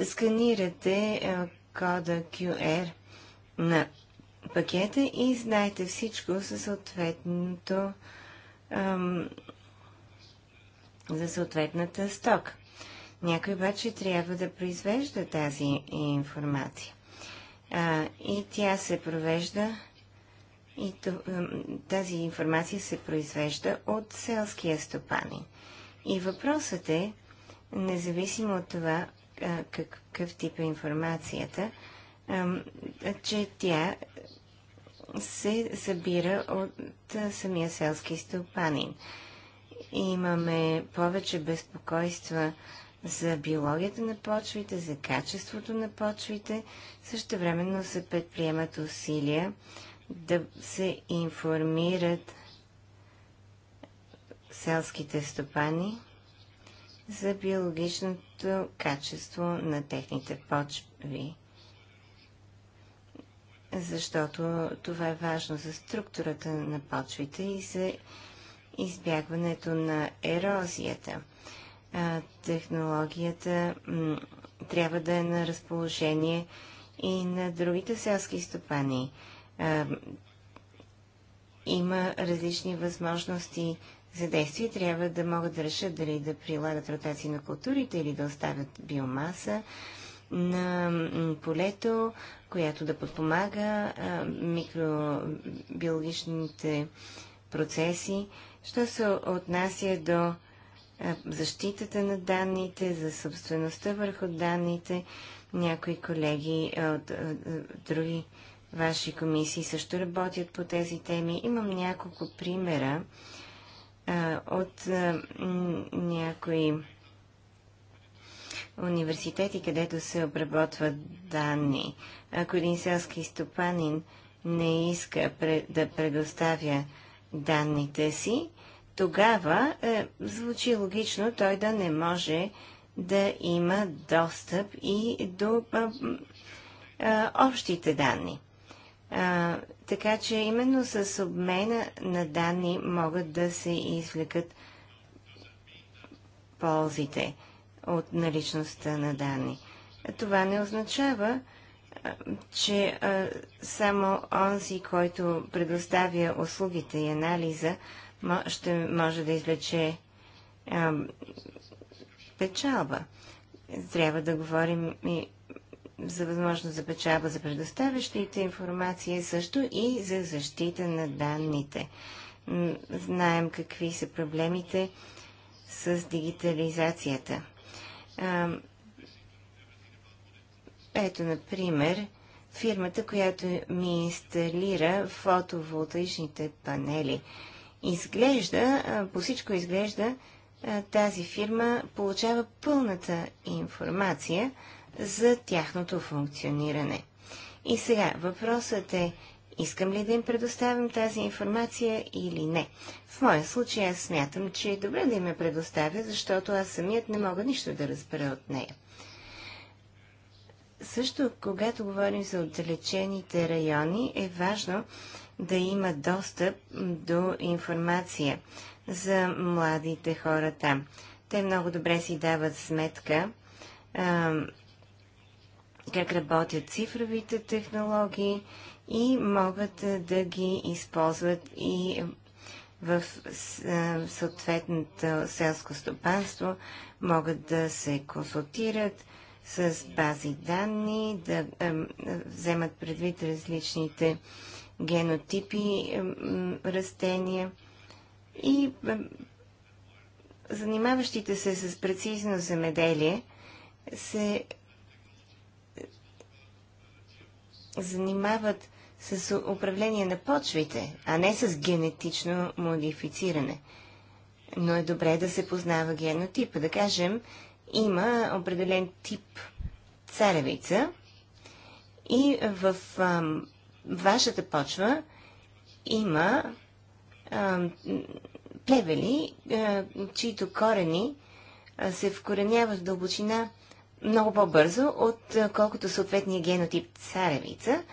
Сканирате а, кода QR на пакета и знаете всичко за съответното ам, за съответната стока. Някой обаче трябва да произвежда тази информация. А, и тя се провежда и тази информация се произвежда от селския стопани. И въпросът е, независимо от това какъв тип е информацията, че тя се събира от самия селски стопанин. Имаме повече безпокойства за биологията на почвите, за качеството на почвите. Също времено се предприемат усилия да се информират селските стопани за биологичното качество на техните почви защото това е важно за структурата на почвите и за избягването на ерозията. А, технологията трябва да е на разположение и на другите селски стопани. А, има различни възможности за действие. Трябва да могат да решат дали да прилагат ротации на културите или да оставят биомаса. А, на полето, която да подпомага микробиологичните процеси. Що се отнася до защитата на данните, за собствеността върху данните, някои колеги от други ваши комисии също работят по тези теми. Имам няколко примера от някои университети, където се обработват данни. Ако един селски стопанин не иска да предоставя данните си, тогава е, звучи логично той да не може да има достъп и до а, а, общите данни. А, така че именно с обмена на данни могат да се извлекат ползите от наличността на данни. Това не означава, че само онзи, който предоставя услугите и анализа, ще може да извлече печалба. Трябва да говорим и за възможност за печалба за предоставящите информация, също и за защита на данните. Знаем какви са проблемите с дигитализацията. Ето, например, фирмата, която ми инсталира фотоволтаичните панели. Изглежда, по всичко изглежда, тази фирма получава пълната информация за тяхното функциониране. И сега въпросът е искам ли да им предоставям тази информация или не. В моя случай аз смятам, че е добре да им я предоставя, защото аз самият не мога нищо да разбера от нея. Също, когато говорим за отдалечените райони, е важно да има достъп до информация за младите хора там. Те много добре си дават сметка как работят цифровите технологии и могат да ги използват и в съответното селско стопанство, могат да се консултират с бази данни, да вземат предвид различните генотипи растения и занимаващите се с прецизно земеделие се занимават с управление на почвите, а не с генетично модифициране. Но е добре да се познава генотипа. Да кажем, има определен тип царевица и в а, вашата почва има а, плевели, а, чието корени а, се вкореняват в дълбочина много по-бързо, отколкото съответния генотип царевица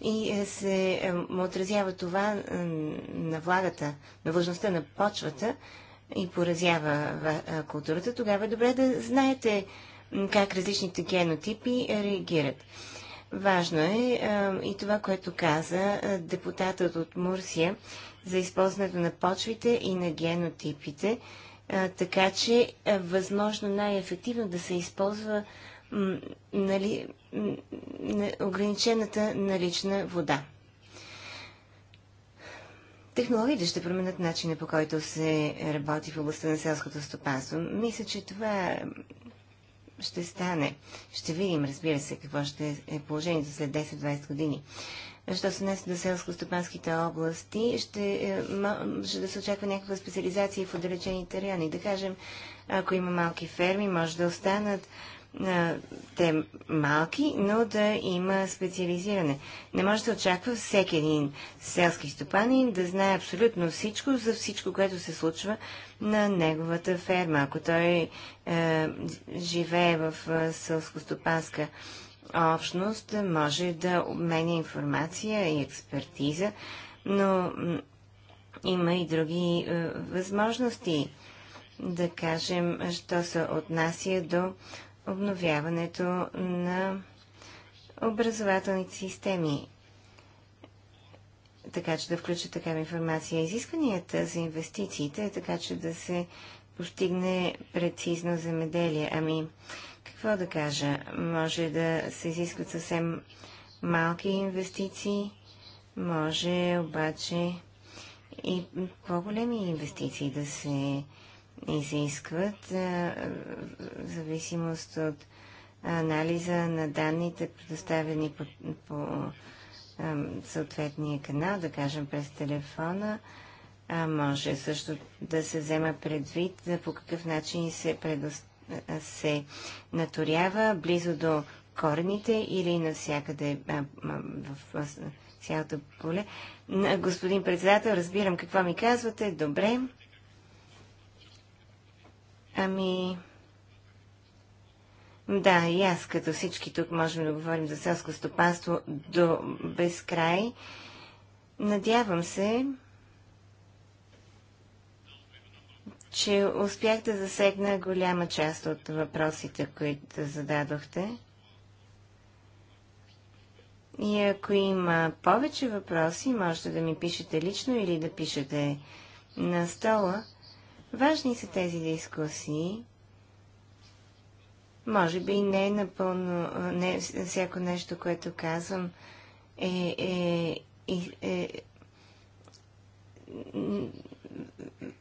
и е, се отразява това на влагата, на влажността на почвата и поразява културата, тогава е добре да знаете как различните генотипи реагират. Важно е и това, което каза депутатът от Мурсия за използването на почвите и на генотипите, така че възможно най-ефективно да се използва нали, ограничената налична вода. Технологиите ще променят начина по който се работи в областта на селското стопанство. Мисля, че това ще стане. Ще видим, разбира се, какво ще е положението след 10-20 години. Що се отнесе до селско-стопанските области, ще, ще да се очаква някаква специализация в отдалечените райони. Да кажем, ако има малки ферми, може да останат те малки, но да има специализиране. Не може да очаква всеки един селски стопанин да знае абсолютно всичко за всичко, което се случва на неговата ферма. Ако той е, живее в селско-стопанска общност, може да обменя информация и експертиза, но има и други е, възможности. Да кажем, що се отнася до обновяването на образователните системи, така че да включат такава информация. Изискванията за инвестициите, е така че да се постигне прецизно земеделие. Ами, какво да кажа? Може да се изискват съвсем малки инвестиции, може обаче и по-големи инвестиции да се изискват, в зависимост от анализа на данните, предоставени по, по съответния канал, да кажем през телефона, а може също да се взема предвид да по какъв начин се, предост... се наторява близо до корените или навсякъде в цялото поле. Господин председател, разбирам какво ми казвате. Добре. Ами... Да, и аз като всички тук можем да говорим за селско стопанство до безкрай. Надявам се, че успях да засегна голяма част от въпросите, които зададохте. И ако има повече въпроси, можете да ми пишете лично или да пишете на стола. Важни са тези дискусии. Може би не е напълно, не всяко нещо, което казвам, е, е, е, е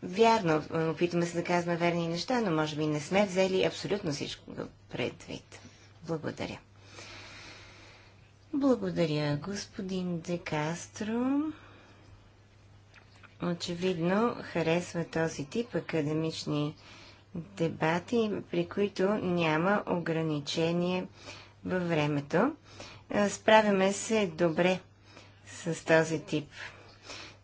вярно. Опитваме се да казваме верни неща, но може би не сме взели абсолютно всичко предвид. Благодаря. Благодаря, господин Декастро очевидно харесва този тип академични дебати, при които няма ограничение във времето. Справяме се добре с този тип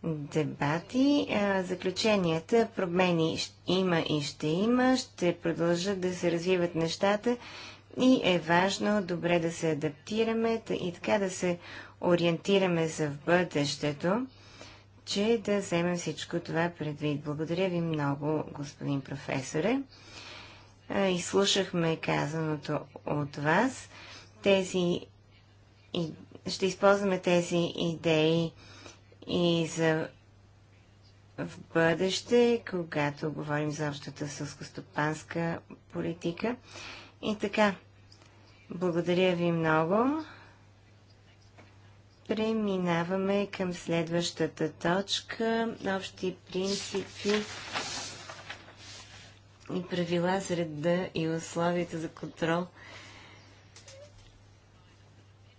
дебати. Заключенията, промени има и ще има, ще продължат да се развиват нещата и е важно добре да се адаптираме и така да се ориентираме за в бъдещето че да вземем всичко това предвид. Благодаря ви много, господин професоре. Изслушахме казаното от вас. Тези ще използваме тези идеи и за в бъдеще, когато говорим за общата сълскостопанска политика. И така, благодаря ви много. Преминаваме към следващата точка. Общи принципи и правила за реда и условията за контрол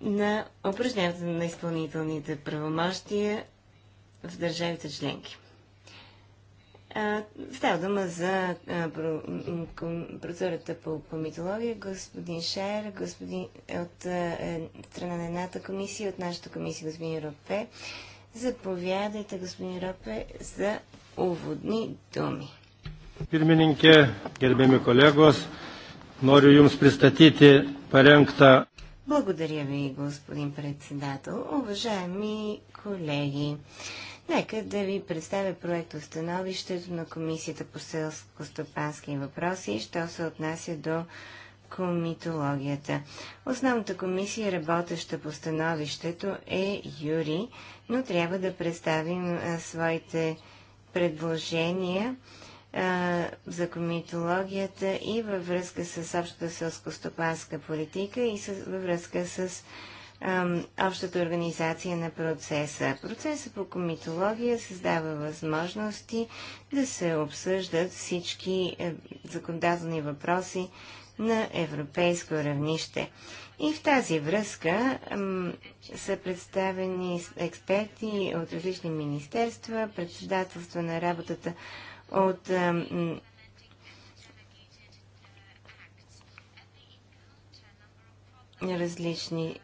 на упражняването на изпълнителните правомощия в държавите членки. Става дума за процедурата по, по митология. Господин Шер, господин, от е, страна на едната комисия, от нашата комисия, господин Ропе. Заповядайте, господин Ропе, за уводни думи. Pirmininkė, gerbėmi kolegos, noriu Jums пристатите паренкта. Благодаря ви, господин председател. Уважаеми колеги, Нека да ви представя проект становището на Комисията по селско-стопански въпроси, що се отнася до комитологията. Основната комисия, работеща по становището, е Юри, но трябва да представим а, своите предложения а, за комитологията и във връзка с общата селско-стопанска политика и с, във връзка с общата организация на процеса. Процесът по комитология създава възможности да се обсъждат всички е, законодателни въпроси на европейско равнище. И в тази връзка са представени експерти от различни министерства, председателства на работата от различни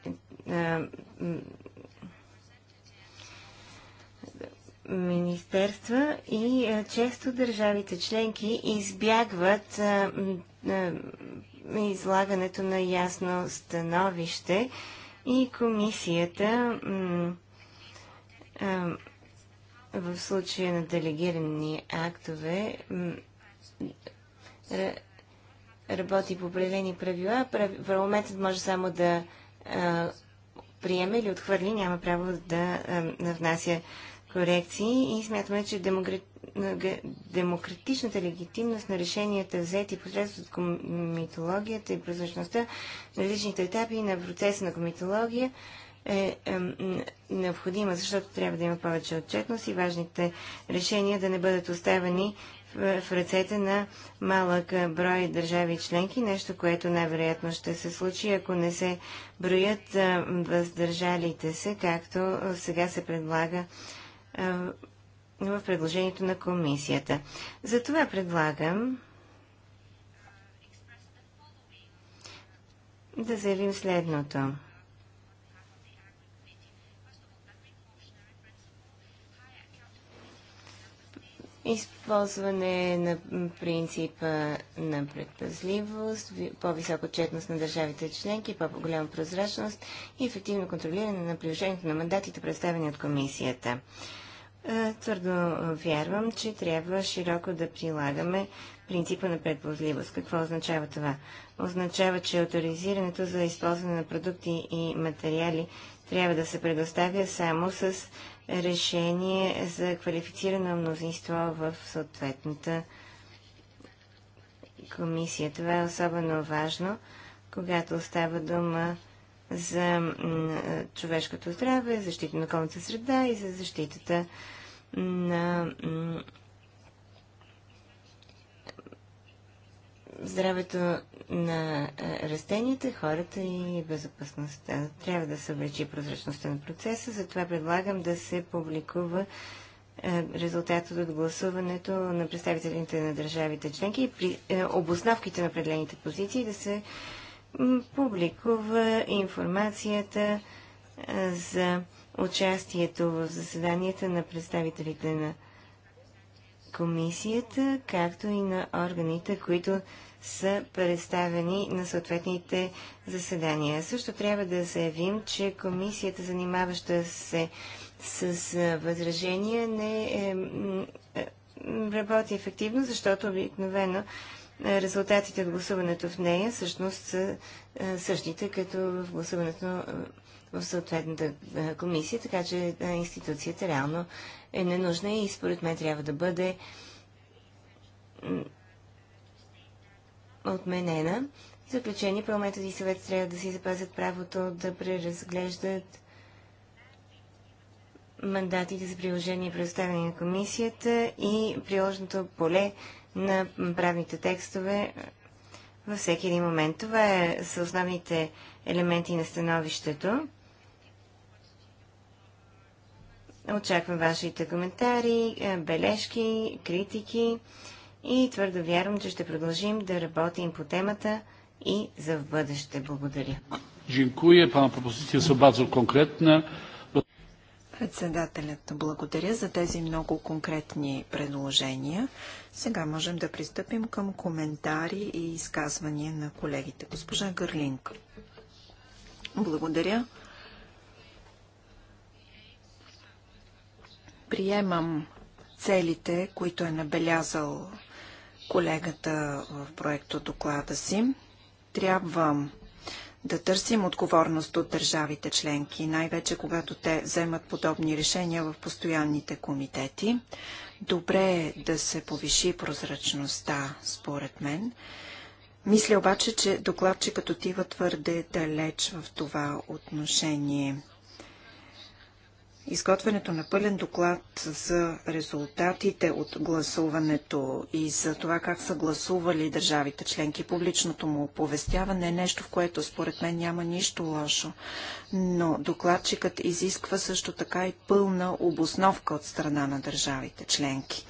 министерства и е, често държавите членки избягват е, е, излагането на ясно становище и комисията в случая на делегирани актове работи по определени правила. Парламентът може само да приеме или отхвърли, няма право да, да внася корекции и смятаме, че демократичната легитимност на решенията взети посредством от комитологията и прозрачността на различните етапи на процеса на комитология е, е, е необходима, защото трябва да има повече отчетност и важните решения да не бъдат оставени в ръцете на малък брой държави членки, нещо, което най-вероятно ще се случи, ако не се броят въздържалите се, както сега се предлага в предложението на комисията. Затова предлагам да заявим следното. използване на принципа на предпазливост, по-висока отчетност на държавите членки, по-голяма прозрачност и ефективно контролиране на приложението на мандатите, представени от комисията. Е, твърдо вярвам, че трябва широко да прилагаме принципа на предпазливост. Какво означава това? Означава, че авторизирането за използване на продукти и материали трябва да се предоставя само с решение за квалифицирано мнозинство в съответната комисия. Това е особено важно, когато става дума за човешкото здраве, защита на околната среда и за защитата на здравето на е, растенията, хората и безопасността. Трябва да се облечи прозрачността на процеса, затова предлагам да се публикува е, резултатът от гласуването на представителите на държавите членки и при е, обосновките на определените позиции да се публикува информацията за участието в заседанията на представителите на комисията, както и на органите, които са представени на съответните заседания. Също трябва да заявим, че комисията, занимаваща се с възражения, не е, е, работи ефективно, защото обикновено резултатите от гласуването в нея всъщност са същите, като в гласуването в съответната комисия, така че институцията реално е ненужна и според мен трябва да бъде отменена. В заключение, парламентът и съвет трябва да си запазят правото да преразглеждат мандатите за приложение и предоставяне на комисията и приложното поле на правните текстове във всеки един момент. Това е, са основните елементи на становището. Очаквам вашите коментари, е, бележки, критики и твърдо вярвам, че ще продължим да работим по темата и за в бъдеще. Благодаря. Dziękuję. пана пропозиция са базо конкретна. Председателят, благодаря за тези много конкретни предложения. Сега можем да пристъпим към коментари и изказвания на колегите. Госпожа Гърлинг. Благодаря. Приемам целите, които е набелязал колегата в проекто доклада си. Трябва да търсим отговорност от държавите членки, най-вече когато те вземат подобни решения в постоянните комитети. Добре е да се повиши прозрачността, според мен. Мисля обаче, че докладчикът отива твърде далеч в това отношение. Изготвянето на пълен доклад за резултатите от гласуването и за това как са гласували държавите членки, публичното му оповестяване е нещо, в което според мен няма нищо лошо. Но докладчикът изисква също така и пълна обосновка от страна на държавите членки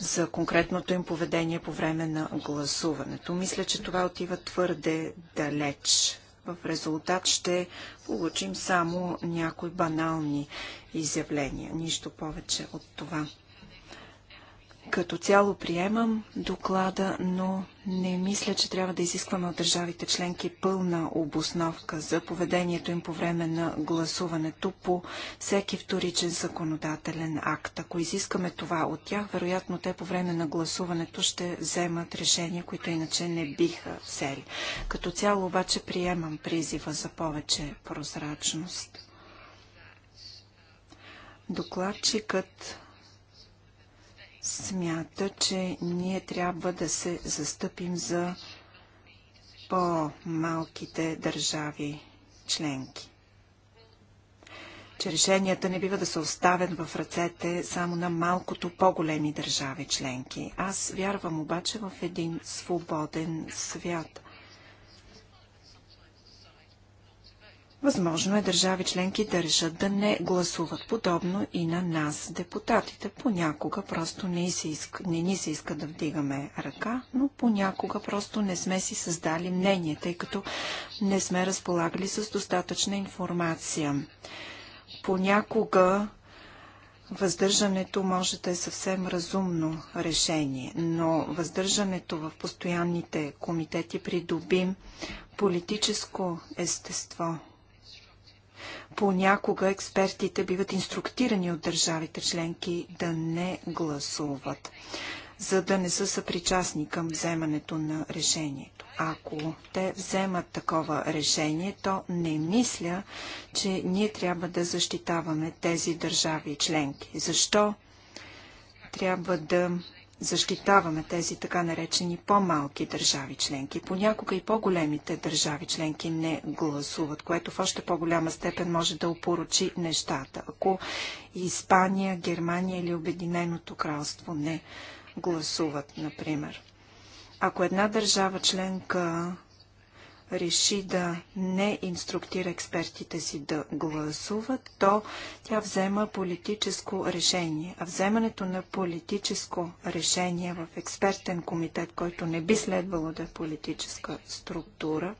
за конкретното им поведение по време на гласуването. Мисля, че това отива твърде далеч в резултат ще получим само някои банални изявления. Нищо повече от това. Като цяло приемам доклада, но не мисля, че трябва да изискваме от държавите членки пълна обосновка за поведението им по време на гласуването по всеки вторичен законодателен акт. Ако изискаме това от тях, вероятно те по време на гласуването ще вземат решения, които иначе не биха взели. Като цяло обаче приемам призива за повече прозрачност. Докладчикът смята, че ние трябва да се застъпим за по-малките държави членки. Че решенията не бива да се оставят в ръцете само на малкото по-големи държави членки. Аз вярвам обаче в един свободен свят – Възможно е държави членки да решат да не гласуват подобно и на нас, депутатите. Понякога просто не, се иска, не ни се иска да вдигаме ръка, но понякога просто не сме си създали мнение, тъй като не сме разполагали с достатъчна информация. Понякога Въздържането може да е съвсем разумно решение, но въздържането в постоянните комитети придобим политическо естество. Понякога експертите биват инструктирани от държавите членки да не гласуват, за да не са съпричастни към вземането на решението. Ако те вземат такова решение, то не мисля, че ние трябва да защитаваме тези държави членки. Защо трябва да защитаваме тези така наречени по-малки държави членки. Понякога и по-големите държави членки не гласуват, което в още по-голяма степен може да опорочи нещата. Ако Испания, Германия или Обединеното кралство не гласуват, например. Ако една държава членка реши да не инструктира експертите си да гласуват, то тя взема политическо решение. А вземането на политическо решение в експертен комитет, който не би следвало да е политическа структура,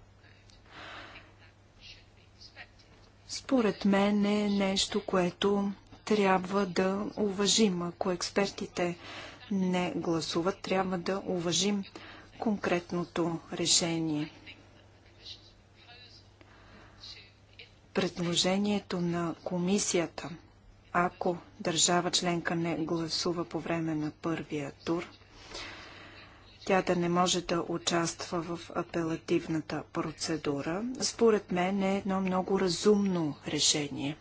според мен е нещо, което трябва да уважим. Ако експертите не гласуват, трябва да уважим конкретното решение. предложението на комисията, ако държава членка не гласува по време на първия тур, тя да не може да участва в апелативната процедура, според мен е едно много разумно решение.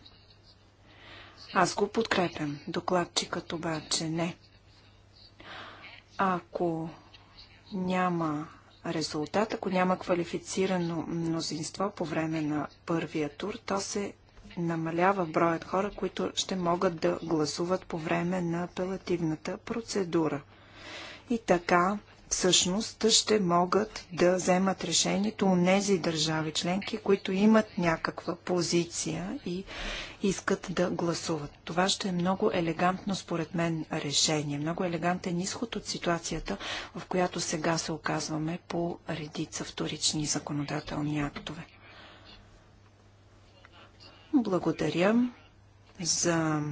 Аз го подкрепям, докладчикът обаче не. Ако няма резултат. Ако няма квалифицирано мнозинство по време на първия тур, то се намалява броят хора, които ще могат да гласуват по време на апелативната процедура. И така всъщност ще могат да вземат решението у нези държави членки, които имат някаква позиция и искат да гласуват. Това ще е много елегантно, според мен, решение. Много елегантен изход от ситуацията, в която сега се оказваме по редица вторични законодателни актове. Благодаря за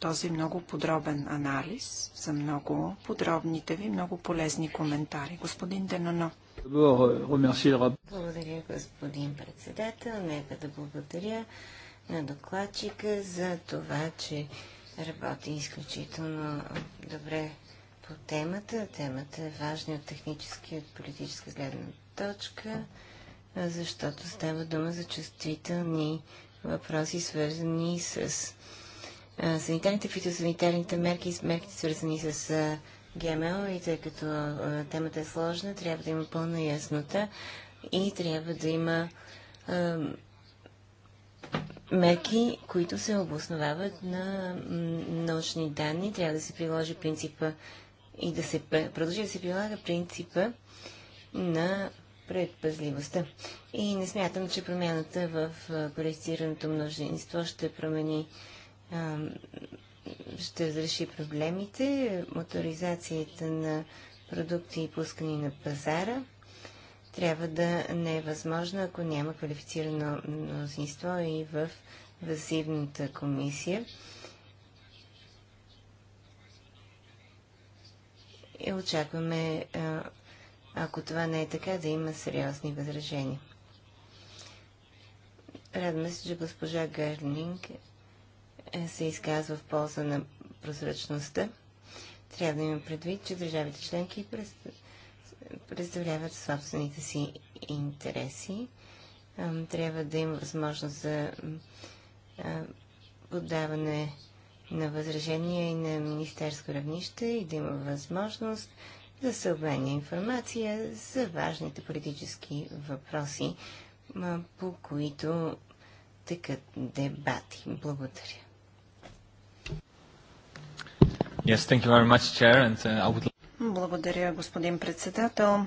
този много подробен анализ, за много подробните ви, много полезни коментари. Господин Денано. Euh, благодаря, господин председател. Нека да благодаря на докладчика за това, че работи изключително добре по темата. Темата е важна от технически и от политическа гледна точка, защото става дума за чувствителни въпроси, свързани с санитарните, фитосанитарните мерки и мерките свързани с ГМО и тъй като темата е сложна, трябва да има пълна яснота и трябва да има мерки, които се обосновават на научни данни. Трябва да се приложи принципа и да се продължи да се прилага принципа на предпазливостта. И не смятам, че промяната в парализираното множество ще промени ще разреши проблемите, моторизацията на продукти и пускани на пазара трябва да не е възможно, ако няма квалифицирано мнозинство и в въззивната комисия. И очакваме, ако това не е така, да има сериозни възражения. Радваме се, че госпожа Гърнинг. Е, се изказва в полза на прозрачността, трябва да има предвид, че държавите членки представляват собствените си интереси. Трябва да има възможност за подаване на възражения и на министерско равнище и да има възможност да се обменя информация за важните политически въпроси, по които тъкат дебати. Благодаря. Yes, thank you very much, Chair, and uh, I would... Благодаря, господин председател.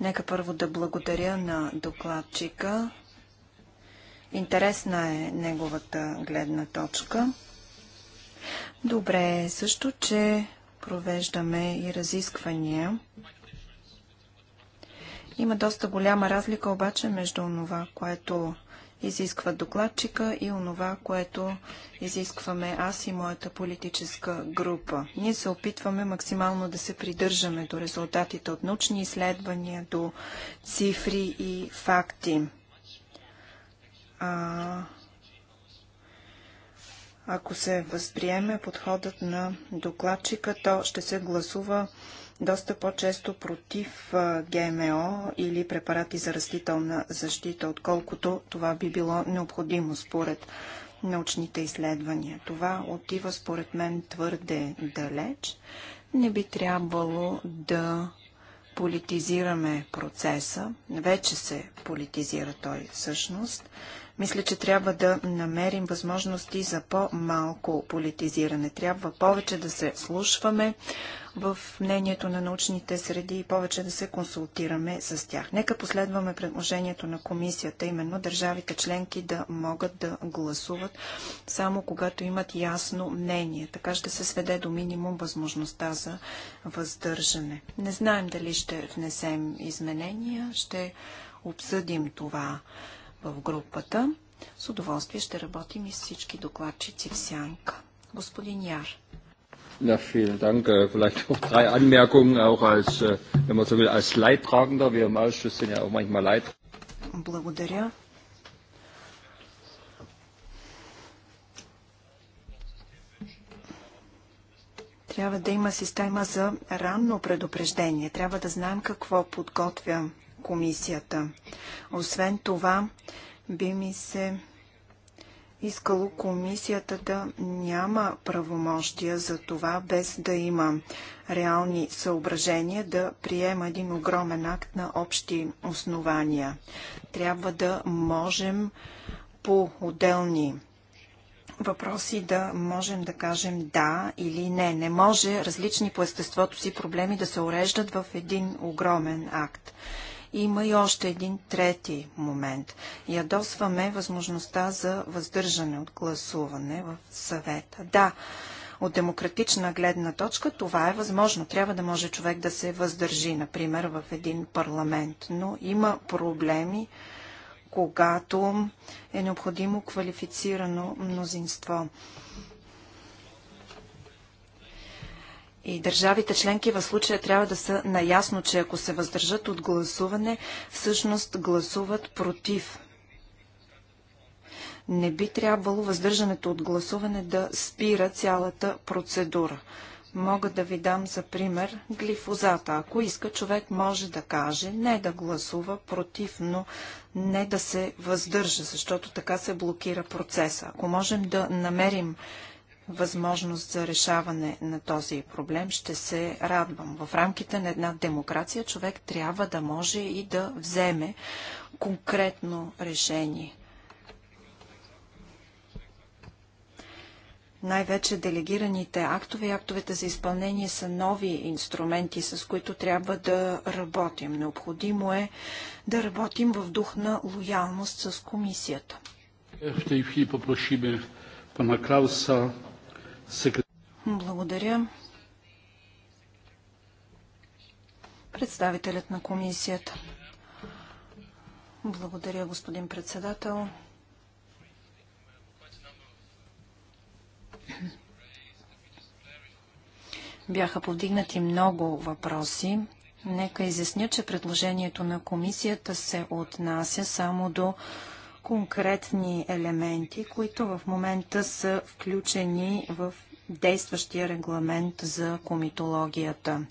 Нека първо да благодаря на докладчика. Интересна е неговата гледна точка. Добре е също, че провеждаме и разисквания. Има доста голяма разлика обаче между това, което изисква докладчика и онова, което изискваме аз и моята политическа група. Ние се опитваме максимално да се придържаме до резултатите от научни изследвания, до цифри и факти. А, ако се възприеме подходът на докладчика, то ще се гласува доста по-често против ГМО или препарати за растителна защита, отколкото това би било необходимо според научните изследвания. Това отива според мен твърде далеч. Не би трябвало да политизираме процеса. Вече се политизира той всъщност. Мисля, че трябва да намерим възможности за по-малко политизиране. Трябва повече да се слушваме в мнението на научните среди и повече да се консултираме с тях. Нека последваме предложението на комисията, именно държавите членки да могат да гласуват само когато имат ясно мнение. Така ще се сведе до минимум възможността за въздържане. Не знаем дали ще внесем изменения, ще обсъдим това в групата. С удоволствие ще работим и с всички докладчици в сянка. Господин Яр. Ja, vielen Dank. Äh, vielleicht auch drei Anmerkungen, auch als, äh, wenn man so will, als Leidtragender. Wir im Ausschuss sind ja auch manchmal Leidtragender. Благодаря. Трябва да има система за ранно предупреждение. Трябва да знаем какво подготвя комисията. Освен това, би ми се искало комисията да няма правомощия за това, без да има реални съображения, да приема един огромен акт на общи основания. Трябва да можем по отделни въпроси да можем да кажем да или не. Не може различни по естеството си проблеми да се уреждат в един огромен акт. Има и още един трети момент. Ядосваме възможността за въздържане от гласуване в съвета. Да, от демократична гледна точка това е възможно. Трябва да може човек да се въздържи, например, в един парламент. Но има проблеми, когато е необходимо квалифицирано мнозинство. И държавите членки в случая трябва да са наясно, че ако се въздържат от гласуване, всъщност гласуват против. Не би трябвало въздържането от гласуване да спира цялата процедура. Мога да ви дам за пример глифозата. Ако иска, човек може да каже не да гласува против, но не да се въздържа, защото така се блокира процеса. Ако можем да намерим възможност за решаване на този проблем, ще се радвам. В рамките на една демокрация човек трябва да може и да вземе конкретно решение. най-вече делегираните актове и актовете за изпълнение са нови инструменти, с които трябва да работим. Необходимо е да работим в дух на лоялност с комисията. Ще тези пана Крауса благодаря. Представителят на комисията. Благодаря, господин председател. Бяха повдигнати много въпроси. Нека изясня, че предложението на комисията се отнася само до конкретни елементи, които в момента са включени в действащия регламент за комитологията.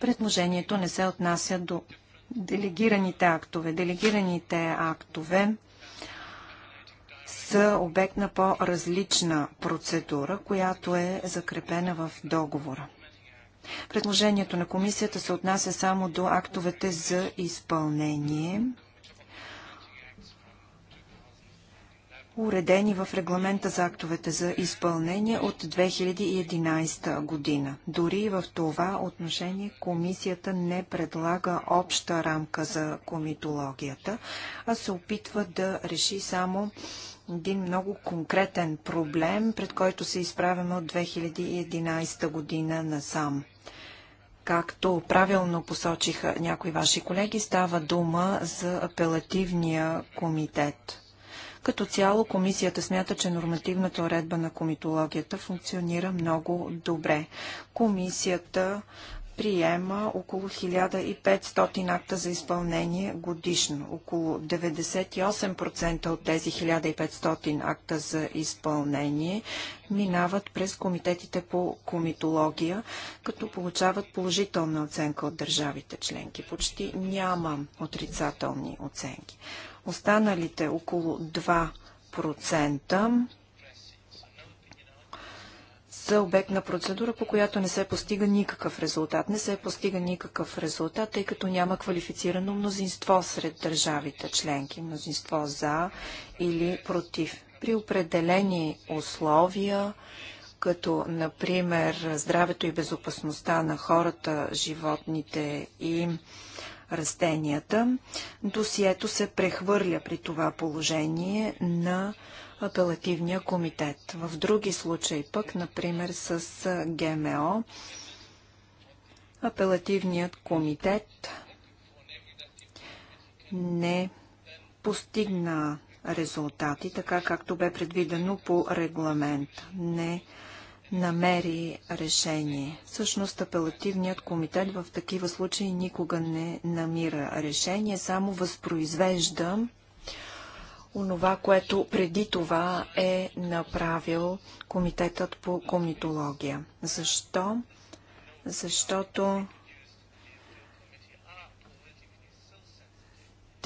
Предложението не се отнася до делегираните актове. Делегираните актове са обект на по-различна процедура, която е закрепена в договора. Предложението на комисията се отнася само до актовете за изпълнение – уредени в регламента за актовете за изпълнение от 2011 година. Дори в това отношение комисията не предлага обща рамка за комитологията, а се опитва да реши само един много конкретен проблем, пред който се изправяме от 2011 година насам. Както правилно посочиха някои ваши колеги, става дума за апелативния комитет. Като цяло комисията смята, че нормативната уредба на комитологията функционира много добре. Комисията приема около 1500 акта за изпълнение годишно. Около 98% от тези 1500 акта за изпълнение минават през комитетите по комитология, като получават положителна оценка от държавите членки. Почти няма отрицателни оценки. Останалите около 2% са обект на процедура, по която не се постига никакъв резултат. Не се постига никакъв резултат, тъй като няма квалифицирано мнозинство сред държавите членки. Мнозинство за или против. При определени условия, като например здравето и безопасността на хората, животните и растенията. Досието се прехвърля при това положение на апелативния комитет. В други случаи пък, например с ГМО, апелативният комитет не постигна резултати, така както бе предвидено по регламент. Не намери решение. Всъщност апелативният комитет в такива случаи никога не намира решение, само възпроизвежда онова, което преди това е направил комитетът по комитология. Защо? Защото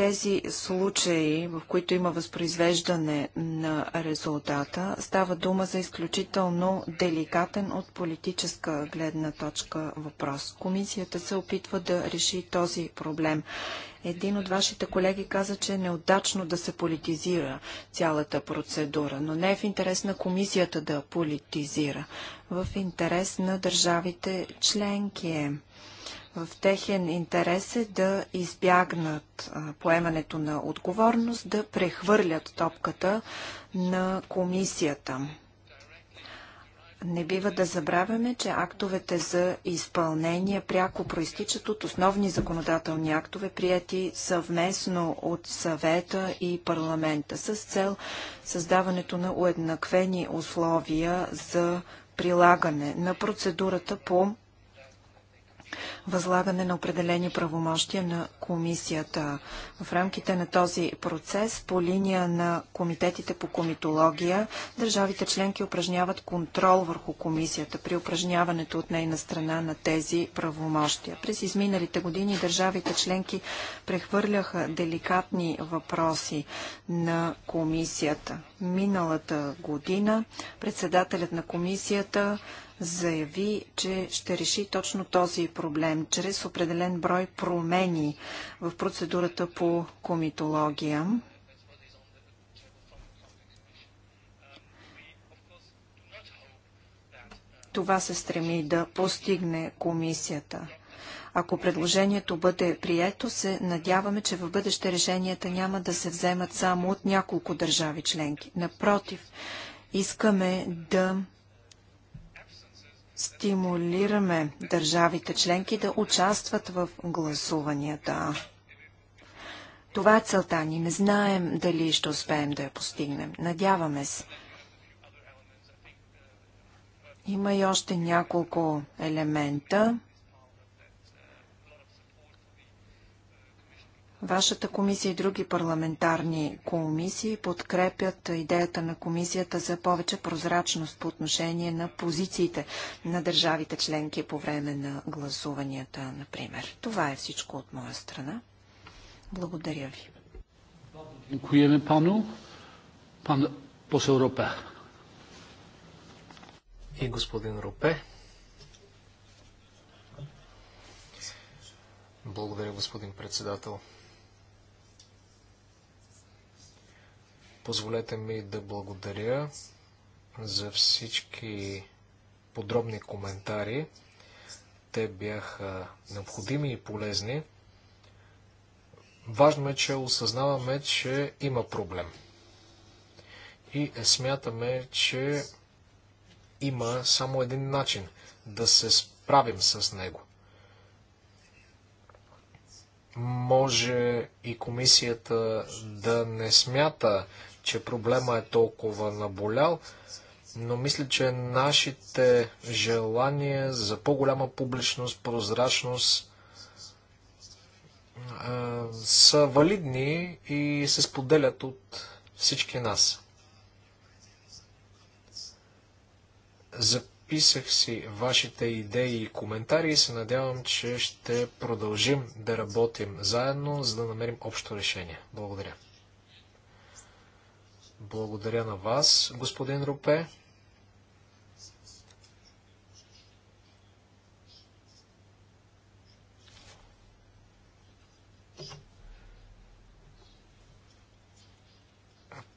тези случаи, в които има възпроизвеждане на резултата, става дума за изключително деликатен от политическа гледна точка въпрос. Комисията се опитва да реши този проблем. Един от вашите колеги каза, че е неудачно да се политизира цялата процедура, но не е в интерес на комисията да политизира, в интерес на държавите членки е. В техен интерес е да избягнат поемането на отговорност, да прехвърлят топката на комисията. Не бива да забравяме, че актовете за изпълнение пряко проистичат от основни законодателни актове, прияти съвместно от съвета и парламента с цел създаването на уеднаквени условия за прилагане на процедурата по възлагане на определени правомощия на комисията. В рамките на този процес, по линия на комитетите по комитология, държавите членки упражняват контрол върху комисията при упражняването от нейна страна на тези правомощия. През изминалите години държавите членки прехвърляха деликатни въпроси на комисията. Миналата година председателят на комисията заяви, че ще реши точно този проблем чрез определен брой промени в процедурата по комитология. Това се стреми да постигне комисията. Ако предложението бъде прието, се надяваме, че в бъдеще решенията няма да се вземат само от няколко държави членки. Напротив, искаме да стимулираме държавите членки да участват в гласуванията. Това е целта ни. Не знаем дали ще успеем да я постигнем. Надяваме се. Има и още няколко елемента, Вашата комисия и други парламентарни комисии подкрепят идеята на комисията за повече прозрачност по отношение на позициите на държавите членки по време на гласуванията, например. Това е всичко от моя страна. Благодаря ви. Дякуваме пану. Пан посел Ропе. И господин Ропе. Благодаря, господин председател. Позволете ми да благодаря за всички подробни коментари. Те бяха необходими и полезни. Важно е, че осъзнаваме, че има проблем. И смятаме, че има само един начин да се справим с него. Може и комисията да не смята, че проблема е толкова наболял, но мисля, че нашите желания за по-голяма публичност, прозрачност е, са валидни и се споделят от всички нас. Записах си вашите идеи и коментари и се надявам, че ще продължим да работим заедно, за да намерим общо решение. Благодаря. Благодаря на вас, господин Рупе.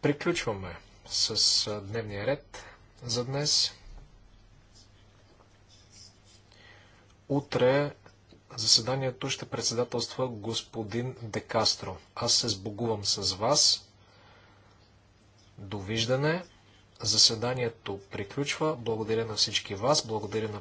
Приключваме с дневния ред за днес. Утре заседанието ще председателства господин Декастро. Аз се сбогувам с вас. Довиждане. Заседанието приключва. Благодаря на всички вас. Благодаря на